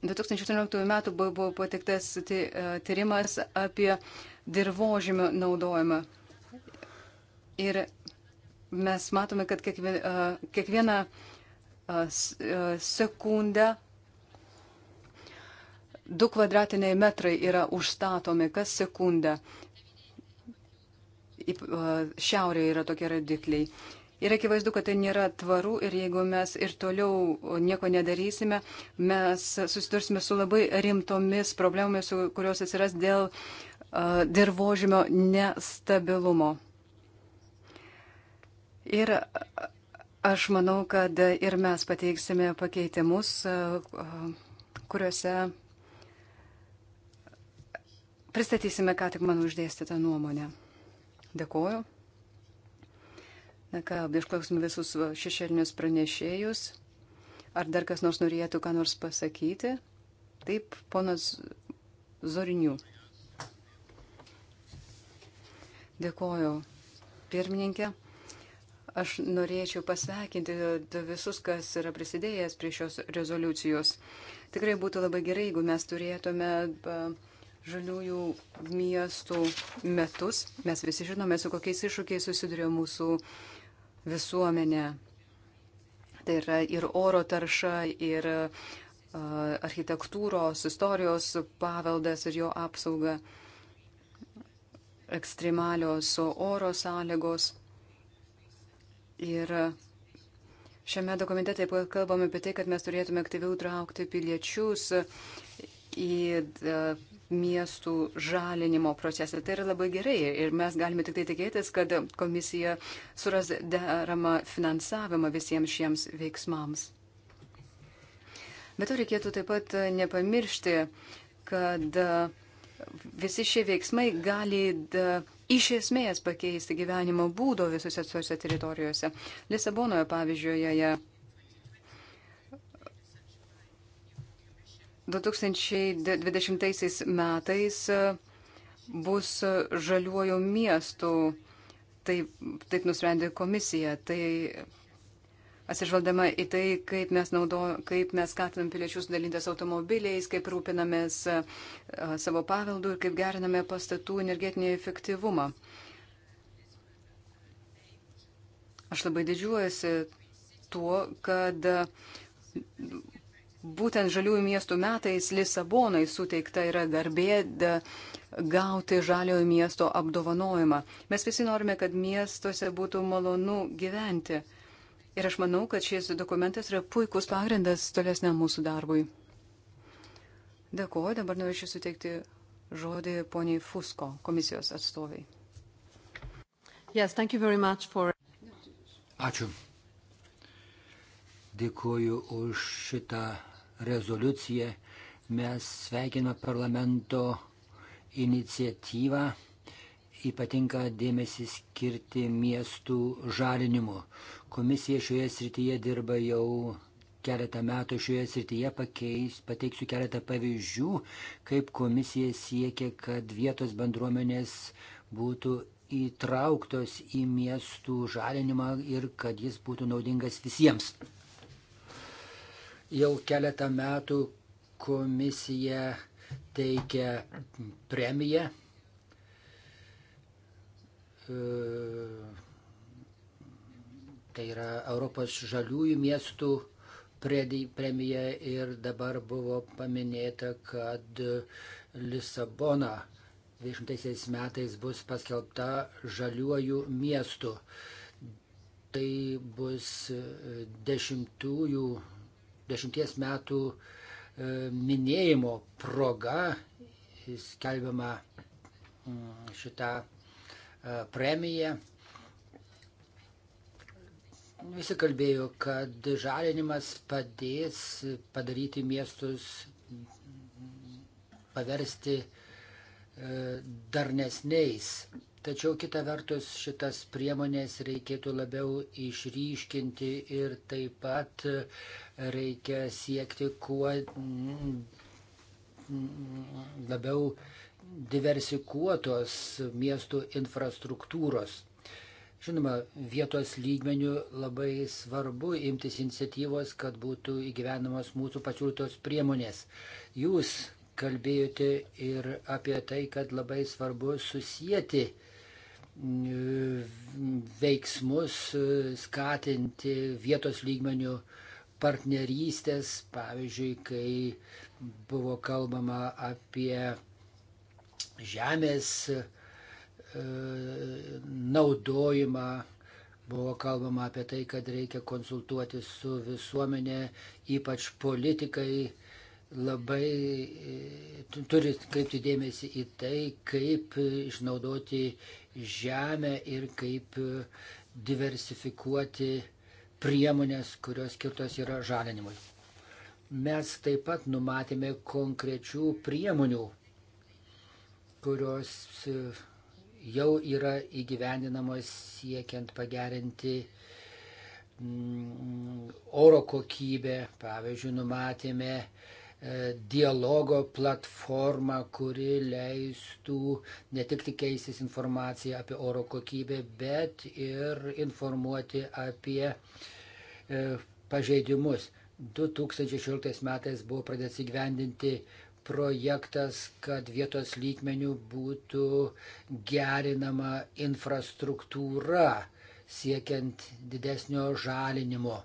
2014 m. buvo patiktas tyrimas apie dirbožymio naudojimą. Ir mes matome, kad kiekvieną sekundę du kvadratiniai metrai yra užstatomi kas sekundę. Šiaurėje yra tokie radikliai. Ir akivaizdu, kad tai nėra tvaru ir jeigu mes ir toliau nieko nedarysime, mes susidursime su labai rimtomis problemomis, kurios atsiras dėl dirbožymio nestabilumo. Ir aš manau, kad ir mes pateiksime pakeitimus, kuriuose pristatysime ką tik man uždėstytą nuomonę. Dėkuoju. Na ką, išklausim visus šešėlinius pranešėjus. Ar dar kas nors norėtų ką nors pasakyti? Taip, ponas Zorinių. Dėkuoju, pirmininkė. Aš norėčiau pasveikinti visus, kas yra prisidėjęs prie šios rezoliucijos. Tikrai būtų labai gerai, jeigu mes turėtume žaliųjų miestų metus. Mes visi žinome, su kokiais iššūkiais susiduria mūsų visuomenė. Tai yra ir oro tarša, ir architektūros, istorijos paveldas ir jo apsauga, ekstremalios oro sąlygos. Ir šiame dokumente taip pat kalbame apie tai, kad mes turėtume aktyviau traukti piliečius į e, miestų žalinimo procesą. Tai yra labai gerai ir mes galime tik tai tikėtis, kad komisija suras deramą finansavimą visiems šiems veiksmams. Bet to reikėtų taip pat nepamiršti, kad visi šie veiksmai gali e, iš esmės pakeisti gyvenimo būdo visose tose teritorijose. Lisabonoje, pavyzdžiui, 2020 metais e, bus žaliuojo miestų, taip, taip nusprendė komisija. Tai atsižvaldama į tai, kaip mes, naudo, kaip mes skatinam piliečius dalintis automobiliais, kaip rūpinamės e, savo paveldų ir kaip geriname pastatų energetinį efektyvumą. Aš labai didžiuojasi tuo, kad būtent žaliųjų miestų metais Lisabonai suteikta yra garbė gauti žaliojo miesto apdovanojimą. Mes visi norime, kad miestuose būtų malonu gyventi. Ir aš manau, kad šis dokumentas yra puikus pagrindas tolesniam mūsų darbui. Dėkuoju, dabar norėčiau suteikti žodį poniai Fusko, komisijos atstoviai. Yes, for... Ačiū. Dėkuoju už šitą rezoliuciją. Mes sveikiname parlamento iniciatyvą ypatinga dėmesį skirti miestų žalinimu. Komisija šioje srityje dirba jau keletą metų šioje srityje pakeis, pateiksiu keletą pavyzdžių, kaip komisija siekia, kad vietos bendruomenės būtų įtrauktos į miestų žalinimą ir kad jis būtų naudingas visiems. Jau keletą metų komisija teikia premiją tai yra Europos žaliųjų miestų premija ir dabar buvo paminėta, kad Lisabona 20 metais bus paskelbta žaliuoju miestu. Tai bus dešimtųjų, dešimties metų e, minėjimo proga skelbiama mm, šitą E, premiją. Visi kalbėjo, kad žalinimas padės padaryti miestus, paversti e, darnesniais. Tačiau kita vertus šitas priemonės reikėtų labiau išryškinti ir taip pat reikia siekti kuo mm, mm, labiau uh, diversikuotos miestų infrastruktūros. Žinoma, vietos lygmenių labai svarbu imtis iniciatyvos, kad būtų įgyvenamos mūsų pasiūlytos priemonės. Jūs kalbėjote ir apie tai, kad labai svarbu susijęti mm, veiksmus, skatinti vietos lygmenių partnerystės, pavyzdžiui, kai buvo kalbama apie žemės e, naudojimą. Buvo kalbama apie tai, kad reikia konsultuoti su visuomenė, ypač politikai labai e, turi kreipti dėmesį į tai, kaip išnaudoti žemę ir kaip diversifikuoti priemonės, kurios skirtos yra žalinimui. Mes taip pat numatėme konkrečių priemonių kurios e, jau yra įgyvendinamos siekiant pagerinti mm, oro kokybę. Pavyzdžiui, numatėme e, dialogo platformą, kuri leistų ne tik keistis informaciją apie oro kokybę, bet ir informuoti apie e, pažeidimus. 2016 metais buvo pradėtas įgyvendinti projektas, kad vietos lygmenių būtų gerinama infrastruktūra siekiant didesnio žalinimo.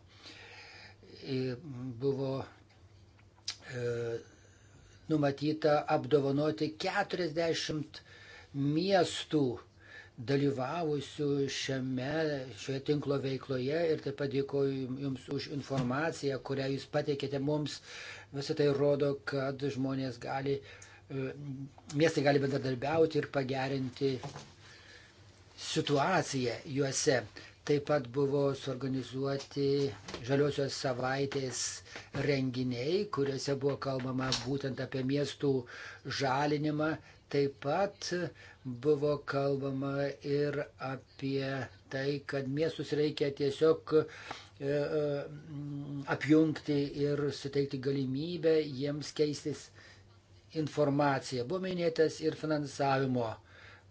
Buvo e, numatyta apdovanoti 40 miestų dalyvavusių šiame, šioje tinklo veikloje ir taip pat dėkoju Jums už informaciją, kurią Jūs pateikėte mums Visą tai rodo, kad žmonės gali, e, miestai gali bendradarbiauti ir pagerinti situaciją juose. Taip pat buvo suorganizuoti žaliosios savaitės renginiai, kuriuose buvo kalbama būtent apie miestų žalinimą. Taip pat buvo kalbama ir apie tai, kad miestus reikia tiesiog E, e, apjungti ir suteikti galimybę jiems keistis informacija. Buvo minėtas ir finansavimo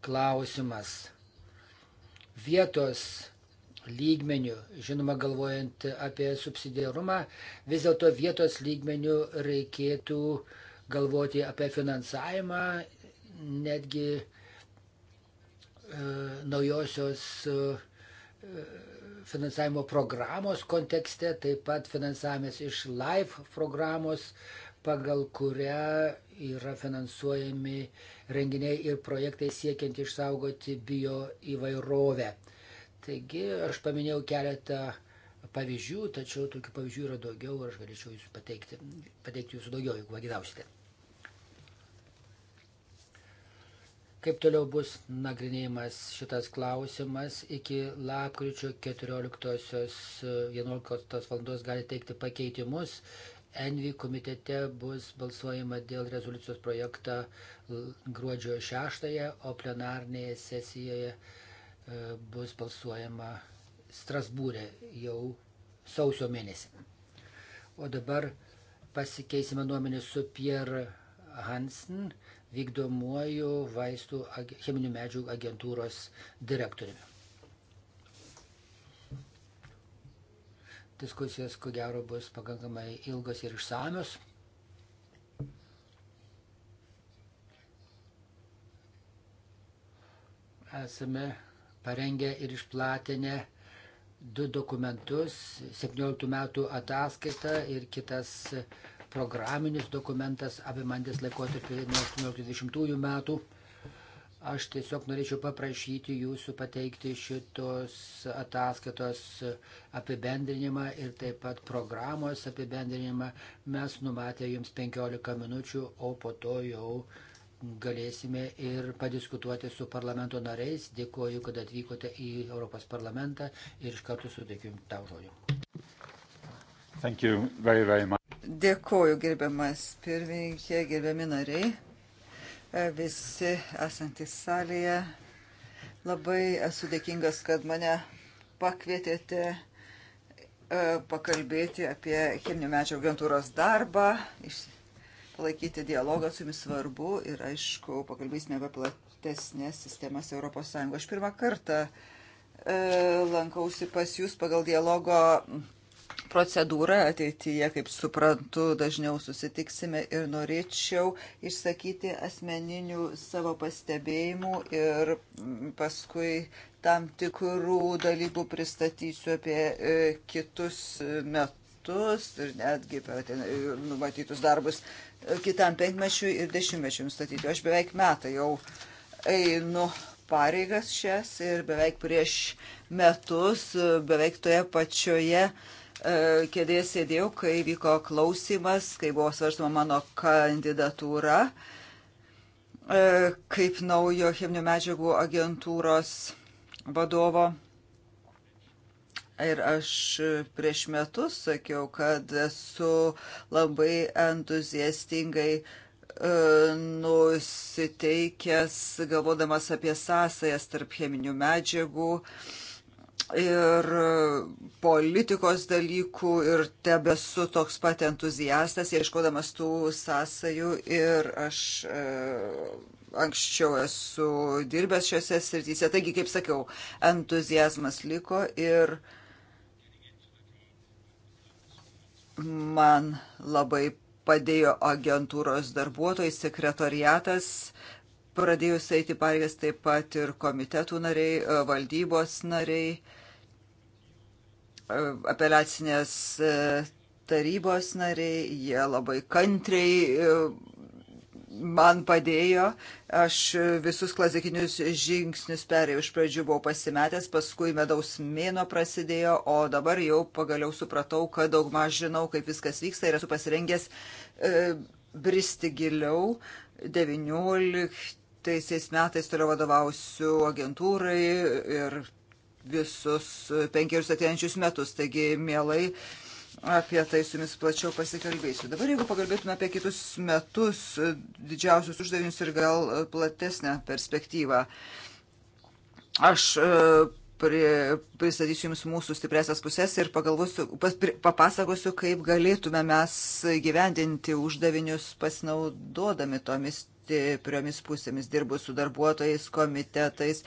klausimas. Vietos lygmenių, žinoma, galvojant apie subsidiarumą, vis dėlto vietos lygmenių reikėtų galvoti apie finansavimą, netgi e, naujosios e, finansavimo programos kontekste, taip pat finansavimas iš LIFE programos, pagal kurią yra finansuojami renginiai ir projektai siekiant išsaugoti bio įvairovę. Taigi aš paminėjau keletą pavyzdžių, tačiau tokių pavyzdžių yra daugiau ir aš galėčiau jūs pateikti, pateikti jūsų daugiau, jeigu pagėdausite. kaip toliau bus nagrinėjimas šitas klausimas. Iki lapkričio 14.11 val. gali teikti pakeitimus. Envi komitete bus balsuojama dėl rezoliucijos projektą gruodžio 6, o plenarnėje sesijoje e, bus balsuojama Strasbūrė jau sausio mėnesį. O dabar pasikeisime nuomenį su Pierre Hansen vykdomuoju vaistų cheminių medžiagų agentūros direktoriumi. Diskusijos, ko gero, bus pakankamai ilgos ir išsamios. esame parengę ir išplatinę du dokumentus - 17 metų ataskaitą ir kitas programinis dokumentas apimantis laikotarpį nuo 18-20 metų. Aš tiesiog norėčiau paprašyti jūsų pateikti šitos ataskaitos apibendrinimą ir taip pat programos apibendrinimą. Mes numatė jums 15 minučių, o po to jau galėsime ir padiskutuoti su parlamento nariais. Dėkuoju, kad atvykote į Europos parlamentą ir iš karto suteikiu tau žodį. Very, very Dėkoju, gerbiamas pirmininkė, gerbiami nariai, e, visi esantys salėje. Labai esu dėkingas, kad mane pakvietėte e, pakalbėti apie cheminių medžiagų agentūros darbą, palaikyti dialogą su jumis svarbu ir, aišku, pakalbėsime apie platesnės sistemas ES. Aš pirmą kartą e, lankausi pas jūs pagal dialogo procedūrą ateityje, kaip suprantu, dažniau susitiksime ir norėčiau išsakyti asmeninių savo pastebėjimų ir paskui tam tikrų dalykų pristatysiu apie e, kitus metus ir netgi e, numatytus darbus e, kitam penkmečiui ir dešimtmečiui nustatyti. Aš beveik metą jau einu pareigas šias ir beveik prieš metus, beveik toje pačioje uh, E, kėdėje sėdėjau, kai vyko klausimas, kai buvo svarstama mano kandidatūra e, kaip naujo cheminių medžiagų agentūros vadovo. Ir aš prieš metus sakiau, kad esu labai entuziastingai e, nusiteikęs, galvodamas apie sąsajas tarp cheminių medžiagų, uh, ir e, politikos dalykų ir tebesu toks pat entuziastas, ieškodamas tų sąsajų ir aš e, anksčiau esu dirbęs šiuose srityse. Taigi, kaip sakiau, entuzijazmas liko ir man labai padėjo agentūros darbuotojai, sekretariatas, pradėjus eiti pareigas taip pat ir komitetų nariai, e, valdybos nariai apeliacinės e, tarybos nariai, jie labai kantriai e, man padėjo. Aš visus klasikinius žingsnius perėjau. Iš pradžių buvau pasimetęs, paskui medaus mėno prasidėjo, o dabar jau pagaliau supratau, kad daug maž žinau, kaip viskas vyksta ir esu pasirengęs e, bristi giliau. 19 metais toliau vadovausiu agentūrai ir visus penkerius atėjančius metus. Taigi, mielai, apie tai su jumis plačiau pasikalbėsiu. Dabar jeigu pakalbėtume apie kitus metus, didžiausius uždavinius ir gal platesnę perspektyvą. Aš e, pri, pristatysiu jums mūsų stipresias pusės ir pagalvosiu, pas, pri, papasakosiu, kaip galėtume mes gyvendinti uždavinius pasinaudodami tomis stipriomis pusėmis, dirbu su darbuotojais, komitetais,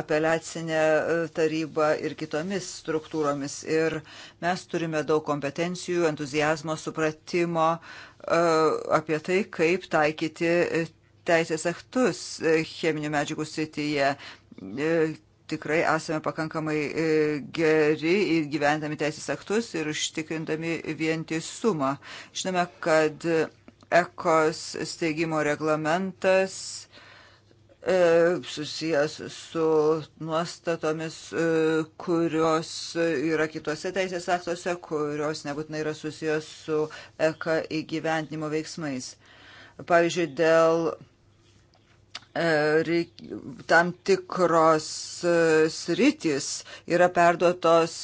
apeliacinė e, taryba ir kitomis struktūromis. Ir mes turime daug kompetencijų, entuzijazmo, supratimo e, apie tai, kaip taikyti e, teisės aktus cheminių medžiagų srityje tikrai esame pakankamai geri įgyvendami teisės aktus ir užtikrindami vientisumą. Žinome, kad ekos steigimo reglamentas e, susijęs su nuostatomis, e, kurios yra kitose teisės aktuose, kurios nebūtinai yra susijęs su eka įgyventinimo veiksmais. Pavyzdžiui, dėl e, tam tikros sritis yra perduotos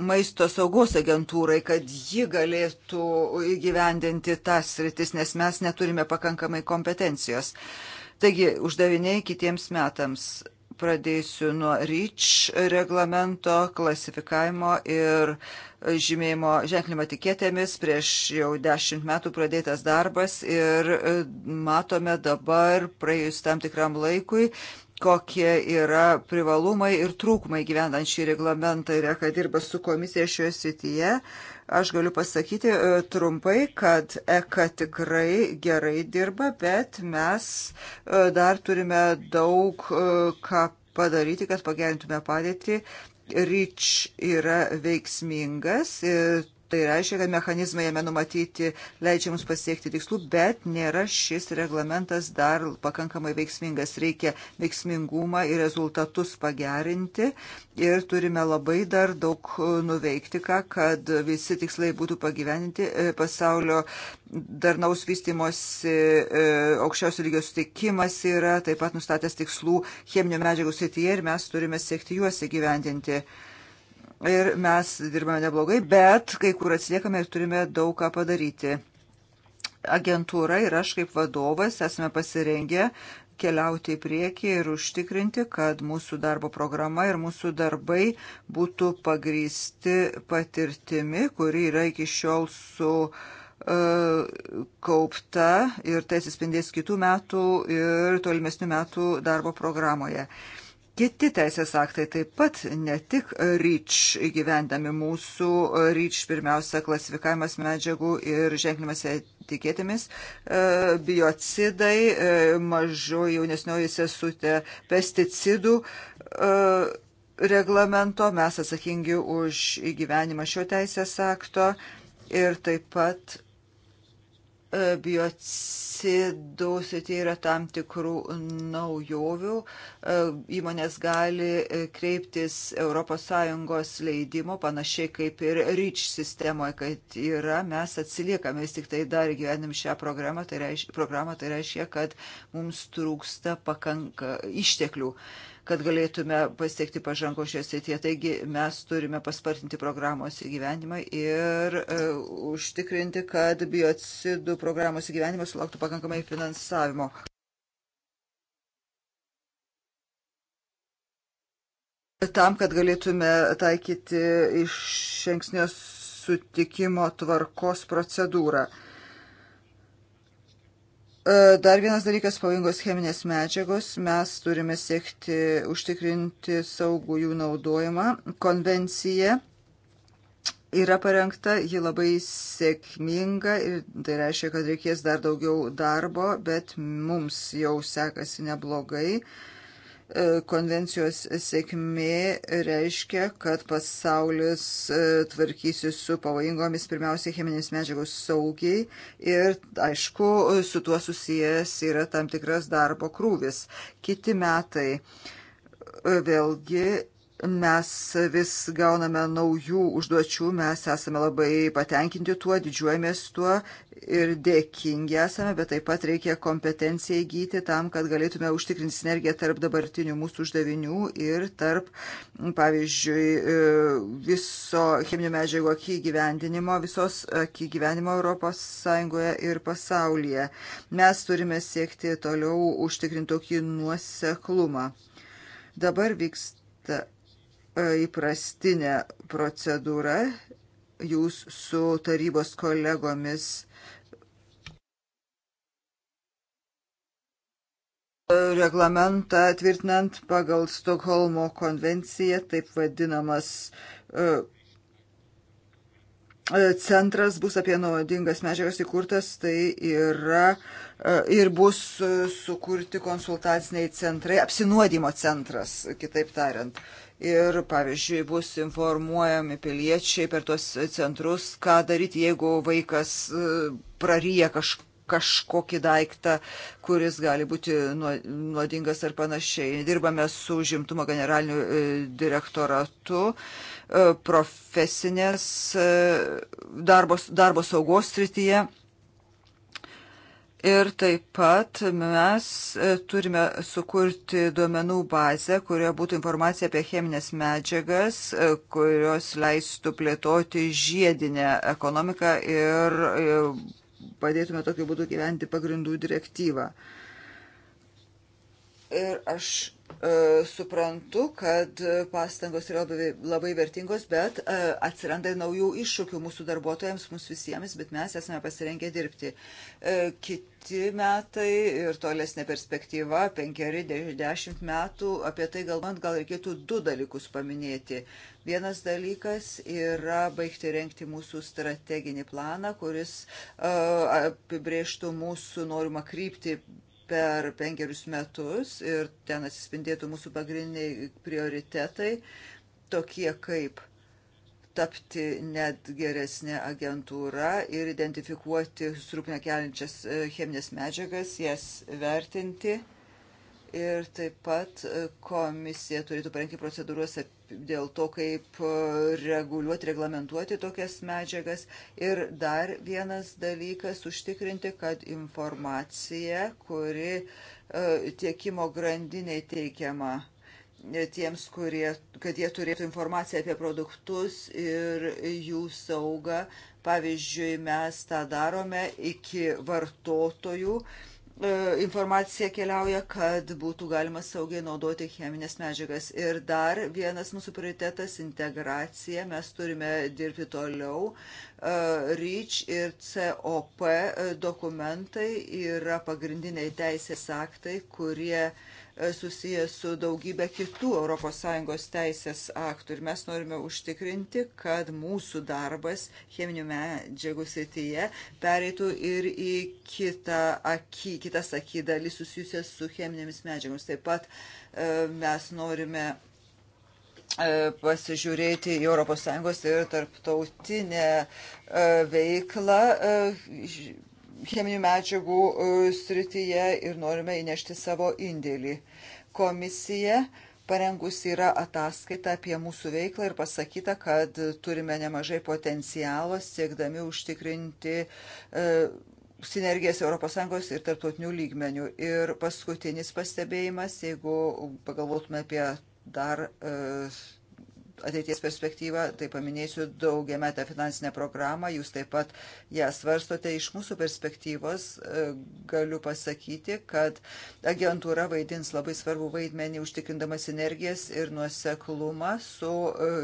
maisto saugos agentūrai, kad ji galėtų įgyvendinti tas rytis, nes mes neturime pakankamai kompetencijos. Taigi, uždaviniai kitiems metams. Pradėsiu nuo REACH reglamento klasifikavimo ir žymėjimo ženklimo tikėtėmis. Prieš jau dešimt metų pradėtas darbas ir matome dabar, praėjus tam tikram laikui, kokie yra privalumai ir trūkumai gyvenant šį reglamentą ir kad dirba su komisija šioje srityje. Aš galiu pasakyti e, trumpai, kad ECA tikrai gerai dirba, bet mes e, dar turime daug e, ką padaryti, kad pagerintume padėtį. Ryč yra veiksmingas ir Tai reiškia, kad mechanizmai jame numatyti leidžia mums pasiekti tikslų, bet nėra šis reglamentas dar pakankamai veiksmingas. Reikia veiksmingumą ir rezultatus pagerinti ir turime labai dar daug e, nuveikti, ką, kad visi tikslai būtų pagyveninti e, pasaulio darnaus vystimosi e, aukščiausio lygio sutikimas yra taip pat nustatęs tikslų cheminių medžiagų srityje ir mes turime siekti juos įgyvendinti. Yeah ir mes dirbame neblogai, bet kai kur atsiliekame ir turime daug ką padaryti. Agentūra ir aš kaip vadovas esame pasirengę keliauti į priekį ir užtikrinti, kad mūsų darbo programa ir mūsų darbai būtų pagrysti patirtimi, kuri yra iki šiol su uh, kaupta ir tai atsispindės kitų metų ir tolimesnių metų darbo programoje. Uh, kiti teisės aktai taip pat ne tik REACH įgyvendami mūsų REACH pirmiausia klasifikavimas medžiagų ir ženklimas etiketėmis, e, biocidai, e, mažoji jaunesnioji sesutė pesticidų e, reglamento, mes atsakingi už įgyvenimą šio teisės akto ir taip pat biocidų srityje yra tam tikrų naujovių. E, įmonės gali e, kreiptis ES leidimo, panašiai kaip ir REACH sistemoje, kad yra, mes atsiliekame, vis tik tai dar gyvenim šią programą, tai reiškia, programą, tai reiškia kad mums trūksta pakanka išteklių. Uh, kad galėtume pasiekti pažango šioje srityje. Taigi mes turime paspartinti programos įgyvendimą ir uh, užtikrinti, kad biocidų programos įgyvendimas sulauktų pakankamai finansavimo. Tam, kad galėtume taikyti iš šengsnės sutikimo tvarkos procedūrą. Uh, E, dar vienas dalykas - pavojingos cheminės medžiagos. Mes turime siekti užtikrinti saugų jų naudojimą. Konvencija yra parengta, ji labai sėkminga ir tai reiškia, kad reikės dar daugiau darbo, bet mums jau sekasi neblogai. Uh, E, konvencijos sėkmė reiškia, kad pasaulis e, tvarkysis su pavojingomis pirmiausiai cheminės medžiagos saugiai ir, aišku, su tuo susijęs yra tam tikras darbo krūvis. Kiti metai e, vėlgi mes vis gauname naujų užduočių, mes esame labai patenkinti tuo, didžiuojamės tuo ir dėkingi esame, bet taip pat reikia kompetenciją įgyti tam, kad galėtume užtikrinti sinergiją tarp dabartinių mūsų uždavinių ir tarp, pavyzdžiui, e, viso cheminių medžiagų akį gyvendinimo, visos akį gyvenimo Europos Sąjungoje ir pasaulyje. Mes turime siekti toliau užtikrinti tokį nuoseklumą. Dabar vyksta vyksta įprastinė procedūra. Jūs su tarybos kolegomis e, reglamentą tvirtinant pagal Stokholmo konvenciją, taip vadinamas e, e, centras bus apie naudingas medžiagas įkurtas, tai yra ir bus sukurti konsultaciniai centrai, apsinuodimo centras, kitaip tariant ir, pavyzdžiui, bus informuojami piliečiai per tuos centrus, ką daryti, jeigu vaikas e, praryja kaž, kažkokį daiktą, kuris gali būti nuodingas ar panašiai. Dirbame su žimtumo generaliniu e, direktoratu, e, profesinės darbos, darbo saugos srityje Ir taip pat mes e, turime sukurti duomenų bazę, kurioje būtų informacija apie cheminės medžiagas, e, kurios leistų plėtoti žiedinę ekonomiką ir e, padėtume tokiu būdu gyventi pagrindų direktyvą. Ir aš e, suprantu, kad pastangos yra labai, labai vertingos, bet e, atsiranda ir naujų iššūkių mūsų darbuotojams, mūsų visiems, bet mes esame pasirengę dirbti. E, kiti metai ir tolesnė perspektyva, penkeri, dešimt metų, apie tai galvant, gal reikėtų du dalykus paminėti. Vienas dalykas yra baigti renkti mūsų strateginį planą, kuris e, apibrėžtų mūsų norimą kryptį per penkerius metus ir ten atsispindėtų mūsų pagrindiniai prioritetai, tokie kaip tapti net geresnė agentūra ir identifikuoti susirūpinę keliančias e, cheminės medžiagas, jas vertinti. Ir taip pat e, komisija turėtų parengti procedūros apie dėl to, kaip e, reguliuoti, reglamentuoti tokias medžiagas. Ir dar vienas dalykas - užtikrinti, kad informacija, kuri e, tiekimo grandiniai teikiama e, tiems, kurie, kad jie turėtų informaciją apie produktus ir jų saugą. Pavyzdžiui, mes tą darome iki vartotojų. Uh, E, informacija keliauja, kad būtų galima saugiai naudoti cheminės medžiagas. Ir dar vienas mūsų prioritetas - integracija. Mes turime dirbti toliau. E, REACH ir COP e, dokumentai yra pagrindiniai teisės aktai, kurie uh, E, susijęs su daugybė kitų ES teisės aktų ir mes norime užtikrinti, kad mūsų darbas cheminių medžiagų srityje pereitų ir į kitą akį, kitas akį dalį susijusias su cheminėmis medžiagomis. Taip pat e, mes norime e, pasižiūrėti į ES ir tarptautinę veiklą cheminių medžiagų e, srityje ir norime įnešti savo indėlį. Komisija parengus yra ataskaita apie mūsų veiklą ir pasakyta, kad turime nemažai potencialo siekdami užtikrinti e, sinergijas ES ir tarptautinių lygmenių. Ir paskutinis pastebėjimas, jeigu pagalvotume apie dar e, ateities perspektyvą, tai paminėsiu daugiametę finansinę programą, jūs taip pat ją svarstote. Iš mūsų perspektyvos e, galiu pasakyti, kad agentūra vaidins labai svarbų vaidmenį užtikrindama sinergijas ir nuoseklumą su e,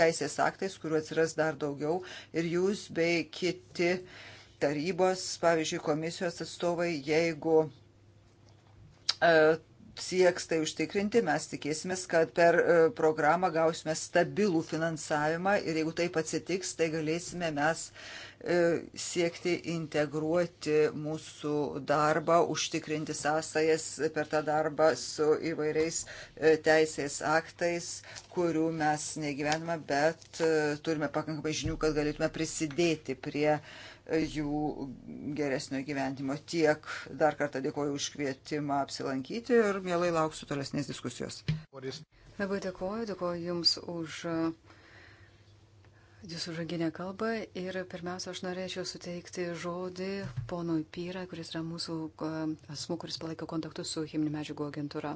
teisės aktais, kuriuo atsiras dar daugiau ir jūs bei kiti tarybos, pavyzdžiui, komisijos atstovai, jeigu e, sieks tai užtikrinti, mes tikėsimės, kad per e, programą gausime stabilų finansavimą ir jeigu taip atsitiks, tai galėsime mes e, siekti integruoti mūsų darbą, užtikrinti sąsajas per tą darbą su įvairiais e, teisės aktais, kurių mes negyvename, bet turime pakankamai žinių, kad galėtume prisidėti prie uh, jų geresnio gyventimo. Tiek dar kartą dėkoju už kvietimą apsilankyti ir mielai lauksiu tolesnės diskusijos. Labai dėkoju, dėkoju Jums už Jūsų žaginę kalbą ir pirmiausia, aš norėčiau suteikti žodį ponui Pyra, kuris yra mūsų asmuo, kuris palaiko kontaktus su cheminių medžiagų agentūra.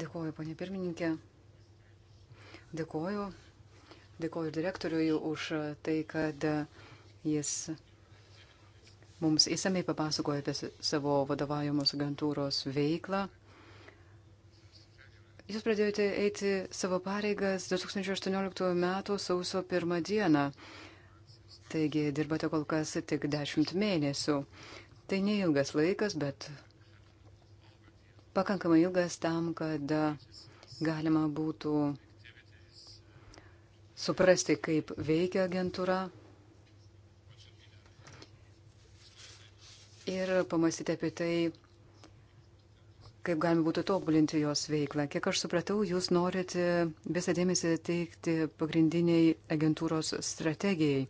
Dėkoju, ponė pirmininkė. Dėkoju Dėkoju direktoriui už tai, kad jis mums įsamei papasakojo apie savo vadovaujamos agentūros veiklą. Jūs pradėjote eiti savo pareigas 2018 m. sausio 1 d. Taigi dirbate kol kas tik 10 mėnesių. Tai neilgas laikas, bet pakankamai ilgas tam, kad galima būtų suprasti, kaip veikia agentūra ir pamastyti apie tai, kaip galima būtų tobulinti jos veiklą. Kiek aš supratau, jūs norite visą dėmesį teikti pagrindiniai agentūros strategijai.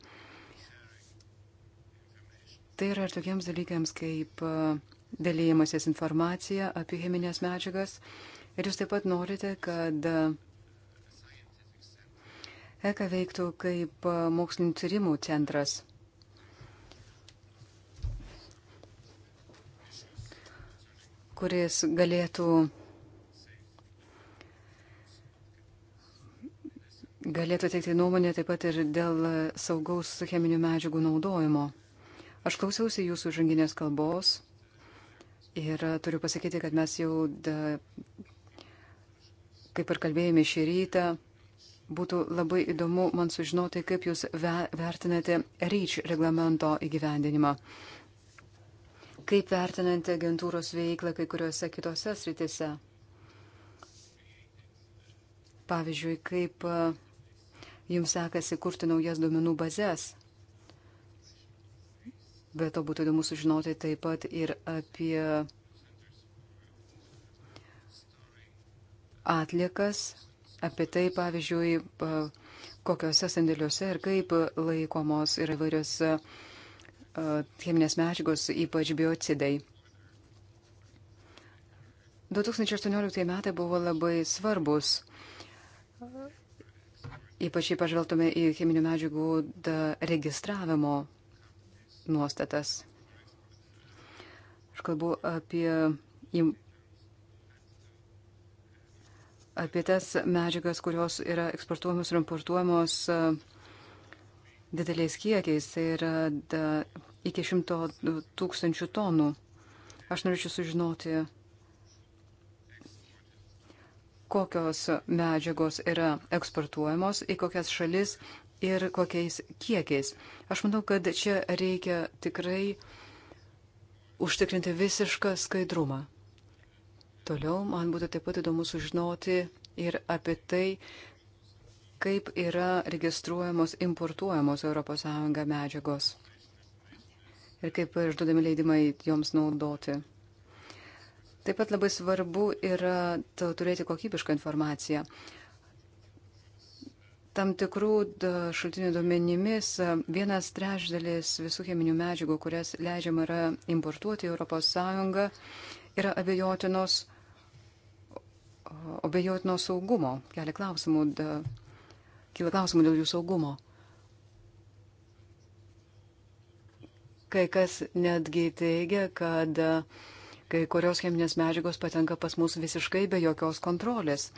Tai yra ir tokiems dalykams kaip e, dalyjimasis informacija apie cheminės medžiagas. Ir jūs taip pat norite, kad ECA veiktų kaip e, mokslinių tyrimų centras. kuris galėtų galėtų teikti nuomonę taip pat ir dėl saugaus cheminių medžiagų naudojimo. Aš klausiausi jūsų žanginės kalbos ir turiu pasakyti, kad mes jau da, kaip ir kalbėjome šį rytą, Būtų labai įdomu man sužinoti, kaip Jūs vertinate REACH reglamento įgyvendinimą. Kaip vertinate agentūros veiklą kai kuriuose kitose sritise? Pavyzdžiui, kaip e, Jums sekasi kurti naujas duomenų bazės? Bet to būtų įdomu sužinoti taip pat ir apie atliekas apie tai, pavyzdžiui, kokiuose sandėliuose ir kaip laikomos yra įvairios cheminės medžiagos, ypač biocidai. 2018 metai buvo labai svarbus, ypač jei pažvelgtume į cheminių medžiagų registravimo nuostatas. Aš kalbu apie apie tas medžiagas, kurios yra eksportuojamos ir importuojamos e, dideliais kiekiais, tai yra da, iki šimto tūkstančių tonų. Aš norėčiau sužinoti, kokios medžiagos yra eksportuojamos, į kokias šalis ir kokiais kiekiais. Aš manau, kad čia reikia tikrai užtikrinti visišką skaidrumą. Toliau man būtų taip pat įdomu sužinoti ir apie tai, kaip yra registruojamos importuojamos ES medžiagos ir kaip išduodami leidimai joms naudoti. Taip pat labai svarbu yra turėti kokybišką informaciją. Tam tikrų šaltinių duomenimis vienas trečdalis visų cheminių medžiagų, kurias leidžiama yra importuoti į ES, yra abejotinos, abejotino saugumo, kelia klausimų, kyla klausimų dėl jų saugumo. Kai kas netgi teigia, kad kai kurios cheminės medžiagos patenka pas mus visiškai be jokios kontrolės.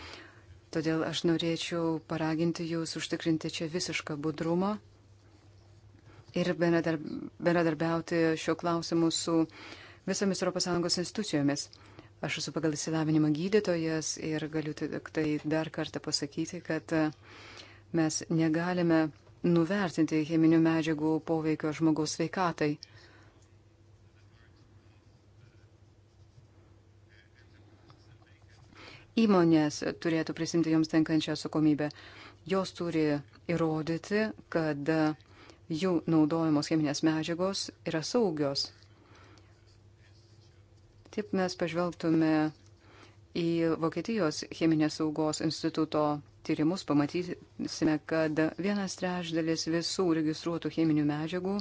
Todėl aš norėčiau paraginti jūs užtikrinti čia visišką budrumą ir bendradarbiauti šiuo klausimu su uh, visomis ES institucijomis. Aš esu pagal įsilavinimą gydytojas ir galiu tai dar kartą pasakyti, kad e, mes negalime nuvertinti cheminių medžiagų poveikio žmogaus veikatai. Įmonės turėtų prisimti joms tenkančią atsakomybę. Jos turi įrodyti, kad jų naudojamos cheminės medžiagos yra saugios. Taip mes pažvelgtume į Vokietijos cheminės saugos instituto tyrimus, pamatysime, kad vienas trešdalis visų registruotų cheminių medžiagų,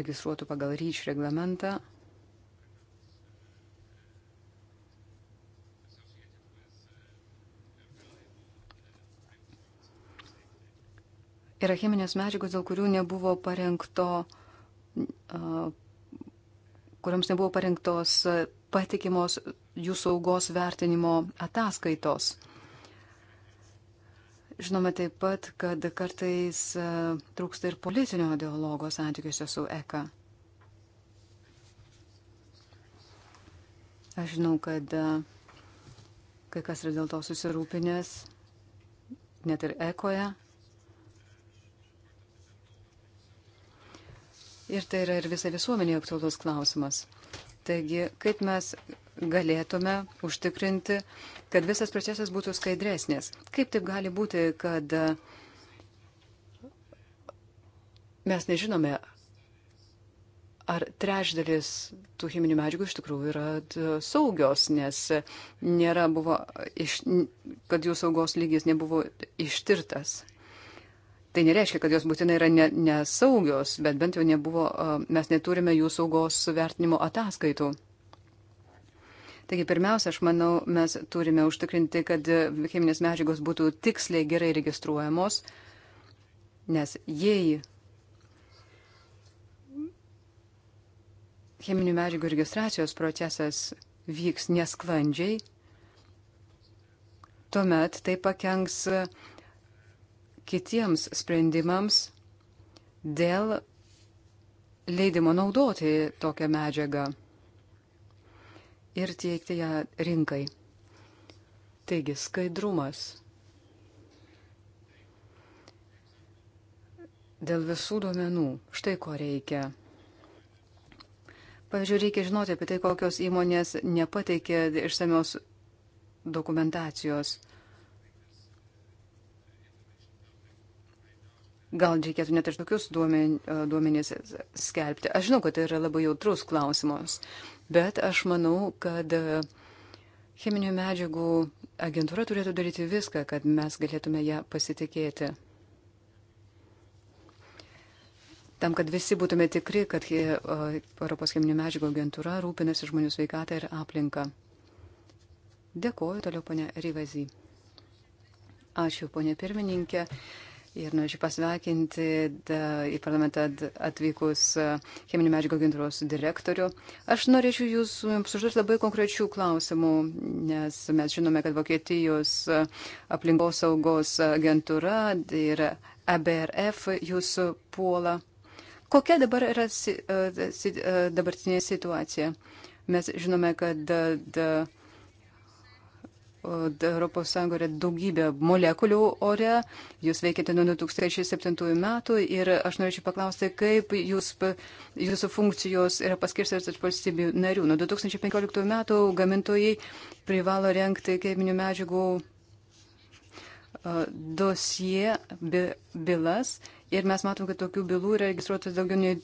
registruotų pagal ryč reglamentą, yra cheminės medžiagos, dėl kurių nebuvo parengto uh, kuriams nebuvo parinktos e, patikimos jų saugos vertinimo ataskaitos. Žinome taip pat, kad kartais e, trūksta ir politinio dialogo santykiuose su ECA. Aš žinau, kad e, kai kas yra dėl to susirūpinęs, net ir ekoje. ir tai yra ir visai visuomenė aktualus klausimas. Taigi, kaip mes galėtume užtikrinti, kad visas procesas būtų skaidresnis? Kaip taip gali būti, kad e, mes nežinome, ar trečdalis tų cheminių medžiagų iš tikrųjų yra e, saugios, nes nėra buvo, iš, kad jų saugos lygis nebuvo ištirtas. Tai nereiškia, kad jos būtinai yra ne, nesaugios, bet bent jau nebuvo, mes neturime jų saugos vertinimo ataskaitų. Taigi pirmiausia, aš manau, mes turime užtikrinti, kad cheminės medžiagos būtų tiksliai gerai registruojamos, nes jei cheminių medžiagų registracijos procesas vyks nesklandžiai, tuomet tai pakenks kitiems sprendimams dėl leidimo naudoti tokią medžiagą ir teikti ją rinkai. Taigi skaidrumas. Dėl visų duomenų. Štai ko reikia. Pavyzdžiui, reikia žinoti apie tai, kokios įmonės nepateikė išsamios dokumentacijos. Gal reikėtų net ir tokius duomenys e, skelbti. Aš žinau, kad tai yra labai jautrus klausimas, bet aš manau, kad e, cheminių medžiagų agentūra turėtų daryti viską, kad mes galėtume ją pasitikėti. Tam, kad visi būtume tikri, kad e, Europos cheminių medžiagų agentūra rūpinasi žmonių sveikatą ir aplinką. Dėkoju toliau, ponė Rivazy. Ačiū, ponė pirmininkė. Ir norėčiau nu, pasveikinti į parlamentą atvykus cheminių medžiagų agentūros direktorių. Aš norėčiau jūs, jums užduoti labai konkrečių klausimų, nes mes žinome, kad Vokietijos aplinkos saugos agentūra ir ABRF jūs puola. Kokia dabar yra si, si, dabartinė situacija? Mes žinome, kad da, da, Europos Sąjungoje yra daugybė molekulių ore, jūs veikiate nuo 2007 metų ir aš norėčiau paklausti, kaip jūs, jūsų funkcijos yra paskirstytos tarp valstybių narių. Nuo 2015 metų gamintojai privalo renkti kaiminių medžiagų dosie bi, bylas ir mes matom, kad tokių bylų yra registruotas daugiau nei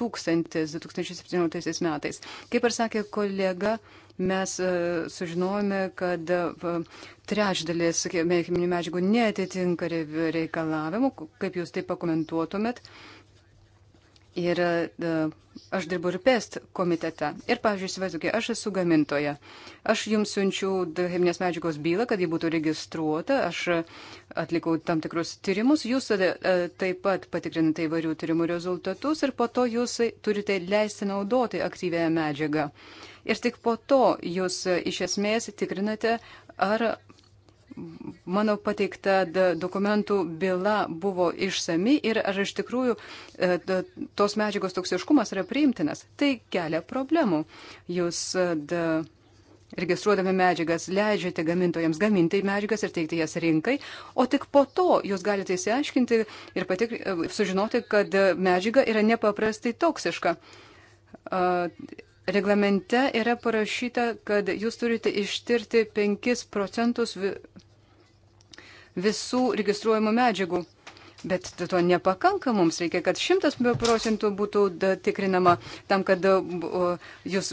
tūkstantis 2017 metais. Kaip ir sakė kolega, mes e, sužinojome, kad e, trečdalis cheminių medžiagų netitinka reikalavimų. Kaip jūs tai pakomentuotumėt? Ir e, aš dirbu ir PEST komitete. Ir, pavyzdžiui, įsivaizduokite, aš esu gamintoja. Aš jums siunčiu cheminės medžiagos bylą, kad ji būtų registruota. Aš atlikau tam tikrus tyrimus. Jūs e, e, taip pat patikrinate įvairių tyrimų rezultatus ir po to jūs turite leisti naudoti aktyvėją medžiagą. Ir tik po to jūs iš esmės tikrinate, ar mano pateikta dokumentų byla buvo išsami ir ar iš tikrųjų e, tos medžiagos toksiškumas yra priimtinas. Tai kelia problemų. Jūs e, da, registruodami medžiagas leidžiate gamintojams gaminti medžiagas ir teikti jas rinkai, o tik po to jūs galite įsiaiškinti ir patik, e, sužinoti, kad medžiaga yra nepaprastai toksiška reglamente yra parašyta, kad jūs turite ištirti 5 procentus visų registruojamų medžiagų. Bet to nepakanka, mums reikia, kad šimtas procentų būtų tikrinama tam, kad jūs,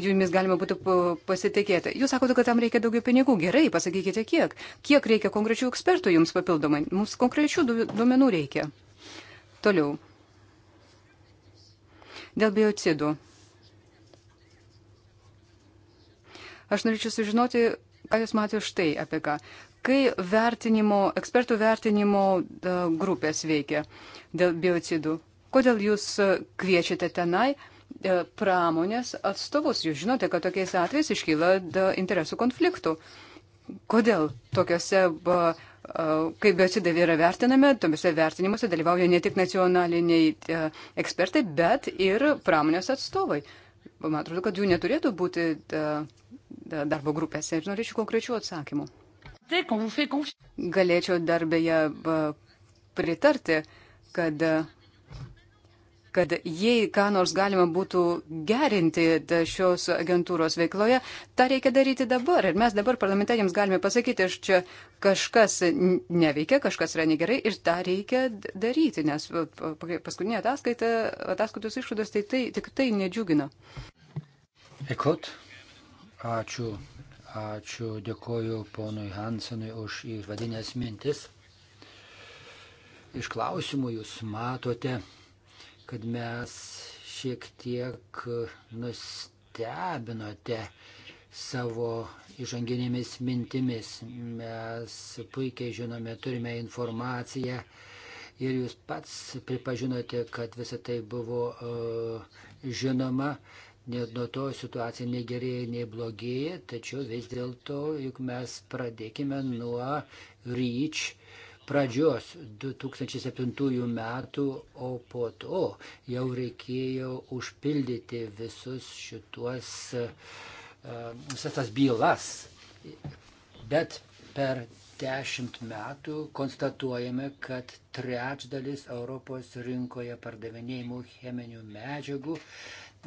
jumis galima būtų pasitikėti. Jūs sakote, kad tam reikia daugiau pinigų. Gerai, pasakykite kiek. Kiek reikia konkrečių ekspertų jums papildomai? Mums konkrečių duomenų reikia. Toliau. Dėl biocidų. Aš norėčiau sužinoti, ką Jūs matėte štai apie ką. Kai vertinimo, ekspertų vertinimo e, grupės veikia dėl biocidų, kodėl Jūs e, kviečiate tenai e, pramonės atstovus? Jūs žinote, kad tokiais atvejais iškyla interesų konfliktų. Kodėl tokiuose kaip biocidai yra vertinami, tomise vertinimuose dalyvauja ne tik nacionaliniai ekspertai, bet ir pramonės atstovai. Man atrodo, kad jų neturėtų būti darbo grupėse ir norėčiau konkrečių atsakymų. Tai, Galėčiau darbėje pritarti, kad, kad jei ką nors galima būtų gerinti šios agentūros veikloje, tą reikia daryti dabar. Ir mes dabar parlamente jums galime pasakyti, iš čia kažkas neveikia, kažkas yra negerai ir tą reikia daryti, nes paskutinė ataskaita, ataskaitos išvados tai, tai tik tai nedžiugina. Ekot. Ačiū. Ačiū. Dėkoju ponui Hansenui už įvadinės mintis. Iš klausimų jūs matote, kad mes šiek tiek nustebinote savo įžanginėmis mintimis. Mes puikiai žinome, turime informaciją ir jūs pats pripažinote, kad visa tai buvo uh, žinoma. Uh, Net nuo to situacija negerėja, nei blogėja, tačiau vis dėlto juk mes pradėkime nuo REACH pradžios 2007 metų, o po to jau reikėjo užpildyti visus šituos, uh, visas tas bylas. Bet per dešimt metų konstatuojame, kad trečdalis Europos rinkoje pardavinėjimų cheminių medžiagų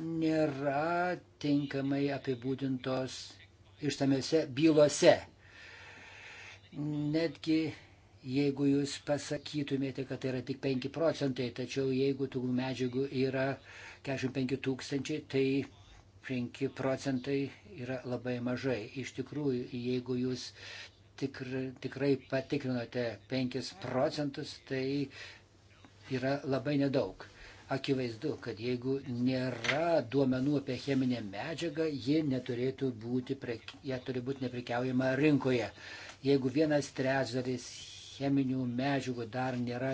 nėra tinkamai apibūdintos ištamiose bylose. Netgi jeigu jūs pasakytumėte, kad tai yra tik 5 procentai, tačiau jeigu tų medžiagų yra 45 tūkstančiai, tai 5 procentai yra labai mažai. Iš tikrųjų, jeigu jūs tikr, tikrai patikrinote 5 procentus, tai yra labai nedaug. Akivaizdu, kad jeigu nėra duomenų apie cheminę medžiagą, ji neturėtų būti, prie, jie turi būti neprikiaujama rinkoje. Jeigu vienas trečdalis cheminių medžiagų dar nėra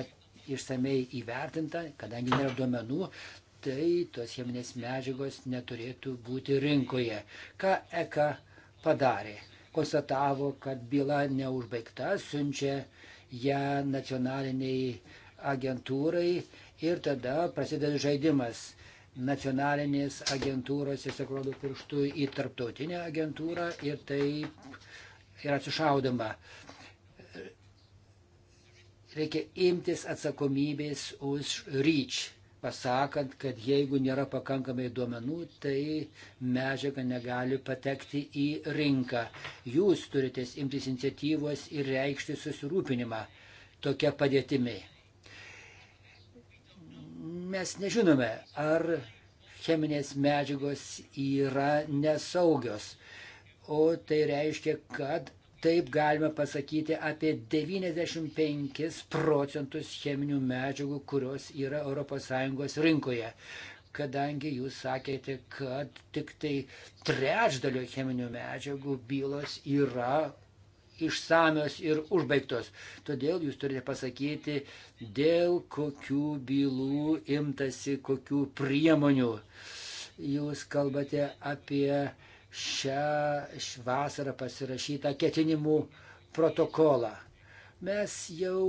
išsamei įvertinta, kadangi nėra duomenų, tai tos cheminės medžiagos neturėtų būti rinkoje. Ką ECA padarė? Konstatavo, kad byla neužbaigta, siunčia ją nacionaliniai agentūrai ir tada prasideda žaidimas. Nacionalinės agentūros tiesiog rodo pirštų į tarptautinę agentūrą ir taip yra atsišaudama. Reikia imtis atsakomybės už ryč, pasakant, kad jeigu nėra pakankamai duomenų, tai medžiaga negali patekti į rinką. Jūs turite imtis iniciatyvos ir reikšti susirūpinimą tokia padėtimi. Mes nežinome, ar cheminės medžiagos yra nesaugios. O tai reiškia, kad taip galime pasakyti apie 95 procentus cheminių medžiagų, kurios yra ES rinkoje. Kadangi jūs sakėte, kad tik tai trečdalio cheminių medžiagų bylos yra išsamios ir užbaigtos. Todėl jūs turite pasakyti, dėl kokių bylų imtasi, kokių priemonių. Jūs kalbate apie šią vasarą pasirašytą ketinimų protokolą. Mes jau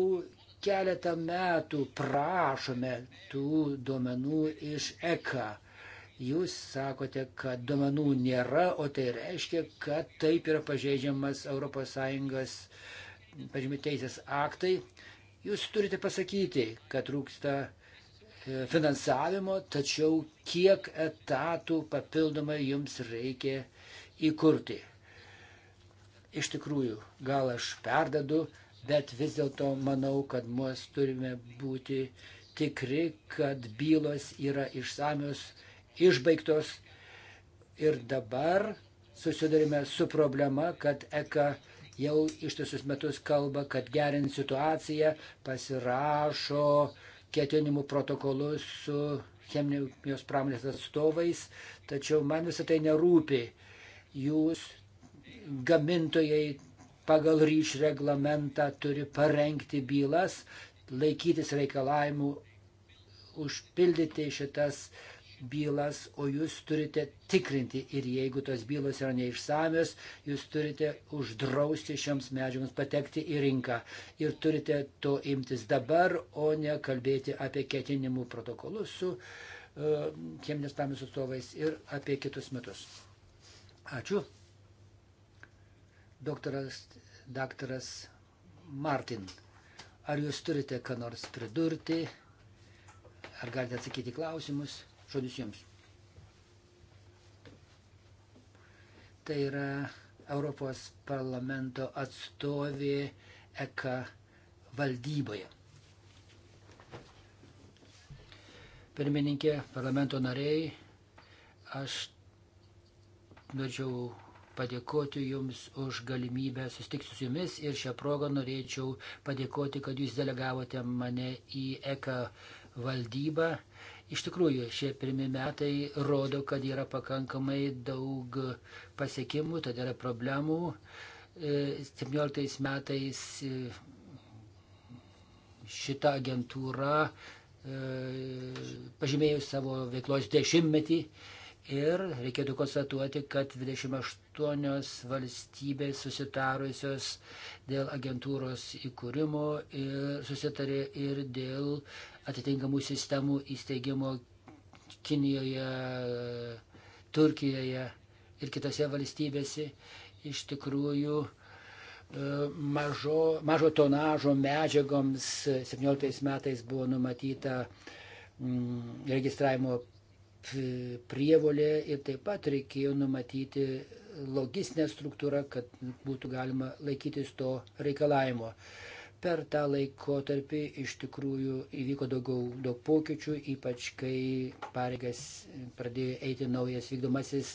keletą metų prašome tų duomenų iš ECA Jūs sakote, kad duomenų nėra, o tai reiškia, kad taip yra pažeidžiamas ES pažymė teisės aktai. Jūs turite pasakyti, kad rūksta e, finansavimo, tačiau kiek etatų papildomai jums reikia įkurti. Iš tikrųjų, gal aš perdadu, bet vis dėlto manau, kad mes turime būti tikri, kad bylos yra išsamios išbaigtos ir dabar susidurime su problema, kad ECA jau ištisus metus kalba, kad gerint situaciją, pasirašo ketinimų protokolus su chemijos pramonės atstovais, tačiau man visą tai nerūpi. Jūs gamintojai pagal ryšį reglamentą turi parengti bylas, laikytis reikalavimų, užpildyti šitas uh, bylas, o jūs turite tikrinti ir jeigu tos bylos yra neišsamios, jūs turite uždrausti šioms medžiagoms patekti į rinką ir turite to imtis dabar, o ne kalbėti apie ketinimų protokolus su uh, cheminės pramonės atstovais ir apie kitus metus. Ačiū. Doktoras, daktaras Martin, ar jūs turite ką nors pridurti? Ar galite atsakyti klausimus? Žodis jums. Tai yra Europos parlamento atstovė ECA valdyboje. Pirmininkė, parlamento nariai, aš norėčiau padėkoti Jums už galimybę susitikti su Jumis ir šią progą norėčiau padėkoti, kad Jūs delegavote mane į ECA valdybą Iš tikrųjų, šie pirmie metai rodo, kad yra pakankamai daug pasiekimų, tad yra problemų. 17 e, metais e, šita agentūra e, pažymėjus savo veiklos dešimtmetį ir reikėtų konstatuoti, kad 28 valstybės susitarusios dėl agentūros įkūrimo ir susitarė ir dėl atitinkamų sistemų įsteigimo Kinijoje, Turkijoje ir kitose valstybėse. Iš tikrųjų, e, mažo, mažo tonažo medžiagoms 17 metais buvo numatyta mm, registravimo prievolė ir taip pat reikėjo numatyti logistinę struktūrą, kad būtų galima laikytis to reikalavimo per tą laikotarpį iš tikrųjų įvyko daugiau daug pokyčių, ypač kai pareigas pradėjo eiti naujas vykdomasis,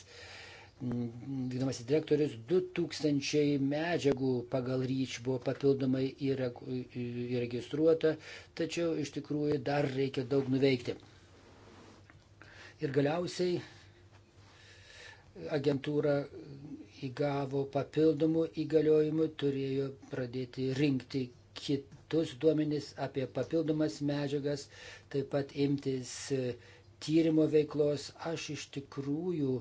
mm, vykdomasis direktorius. 2000 medžiagų pagal ryč buvo papildomai įregistruota, tačiau iš tikrųjų dar reikia daug nuveikti. Ir galiausiai agentūra įgavo papildomų įgaliojimų, turėjo pradėti rinkti kitus duomenis apie papildomas medžiagas, taip pat imtis e, tyrimo veiklos. Aš iš tikrųjų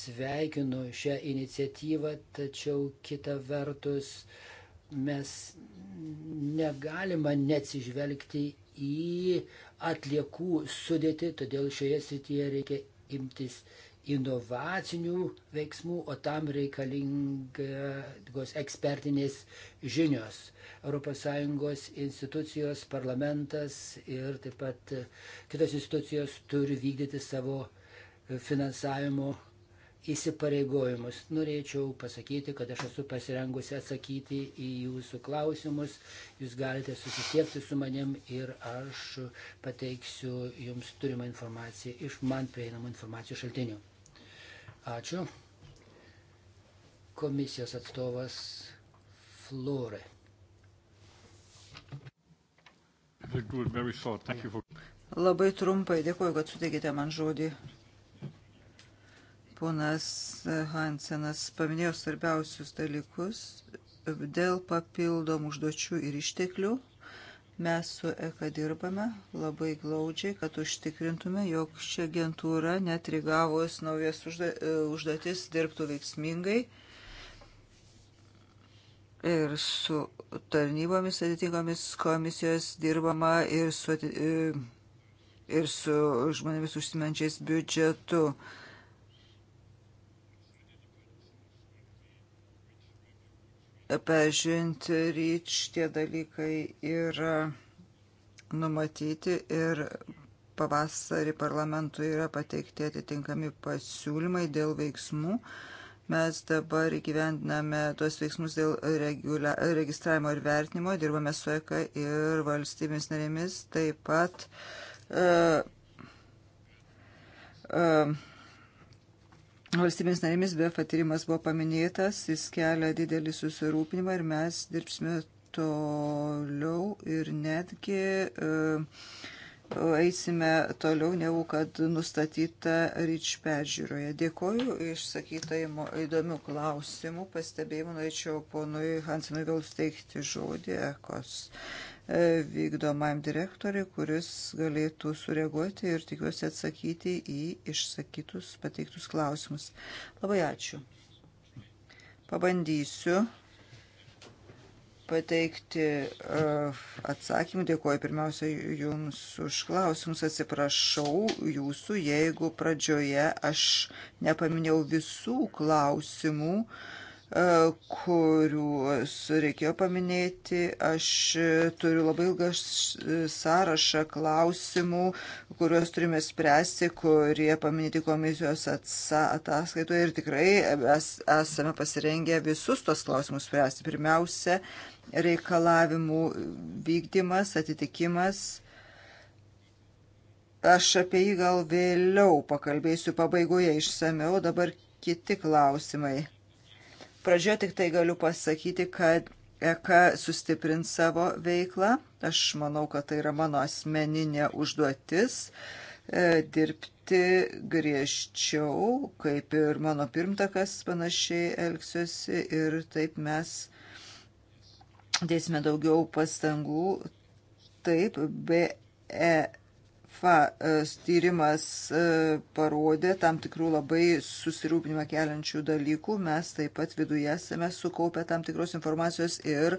sveikinu šią iniciatyvą, tačiau kita vertus mes negalima neatsižvelgti į atliekų sudėti, todėl šioje srityje reikia imtis inovacinių veiksmų, o tam reikalingos ekspertinės žinios. ES institucijos, parlamentas ir taip pat kitos institucijos turi vykdyti savo finansavimo įsipareigojimus. Norėčiau pasakyti, kad aš esu pasirengusi atsakyti į jūsų klausimus. Jūs galite susisiekti su manim ir aš pateiksiu jums turimą informaciją iš man prieinamų informacijos šaltinių. Ačiū. Komisijos atstovas Flore. Labai trumpai dėkuoju, kad suteikite man žodį. Ponas Hansenas paminėjo svarbiausius dalykus dėl papildomų užduočių ir išteklių. Mes su ECA dirbame labai glaudžiai, kad užtikrintume, jog ši agentūra net įgavus naujas užda, e, užduotis dirbtų veiksmingai ir su tarnybomis atitinkomis komisijos dirbama ir su, ir su žmonėmis užsimenčiais biudžetu. pažinti ryč tie dalykai yra numatyti ir pavasarį parlamentui yra pateikti atitinkami pasiūlymai dėl veiksmų. Mes dabar gyvendiname tuos veiksmus dėl regulia, registravimo ir vertinimo, dirbame su ECA ir valstybės narėmis, taip pat uh, uh, valstybės narėmis BEFA tyrimas buvo paminėtas, jis kelia didelį susirūpinimą ir mes dirbsime toliau ir netgi e, eisime toliau, negu kad nustatyta ryč peržiūroje. Dėkoju išsakytai įdomių klausimų, pastebėjimų norėčiau ponui Hansenui vėl steigti žodį ekos E, vykdomam direktoriui, kuris galėtų sureaguoti ir tikiuosi atsakyti į išsakytus pateiktus klausimus. Labai ačiū. Pabandysiu pateikti e, atsakymą. Dėkuoju pirmiausia Jums už klausimus. Atsiprašau Jūsų, jeigu pradžioje aš nepaminėjau visų klausimų. Uh, E, kuriuos reikėjo paminėti. Aš turiu labai ilgą sąrašą klausimų, kuriuos turime spręsti, kurie paminėti komisijos ataskaitoje ir tikrai mes esame pasirengę visus tos klausimus spręsti. Pirmiausia, reikalavimų vykdymas, atitikimas aš apie jį gal vėliau pakalbėsiu pabaigoje išsameu, dabar kiti klausimai. Pradžioje tik tai galiu pasakyti, kad ECA sustiprins savo veiklą. Aš manau, kad tai yra mano asmeninė užduotis e, dirbti griežčiau, kaip ir mano pirmtakas panašiai elgsiuosi ir taip mes dėsime daugiau pastangų. Taip, BE FA e, tyrimas e, parodė tam tikrų labai susirūpinimą keliančių dalykų. Mes taip pat viduje esame sukaupę tam tikros informacijos ir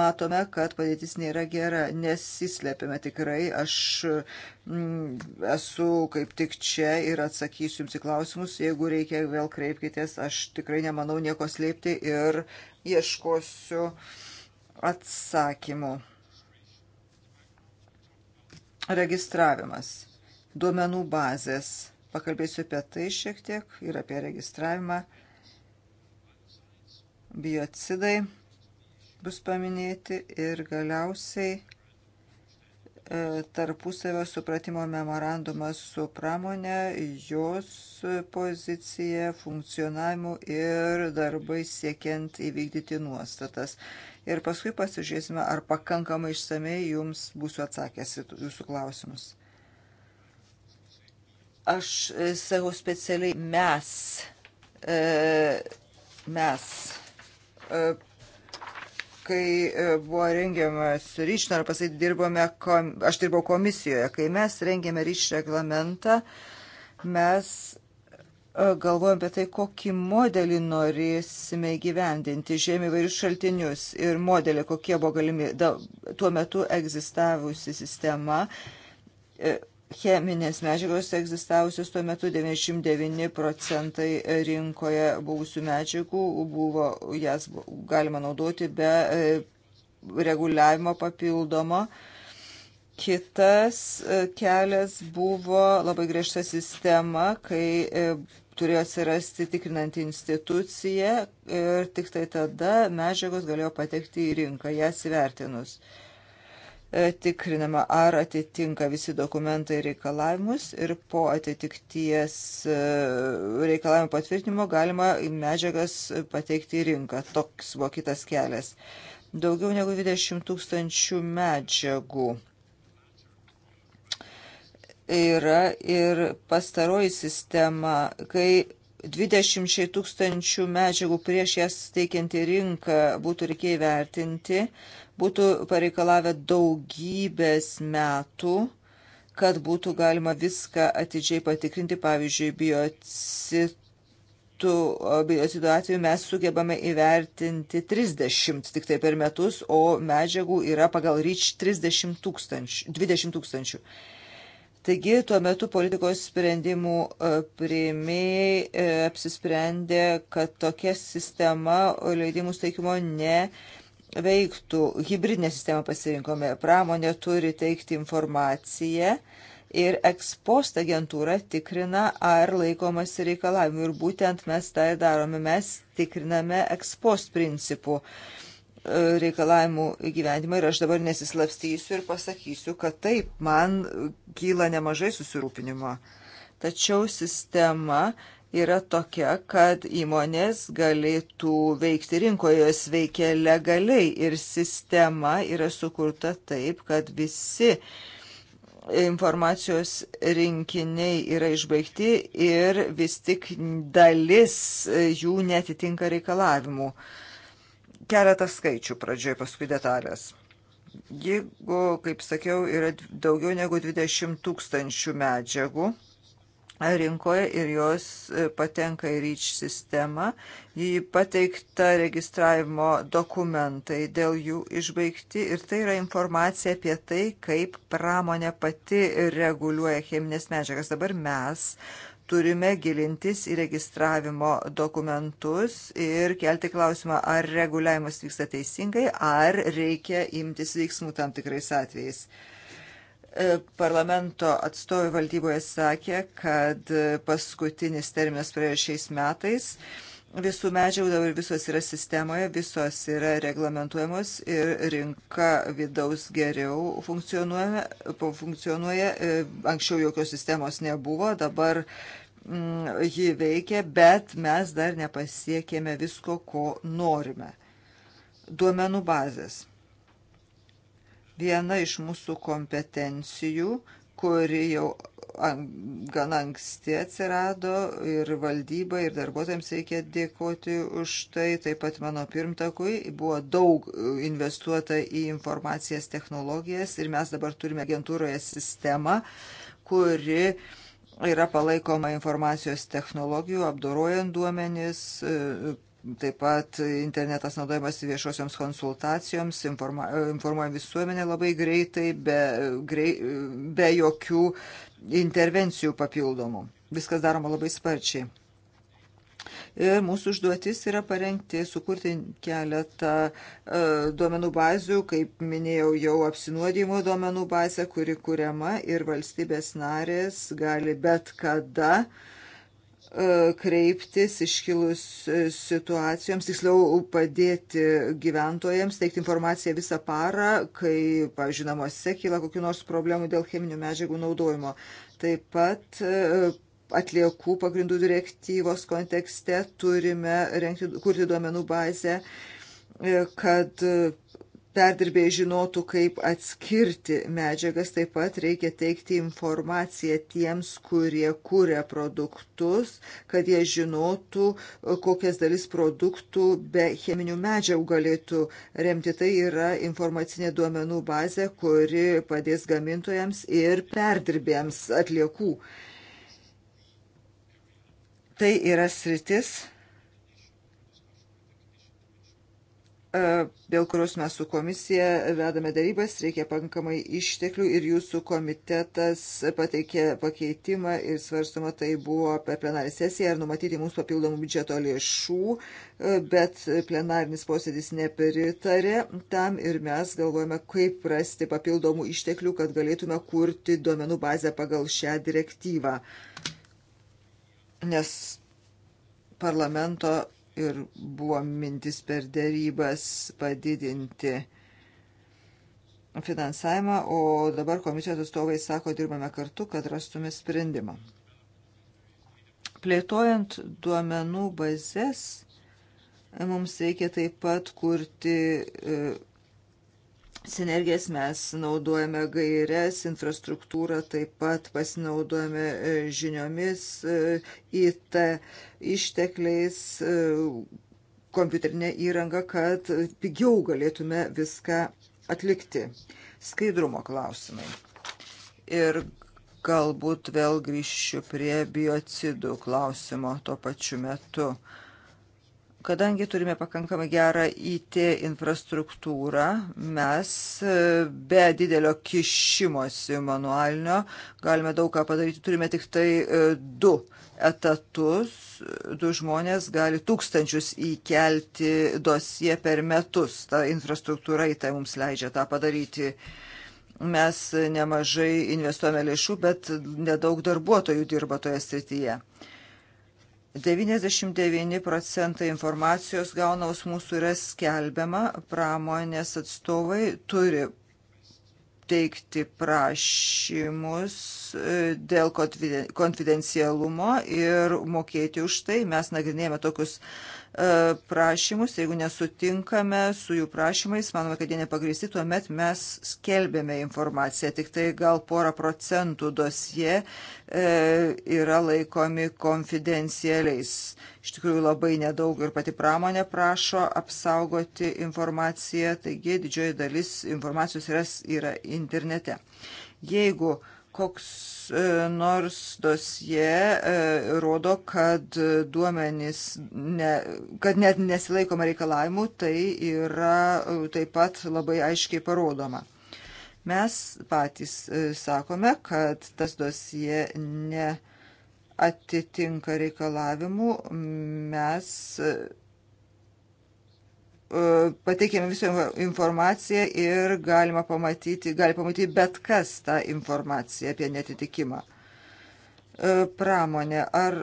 matome, kad padėtis nėra gera. Nesislėpime tikrai. Aš m, esu kaip tik čia ir atsakysiu jums į klausimus. Jeigu reikia, vėl kreipkitės. Aš tikrai nemanau nieko slėpti ir ieškosiu atsakymų. Registravimas. Duomenų bazės. Pakalbėsiu apie tai šiek tiek ir apie registravimą. Biocidai bus paminėti ir galiausiai E, tarpusavio supratimo memorandumas su pramonė, jos pozicija, funkcionavimu ir darbai siekiant įvykdyti nuostatas. Ir paskui pasižiūrėsime, ar pakankamai išsamei jums būsiu atsakęs į jūsų klausimus. Aš e, sakau specialiai mes, e, mes kai e, buvo rengiamas ryšio, ar pasakyti, dirbome, kom, aš dirbau komisijoje, kai mes rengėme ryšio reglamentą, mes e, galvojame apie tai, kokį modelį norėsime įgyvendinti, žemė įvairius šaltinius ir modelį, kokie buvo galimi. Da, tuo metu egzistavusi sistema e, cheminės medžiagos egzistavusios tuo metu 99 procentai rinkoje buvusių medžiagų buvo, jas galima naudoti be e, reguliavimo papildomo. Kitas e, kelias buvo labai griežta sistema, kai e, turėjo atsirasti tikrinanti institucija ir tik tai tada medžiagos galėjo patekti į rinką, jas įvertinus. E, tikrinama, ar atitinka visi dokumentai reikalavimus ir po atitikties e, reikalavimo patvirtinimo galima medžiagas pateikti į rinką. Toks buvo kitas kelias. Daugiau negu 20 tūkstančių medžiagų yra ir pastaroji sistema, kai 20 tūkstančių medžiagų prieš jas teikianti rinką būtų reikėję vertinti, būtų pareikalavę daugybės metų, kad būtų galima viską atidžiai patikrinti, pavyzdžiui, biocitų biocidų atveju mes sugebame įvertinti 30 tik tai per metus, o medžiagų yra pagal ryč 30 tūkstančių, 20 tūkstančių. Taigi tuo metu politikos sprendimų e, prieimėjai e, apsisprendė, kad tokia sistema leidimų steikimo ne veiktų. Hybridinę sistemą pasirinkome. Pramonė turi teikti informaciją ir ekspost agentūra tikrina, ar laikomasi reikalavimų. Ir būtent mes tą ir darome. Mes tikriname ekspost principų e, reikalavimų gyvenimą ir aš dabar nesislapstysiu ir pasakysiu, kad taip, man kyla nemažai susirūpinimo. Tačiau sistema yra tokia, kad įmonės galėtų veikti rinkoje, jos veikia legaliai ir sistema yra sukurta taip, kad visi informacijos rinkiniai yra išbaigti ir vis tik dalis jų netitinka reikalavimų. Keletą skaičių pradžioje, paskui detalės jeigu, kaip sakiau, yra daugiau negu 20 tūkstančių medžiagų, rinkoje ir jos e, patenka į ryč sistemą. Jį pateikta registravimo dokumentai dėl jų išbaigti ir tai yra informacija apie tai, kaip pramonė pati reguliuoja cheminės medžiagas. Dabar mes turime gilintis į registravimo dokumentus ir kelti klausimą, ar reguliavimas vyksta teisingai, ar reikia imtis veiksmų tam tikrais atvejais. E, parlamento atstovai valdyboje sakė, kad paskutinis terminas praėjo šiais metais. Visų medžiagų dabar visos yra sistemoje, visos yra reglamentuojamos ir rinka vidaus geriau funkcionuoja. funkcionuoja. E, anksčiau jokios sistemos nebuvo, dabar mm, ji veikia, bet mes dar nepasiekėme visko, ko norime. Duomenų bazės viena iš mūsų kompetencijų, kuri jau gana anksti atsirado ir valdyba ir darbuotojams reikia dėkoti už tai. Taip pat mano pirmtakui buvo daug investuota į informacijas technologijas ir mes dabar turime agentūroje sistemą, kuri yra palaikoma informacijos technologijų, apdorojant duomenis, Taip pat internetas naudojamas viešosioms konsultacijoms, informa, informuoja visuomenę labai greitai, be, grei, be jokių intervencijų papildomų. Viskas daroma labai sparčiai. Ir mūsų užduotis yra parengti, sukurti keletą e, duomenų bazių, kaip minėjau, jau apsinuodimo duomenų bazę, kuri kuriama ir valstybės narės gali bet kada e, E, kreiptis iškilus e, situacijoms, tiksliau padėti gyventojams, teikti informaciją visą parą, kai, pavyzdžiui, namuose kyla kokiu nors problemų dėl cheminių medžiagų naudojimo. Taip pat e, atliekų pagrindų direktyvos kontekste turime renkti, kurti duomenų bazę, kad perdirbėjai žinotų, kaip atskirti medžiagas, taip pat reikia teikti informaciją tiems, kurie kūrė produktus, kad jie žinotų, kokias dalis produktų be cheminių medžiagų galėtų remti. Tai yra informacinė duomenų bazė, kuri padės gamintojams ir perdirbėjams atliekų. Tai yra sritis E, dėl kurios mes su komisija vedame darybas, reikia pankamai išteklių ir jūsų komitetas pateikė pakeitimą ir svarstama tai buvo per plenarinę sesiją ir numatyti mums papildomų biudžeto lėšų, e, bet plenarinis posėdis nepritarė tam ir mes galvojame, kaip rasti papildomų išteklių, kad galėtume kurti duomenų bazę pagal šią direktyvą. Nes parlamento ir buvo mintis per dėrybas padidinti finansavimą, o dabar komisijos atstovai sako, dirbame kartu, kad rastume sprendimą. Plėtojant duomenų bazės, mums reikia taip pat kurti e, sinergijas mes naudojame gairias, infrastruktūrą, taip pat pasinaudojame e, žiniomis, e, IT ištekliais, e, kompiuterinė įranga, kad pigiau galėtume viską atlikti. Skaidrumo klausimai. Ir galbūt vėl grįšiu prie biocidų klausimo tuo pačiu metu. Uh, Kadangi turime pakankamai gerą IT infrastruktūrą, mes e, be didelio kišimosi manualinio galime daug ką padaryti. Turime tik tai e, du etatus, du žmonės gali tūkstančius įkelti dosie per metus. Ta infrastruktūra į tai mums leidžia tą padaryti. Mes nemažai investuojame lėšų, bet nedaug darbuotojų dirba toje srityje. 99 procentai informacijos gaunaus mūsų yra skelbiama, pramonės atstovai turi teikti prašymus e, dėl konfidencialumo ir mokėti už tai. Mes nagrinėjame tokius E, prašymus, jeigu nesutinkame su jų prašymais, manome, kad jie nepagristi, tuomet mes skelbėme informaciją. Tik tai gal porą procentų dosie e, yra laikomi konfidencialiais. Iš tikrųjų labai nedaug ir pati pramonė prašo apsaugoti informaciją, taigi didžioji dalis informacijos yra, yra internete. Jeigu koks E, nors dosie e, rodo, kad duomenys, ne, kad net nesilaikoma reikalavimų, tai yra e, taip pat labai aiškiai parodoma. Mes patys sakome, kad tas dosie ne atitinka reikalavimų, mes E, pateikiame visą informaciją ir galima pamatyti, gali pamatyti bet kas tą informaciją apie netitikimą. E, pramonė ar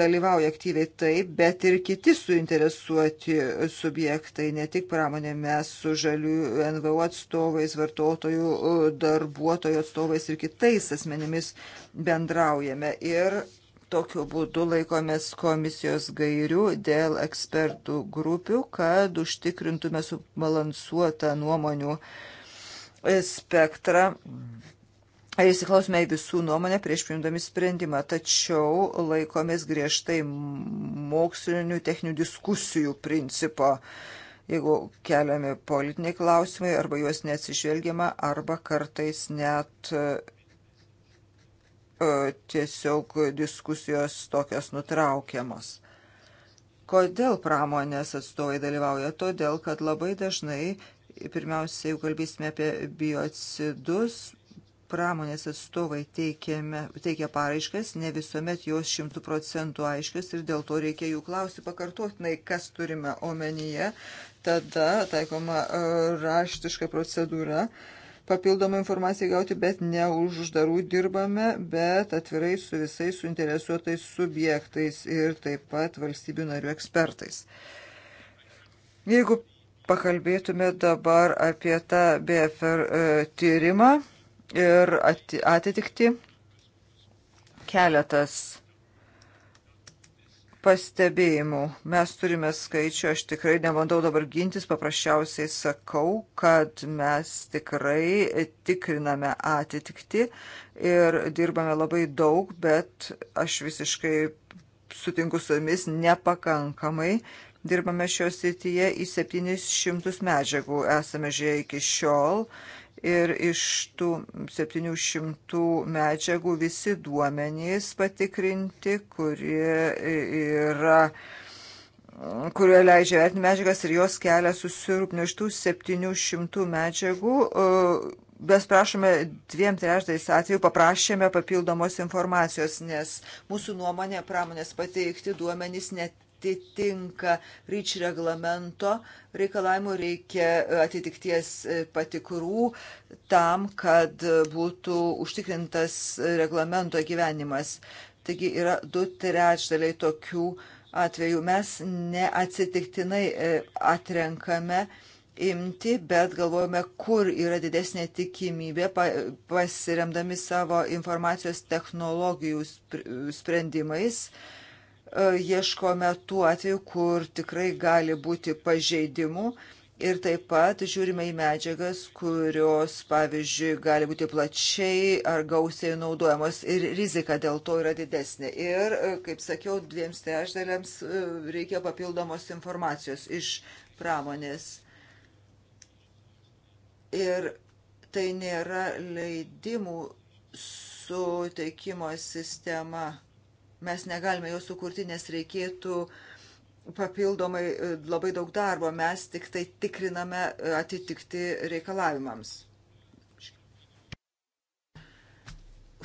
dalyvauja aktyviai taip, bet ir kiti suinteresuoti subjektai, ne tik pramonė, mes su žalių NVO atstovais, vartotojų, e, darbuotojų atstovais ir kitais asmenimis bendraujame. Ir Tokiu būdu laikomės komisijos gairių dėl ekspertų grupių, kad užtikrintume subalansuotą nuomonių spektrą. Ir įsiklausome į visų nuomonę prieš priimdami sprendimą, tačiau laikomės griežtai mokslinių techninių diskusijų principo jeigu keliami politiniai klausimai arba juos neatsižvelgiama, arba kartais net E, tiesiog diskusijos tokios nutraukiamos. Kodėl pramonės atstovai dalyvauja? Todėl, kad labai dažnai, pirmiausia, jeigu kalbėsime apie biocidus, pramonės atstovai teikiame, teikia paraiškas, ne visuomet jos šimtų procentų aiškios ir dėl to reikia jų klausyti pakartotinai, kas turime omenyje. Tada taikoma e, raštiška procedūra. Uh, papildomą informaciją gauti, bet ne už uždarų dirbame, bet atvirai su visais suinteresuotais subjektais ir taip pat valstybių narių ekspertais. Jeigu pakalbėtume dabar apie tą BFR e, tyrimą ir atitikti keletas pastebėjimų. Mes turime skaičių, aš tikrai nebandau dabar gintis, paprasčiausiai sakau, kad mes tikrai tikriname atitikti ir dirbame labai daug, bet aš visiškai sutinku su jumis nepakankamai. Dirbame šios srityje į 700 medžiagų esame žiūrėję iki šiol. Uh, ir iš tų 700 medžiagų visi duomenys patikrinti, kurie yra kurio leidžia vertinti medžiagas ir jos kelia susirūpinę iš tų 700 medžiagų. E, mes prašome dviem trešdais atveju, paprašėme papildomos informacijos, nes mūsų nuomonė pramonės pateikti duomenys net neatitinka ryč reglamento reikalavimų, reikia atitikties e, patikrų tam, kad būtų užtikrintas reglamento gyvenimas. Taigi yra du trečdaliai tokių atvejų. Mes neatsitiktinai e, atrenkame imti, bet galvojame, kur yra didesnė tikimybė pasiremdami savo informacijos technologijų sprendimais E, ieškome tų atvejų, kur tikrai gali būti pažeidimų. Ir taip pat žiūrime į medžiagas, kurios, pavyzdžiui, gali būti plačiai ar gausiai naudojamos ir rizika dėl to yra didesnė. Ir, e, kaip sakiau, dviems trešdėliams e, reikia papildomos informacijos iš pramonės. Ir tai nėra leidimų suteikimo sistema Mes negalime jo sukurti, nes reikėtų papildomai e, labai daug darbo. Mes tik tai tikriname e, atitikti reikalavimams.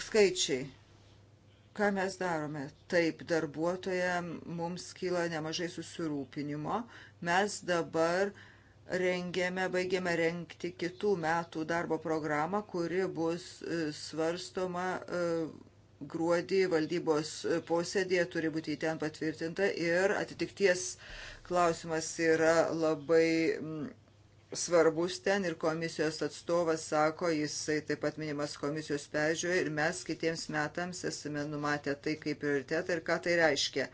Skaičiai. Ką mes darome? Taip, darbuotoje mums kyla nemažai susirūpinimo. Mes dabar rengėme, baigėme renkti kitų metų darbo programą, kuri bus e, svarstoma gruodį valdybos posėdėje turi būti ten patvirtinta ir atitikties klausimas yra labai svarbus ten ir komisijos atstovas sako, jisai taip pat minimas komisijos pežiūrė ir mes kitiems metams esame numatę tai kaip prioritetą ir ką tai reiškia.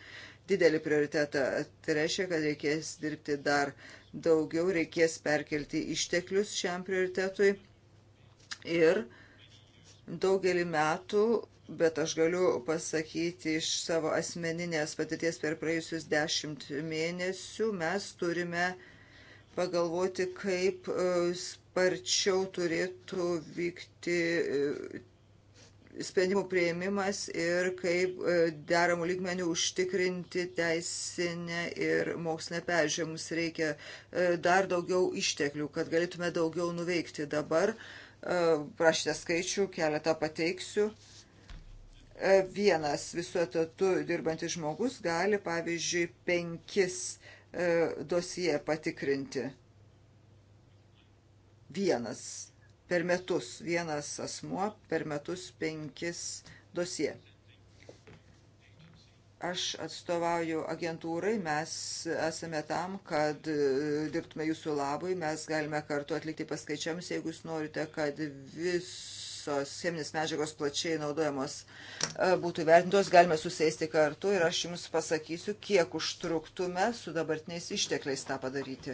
Didelį prioritetą. Tai reiškia, kad reikės dirbti dar daugiau, reikės perkelti išteklius šiam prioritetui ir daugelį metų bet aš galiu pasakyti iš savo asmeninės patirties per praėjusius dešimt mėnesių mes turime pagalvoti, kaip e, sparčiau turėtų vykti e, sprendimų prieimimas ir kaip e, deramų lygmenių užtikrinti teisinę ir mokslinę peržiūrę. Mums reikia dar daugiau išteklių, kad galėtume daugiau nuveikti dabar. Prašyte skaičių, keletą pateiksiu vienas visu etatu dirbantis žmogus gali, pavyzdžiui, penkis e, dosiją patikrinti. Vienas per metus, vienas asmuo per metus penkis dosiją aš atstovauju agentūrai, mes esame tam, kad e, dirbtume jūsų labui, mes galime kartu atlikti paskaičiams, jeigu jūs norite, kad vis visos cheminės medžiagos plačiai naudojamos e, būtų vertintos, galime susėsti kartu ir aš jums pasakysiu, kiek užtruktume su dabartiniais ištekliais tą padaryti.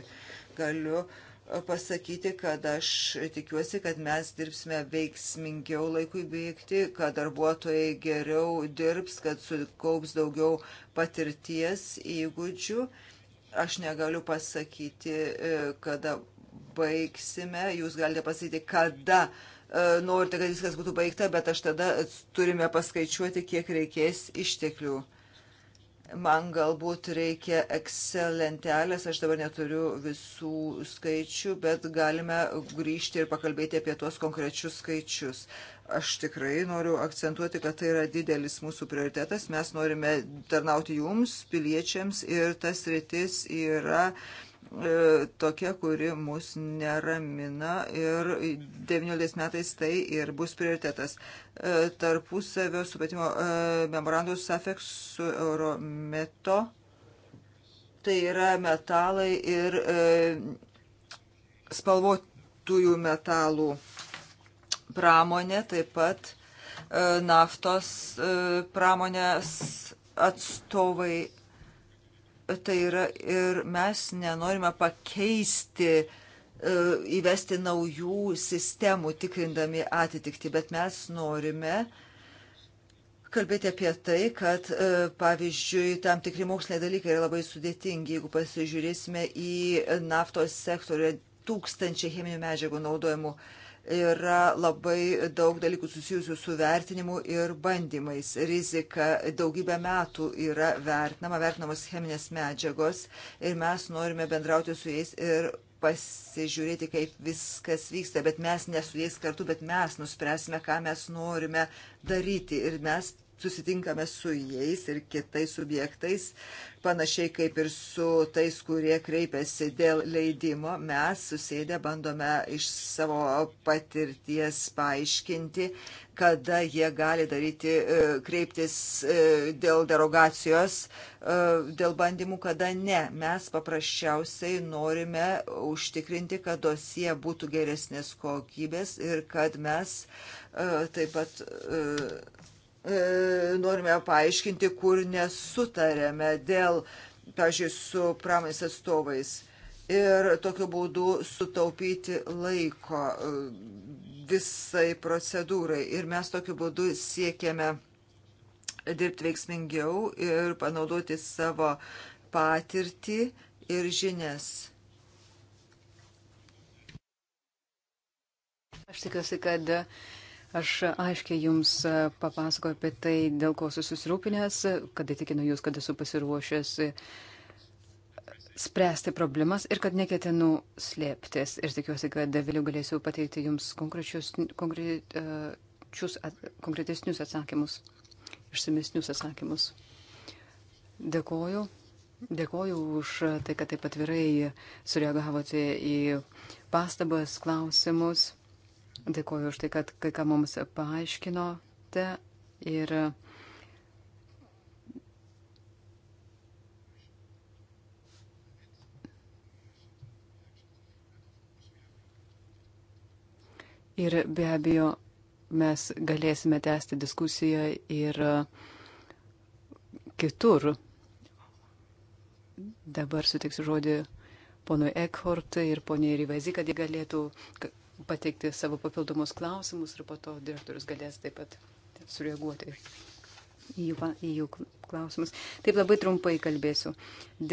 Galiu e, pasakyti, kad aš tikiuosi, kad mes dirbsime veiksmingiau laikui bėgti, kad darbuotojai geriau dirbs, kad sukaups daugiau patirties įgūdžių. Aš negaliu pasakyti, e, kada baigsime, jūs galite pasakyti, kada E, norite, kad viskas būtų baigta, bet aš tada turime paskaičiuoti, kiek reikės išteklių. Man galbūt reikia Excel lentelės, aš dabar neturiu visų skaičių, bet galime grįžti ir pakalbėti apie tuos konkrečius skaičius. Aš tikrai noriu akcentuoti, kad tai yra didelis mūsų prioritetas, mes norime tarnauti jums, piliečiams ir tas rytis yra uh, E, tokia, kuri mus neramina ir 19 metais tai ir bus prioritetas. E, tarpusavio supratimo e, memorandus SAFEX su Eurometo, tai yra metalai ir spalvotųjų metalų pramonė, taip pat naftos pramonės atstovai tai yra ir mes nenorime pakeisti, e, įvesti naujų sistemų tikrindami atitikti, bet mes norime kalbėti apie tai, kad e, pavyzdžiui, tam tikri moksliniai dalykai yra labai sudėtingi. Jeigu pasižiūrėsime į naftos sektorių, tūkstančiai cheminių medžiagų naudojimų. Uh, yra labai daug dalykų susijusių su vertinimu ir bandymais. Rizika daugybę metų yra vertinama, vertinamos cheminės medžiagos ir mes norime bendrauti su jais ir pasižiūrėti, kaip viskas vyksta, bet mes ne su jais kartu, bet mes nuspręsime, ką mes norime daryti ir mes susitinkame su jais ir kitais subjektais, panašiai kaip ir su tais, kurie kreipiasi dėl leidimo, mes susėdę bandome iš savo patirties paaiškinti, kada jie gali daryti, e, kreiptis e, dėl derogacijos, e, dėl bandymų, kada ne. Mes paprasčiausiai norime užtikrinti, kad dosie būtų geresnės kokybės ir kad mes taip pat E, norime paaiškinti, kur nesutarėme dėl, pažiūrėjau, su pramais atstovais. Ir tokiu būdu sutaupyti laiko e, visai procedūrai. Ir mes tokiu būdu siekiame dirbti veiksmingiau ir panaudoti savo patirtį ir žinias. Aš tikiuosi, kad Aš aiškiai jums e, papasakoju apie tai, dėl ko esu susirūpinęs, kad įtikinu jūs, kad esu pasiruošęs e, spręsti problemas ir kad neketinu slėptis. Ir tikiuosi, kad vėliau galėsiu pateikti jums konkrečius, konkrečius, e, konkretesnius atsakymus, išsamesnius atsakymus. Dėkoju. Dėkoju už tai, kad taip atvirai sureagavote į pastabas, klausimus. Dėkuoju už tai, kad kai ką mums paaiškinote ir Ir be abejo, mes galėsime tęsti diskusiją ir kitur. Dabar sutiksiu žodį ponui Ekhort ir poniai Rivazi, kad jie galėtų pateikti savo papildomus klausimus ir po to direktorius galės taip pat sureaguoti į jų, į jų klausimus. Taip labai trumpai kalbėsiu.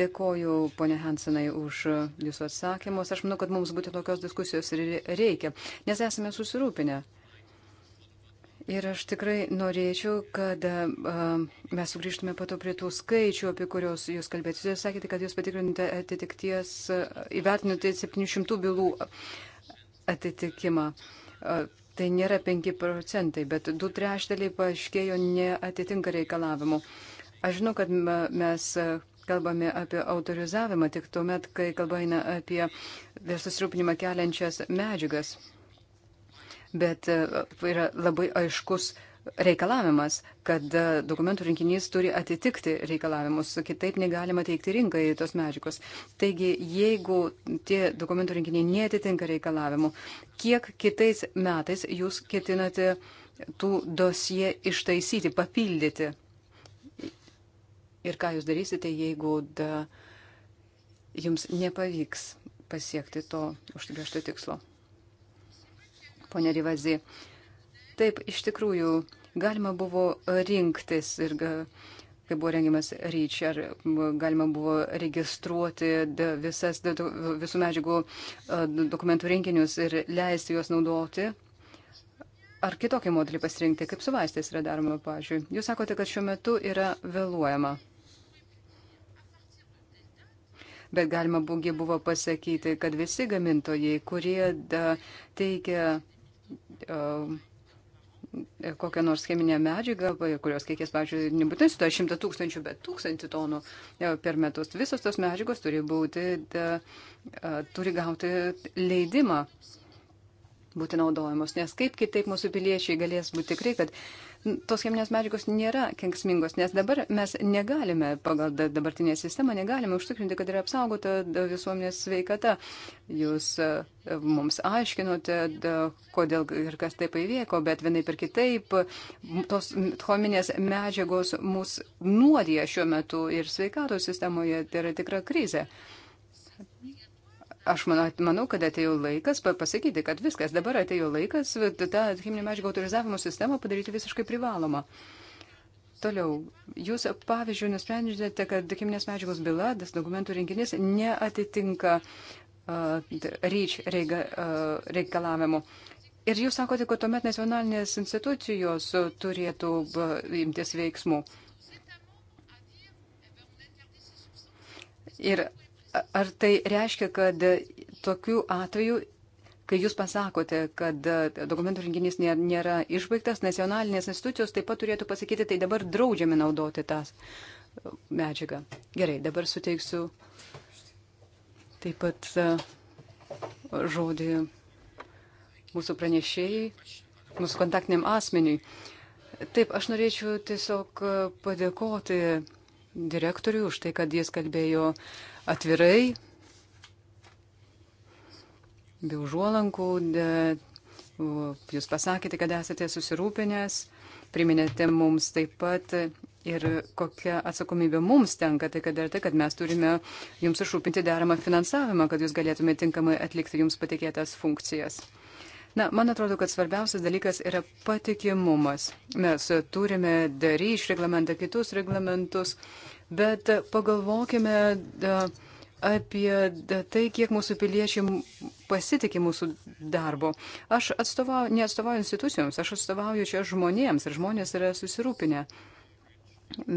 Dėkoju, ponė Hansenai, už jūsų atsakymus. Aš manau, kad mums būtent tokios diskusijos ir reikia, nes esame susirūpinę. Ir aš tikrai norėčiau, kad uh, mes sugrįžtume pato prie tų skaičių, apie kuriuos jūs kalbėjote. Jūs sakėte, kad jūs patikrinate atitikties, uh, įvertinote 700 bylų. Uh, atitikimą. Tai nėra 5 procentai, bet du trešdaliai paaiškėjo neatitinka reikalavimų. Aš žinau, kad mes kalbame apie autorizavimą tik tuomet, kai kalba eina apie susirūpinimą keliančias medžiagas. Bet e, yra labai aiškus uh, reikalavimas, kad e, dokumentų rinkinys turi atitikti reikalavimus, kitaip negalima teikti rinkai tos medžiagos. Taigi, jeigu tie dokumentų rinkiniai netitinka reikalavimų, kiek kitais metais jūs ketinate tų dosie ištaisyti, papildyti? Ir ką jūs darysite, jeigu da, jums nepavyks pasiekti to užsibriešto tikslo? Pone Rivazi, uh, Taip, iš tikrųjų, galima buvo rinktis ir, kai buvo rengiamas ryč, ar galima buvo registruoti visas, visų medžiagų dokumentų rinkinius ir leisti juos naudoti. Ar kitokį modelį pasirinkti, kaip su vaistais yra daroma, pažiūrėjau. Jūs sakote, kad šiuo metu yra vėluojama. Bet galima būgi buvo pasakyti, kad visi gamintojai, kurie da, teikia uh, kokią nors cheminę medžiagą, kurios kiekis, pavyzdžiui, nebūtinai su to 100 tūkstančių, bet tūkstantį tonų e, per metus. Visos tos medžiagos turi būti, da, e, e, turi gauti leidimą būti naudojamos, nes kaip kitaip mūsų piliečiai galės būti tikrai, kad tos cheminės medžiagos nėra kenksmingos, nes dabar mes negalime, pagal dabartinę sistemą, negalime užtikrinti, kad yra apsaugota visuomenės sveikata. Jūs e, mums aiškinote, kodėl ir kas taip įvyko, bet vienai per kitaip tos cheminės medžiagos mus nuodija šiuo metu ir sveikatos sistemoje tai yra tikra krizė. Aš manau, manau, kad atėjo laikas pasakyti, kad viskas, dabar atėjo laikas tą cheminių medžiagų autorizavimo sistemą padaryti visiškai privalomą. Toliau, jūs, pavyzdžiui, nusprendžiate, kad cheminės medžiagos byla, tas dokumentų rinkinys neatitinka uh, ryč reiga, uh, reikalavimų. Ir jūs sakote, kad tuomet nacionalinės institucijos turėtų uh, imtis veiksmų. Ir Ar tai reiškia, kad tokiu atveju, kai jūs pasakote, kad dokumentų rinkinys nėra išbaigtas, nacionalinės institucijos taip pat turėtų pasakyti, tai dabar draudžiame naudoti tas medžiagą. Gerai, dabar suteiksiu taip pat e, žodį mūsų pranešėjai, mūsų kontaktiniam asmeniui. Taip, aš norėčiau tiesiog e, padėkoti direktoriui už tai, kad jis kalbėjo uh, atvirai, be užuolankų. Jūs pasakėte, kad esate susirūpinęs, priminėte mums taip pat ir kokia atsakomybė mums tenka, tai kad ir tai, kad mes turime jums išrūpinti deramą finansavimą, kad jūs galėtume tinkamai atlikti jums patikėtas funkcijas. Na, man atrodo, kad svarbiausias dalykas yra patikimumas. Mes turime daryti iš reglamentą kitus reglamentus, bet pagalvokime e, apie tai, kiek mūsų piliečiai pasitikė mūsų darbo. Aš atstovau, neatstovauju institucijoms, aš atstovauju čia žmonėms ir žmonės yra susirūpinę.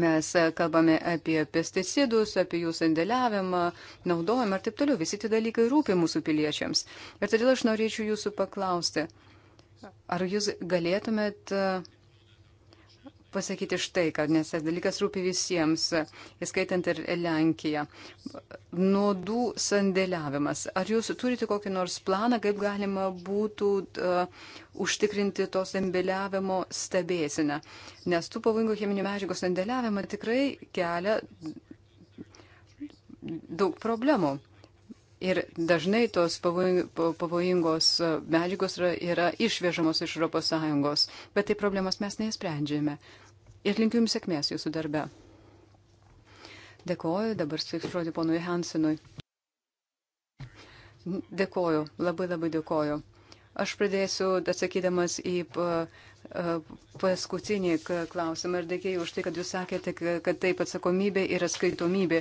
Mes kalbame apie pesticidus, apie jų sandėliavimą, naudojimą ir taip toliau. Visi tie dalykai rūpi mūsų piliečiams. Ir todėl aš norėčiau jūsų paklausti, ar jūs galėtumėt uh, pasakyti štai, kad nes tas dalykas rūpi visiems, įskaitant ir Lenkiją. Nuodų sandėliavimas. Ar jūs turite kokį nors planą, kaip galima būtų uh, užtikrinti to sandėliavimo stebėsinę? Nes tų pavojingų cheminių medžiagų sandėliavimą tikrai kelia daug problemų. Ir dažnai tos pavojingos e, medžiagos yra, yra išvežamos iš ES, bet tai problemas mes neįsprendžiame. Ir linkiu Jums sėkmės Jūsų darbe. Dėkoju, dabar sveiks žodį ponui Hansenui. Dėkoju, labai labai dėkoju. Aš pradėsiu atsakydamas į paskutinį klausimą ir dėkėjau už tai, kad jūs sakėte, kad taip atsakomybė ir atskaitomybė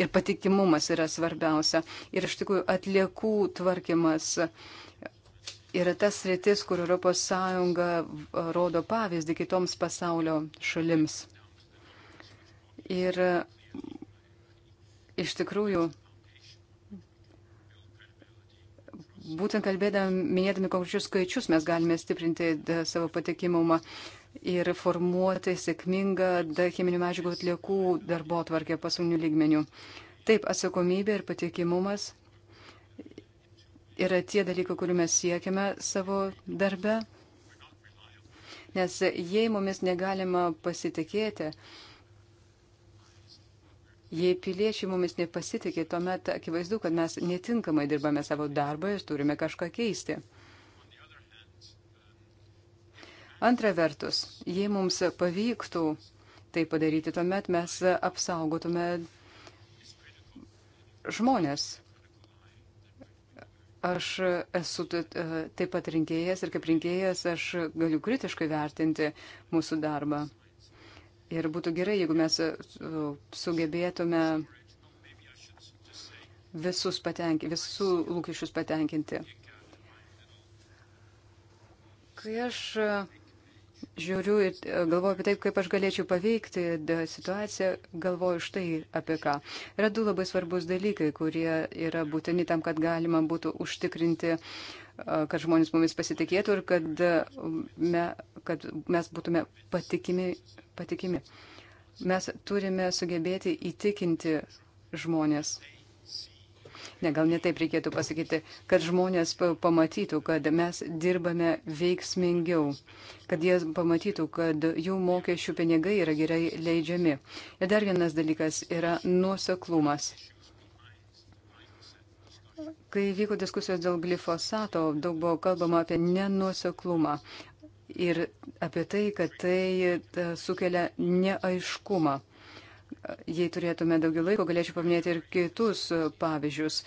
ir patikimumas yra svarbiausia. Ir iš tikrųjų atliekų tvarkymas yra tas rytis, kur ES rodo pavyzdį kitoms pasaulio šalims. Ir e, iš tikrųjų Būtent kalbėdami, minėdami konkrečius skaičius, mes galime stiprinti e, savo patikimumą ir formuoti sėkmingą cheminių medžiagų atliekų darbo atvarkę pasaulinių lygmenių. Taip, atsakomybė ir patikimumas yra tie dalykai, kurių mes siekiame savo darbe. Nes jei mumis negalima pasitikėti, Jei piliečiai mumis nepasitikė, tuomet akivaizdu, kad mes netinkamai dirbame savo darbą ir turime kažką keisti. Antra vertus, jei mums pavyktų tai padaryti, tuomet mes apsaugotume žmonės. Aš esu taip pat rinkėjas ir kaip rinkėjas aš galiu kritiškai vertinti mūsų darbą. Ir būtų gerai, jeigu mes e, sugebėtume visus patenkinti, visų lūkesčius patenkinti. Kai aš e, žiūriu ir e, galvoju apie tai, kaip aš galėčiau paveikti situaciją, galvoju štai apie ką. Yra du labai svarbus dalykai, kurie yra būtini tam, kad galima būtų užtikrinti uh, kad žmonės mumis pasitikėtų ir kad, me, kad mes būtume patikimi, patikimi. Mes turime sugebėti įtikinti žmonės. Ne, gal netaip reikėtų pasakyti, kad žmonės pamatytų, kad mes dirbame veiksmingiau, kad jie pamatytų, kad jų mokesčių pinigai yra gerai leidžiami. Ir dar vienas dalykas yra nuoseklumas. Kai vyko diskusijos dėl glifosato, daug buvo kalbama apie nenuoseklumą ir apie tai, kad tai e, sukelia neaiškumą. Jei turėtume daugiau laiko, galėčiau paminėti ir kitus e, pavyzdžius,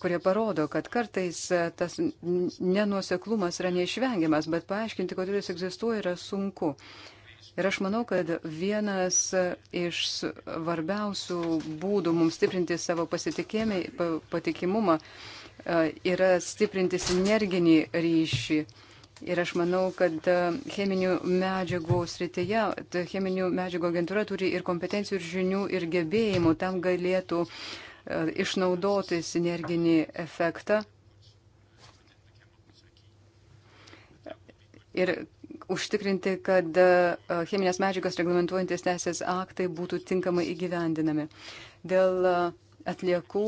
kurie parodo, kad kartais e, tas nenuoseklumas yra neišvengiamas, bet paaiškinti, kodėl jis egzistuoja, yra sunku. Ir aš manau, kad vienas iš svarbiausių būdų mums stiprinti savo pasitikimumą E, yra stiprinti sinerginį ryšį. Ir aš manau, kad e, cheminių medžiagų srityje, cheminių medžiagų agentūra turi ir kompetencijų, ir žinių, ir gebėjimų, tam galėtų e, išnaudoti sinerginį efektą. Ir užtikrinti, kad cheminės medžiagas reglamentuojantis teisės aktai būtų tinkamai įgyvendinami. Dėl atliekų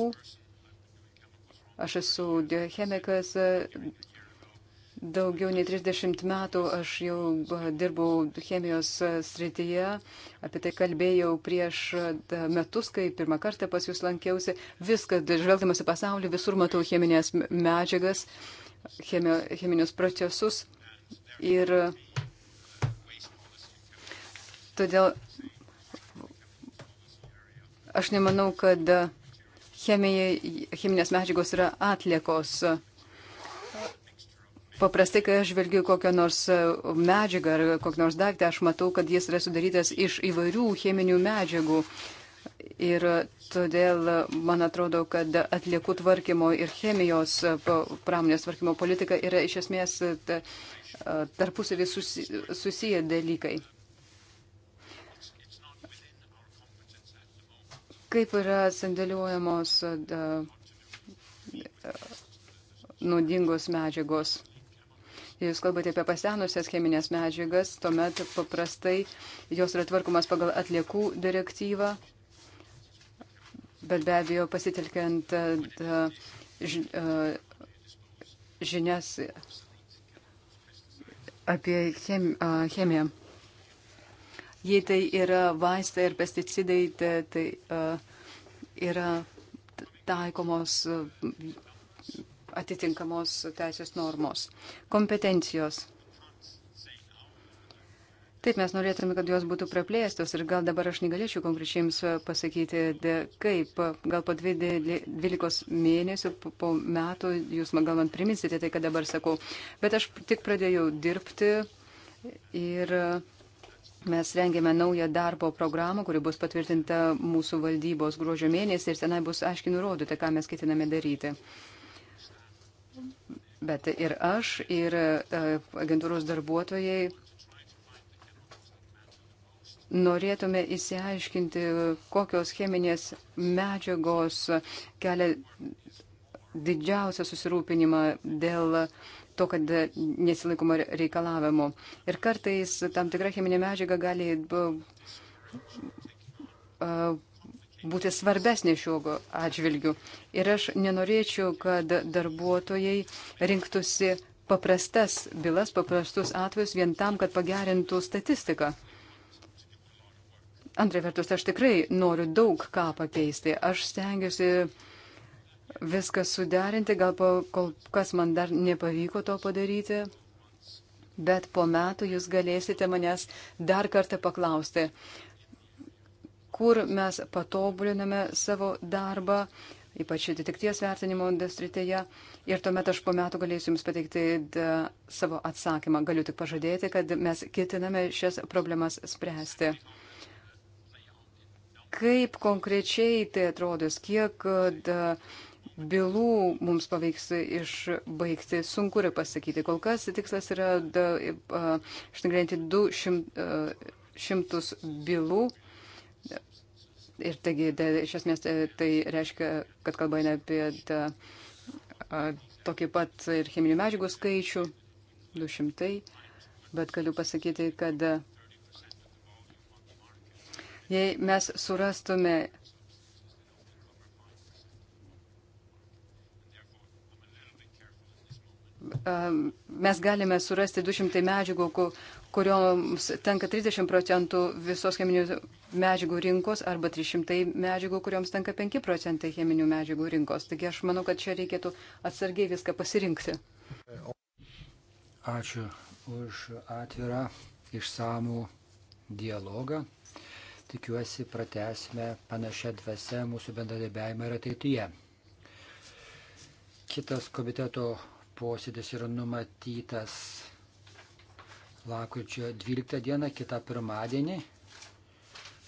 Aš esu chemikas, daugiau nei 30 metų aš jau dirbau chemijos srityje, apie tai kalbėjau prieš metus, kai pirmą kartą pas jūs lankiausi. Viską, žvelgdamas į pasaulį, visur matau cheminės medžiagas, chemio, cheminius procesus. Ir todėl aš nemanau, kad chemijai, cheminės medžiagos yra atliekos. Paprastai, kai aš žvelgiu kokią nors e, medžiagą ar kokią nors daiktą, aš matau, kad jis yra sudarytas iš įvairių cheminių medžiagų. Ir todėl man atrodo, kad atliekų tvarkymo ir chemijos e, pramonės tvarkymo politika yra iš esmės e, tarpusavį susiję dalykai. kaip yra sandėliuojamos naudingos medžiagos. Jūs kalbate apie pasenusias cheminės medžiagas, tuomet paprastai jos yra tvarkomas pagal atliekų direktyvą, bet be abejo pasitelkiant žinias apie chemiją jei tai yra vaistai ir pesticidai, tai, tai uh, yra taikomos e, atitinkamos teisės normos. Kompetencijos. Taip, mes norėtume, kad jos būtų praplėstos ir gal dabar aš negalėčiau konkrečiai jums pasakyti, de, kaip gal po 12 mėnesių, po metų jūs gal man priminsite tai, ką dabar sakau. Bet aš tik pradėjau dirbti ir Mes rengėme naują darbo programą, kuri bus patvirtinta mūsų valdybos gruožio mėnesį ir tenai bus aiškiai nurodyta, ką mes ketiname daryti. Bet ir aš, ir e, agentūros darbuotojai norėtume įsiaiškinti, kokios cheminės medžiagos kelia didžiausią susirūpinimą dėl uh, to, kad nesilaikoma reikalavimo. Ir kartais tam tikra cheminė medžiaga gali būti svarbesnė šiuo atžvilgiu. Ir aš nenorėčiau, kad darbuotojai rinktųsi paprastas bylas, paprastus atvejus vien tam, kad pagerintų statistiką. Antra vertus, aš tikrai noriu daug ką pakeisti. Aš stengiuosi uh, viską suderinti, gal po, kol kas man dar nepavyko to padaryti, bet po metų jūs galėsite manęs dar kartą paklausti, kur mes patobuliname savo darbą, ypač atitikties vertinimo industrijoje. Ir tuomet aš po metų galėsiu Jums pateikti savo atsakymą. Galiu tik pažadėti, kad mes ketiname šias problemas spręsti. Kaip konkrečiai tai atrodys, kiek da, bylų mums pavyks išbaigti, sunku yra pasakyti. Kol kas tikslas yra išnagrinėti 200 bylų. Ir taigi, da, iš esmės, e, tai reiškia, kad kalba eina apie da, a, tokį pat ir cheminių medžiagų skaičių, 200, bet galiu pasakyti, kad e, jei mes surastume mes galime surasti 200 medžiagų, kurioms tenka 30 procentų visos cheminių medžiagų rinkos arba 300 medžiagų, kurioms tenka 5 procentai cheminių medžiagų rinkos. Taigi aš manau, kad čia reikėtų atsargiai viską pasirinkti. Ačiū už atvirą išsamų dialogą. Tikiuosi, pratesime panašią dvasę mūsų bendradarbiavimą ir ateityje. Kitas komiteto posėdis yra numatytas lakučio 12 dieną, kitą pirmadienį,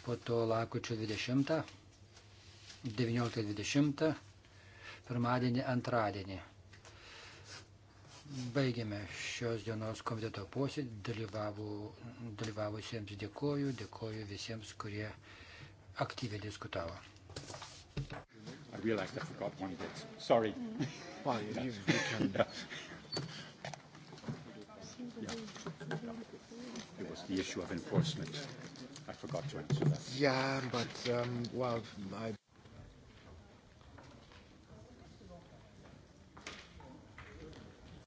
po to lakučio 20, 19.20, pirmadienį, antradienį. Baigėme šios dienos komiteto posėdį, dalyvavo, dalyvavusiems dėkoju, dėkoju visiems, kurie aktyviai diskutavo. I realized I forgot one bit. Sorry. Well, you, you, you can. yeah. Yeah. yeah. It was the issue of enforcement. I forgot to answer that. Yeah, but, um, well, I.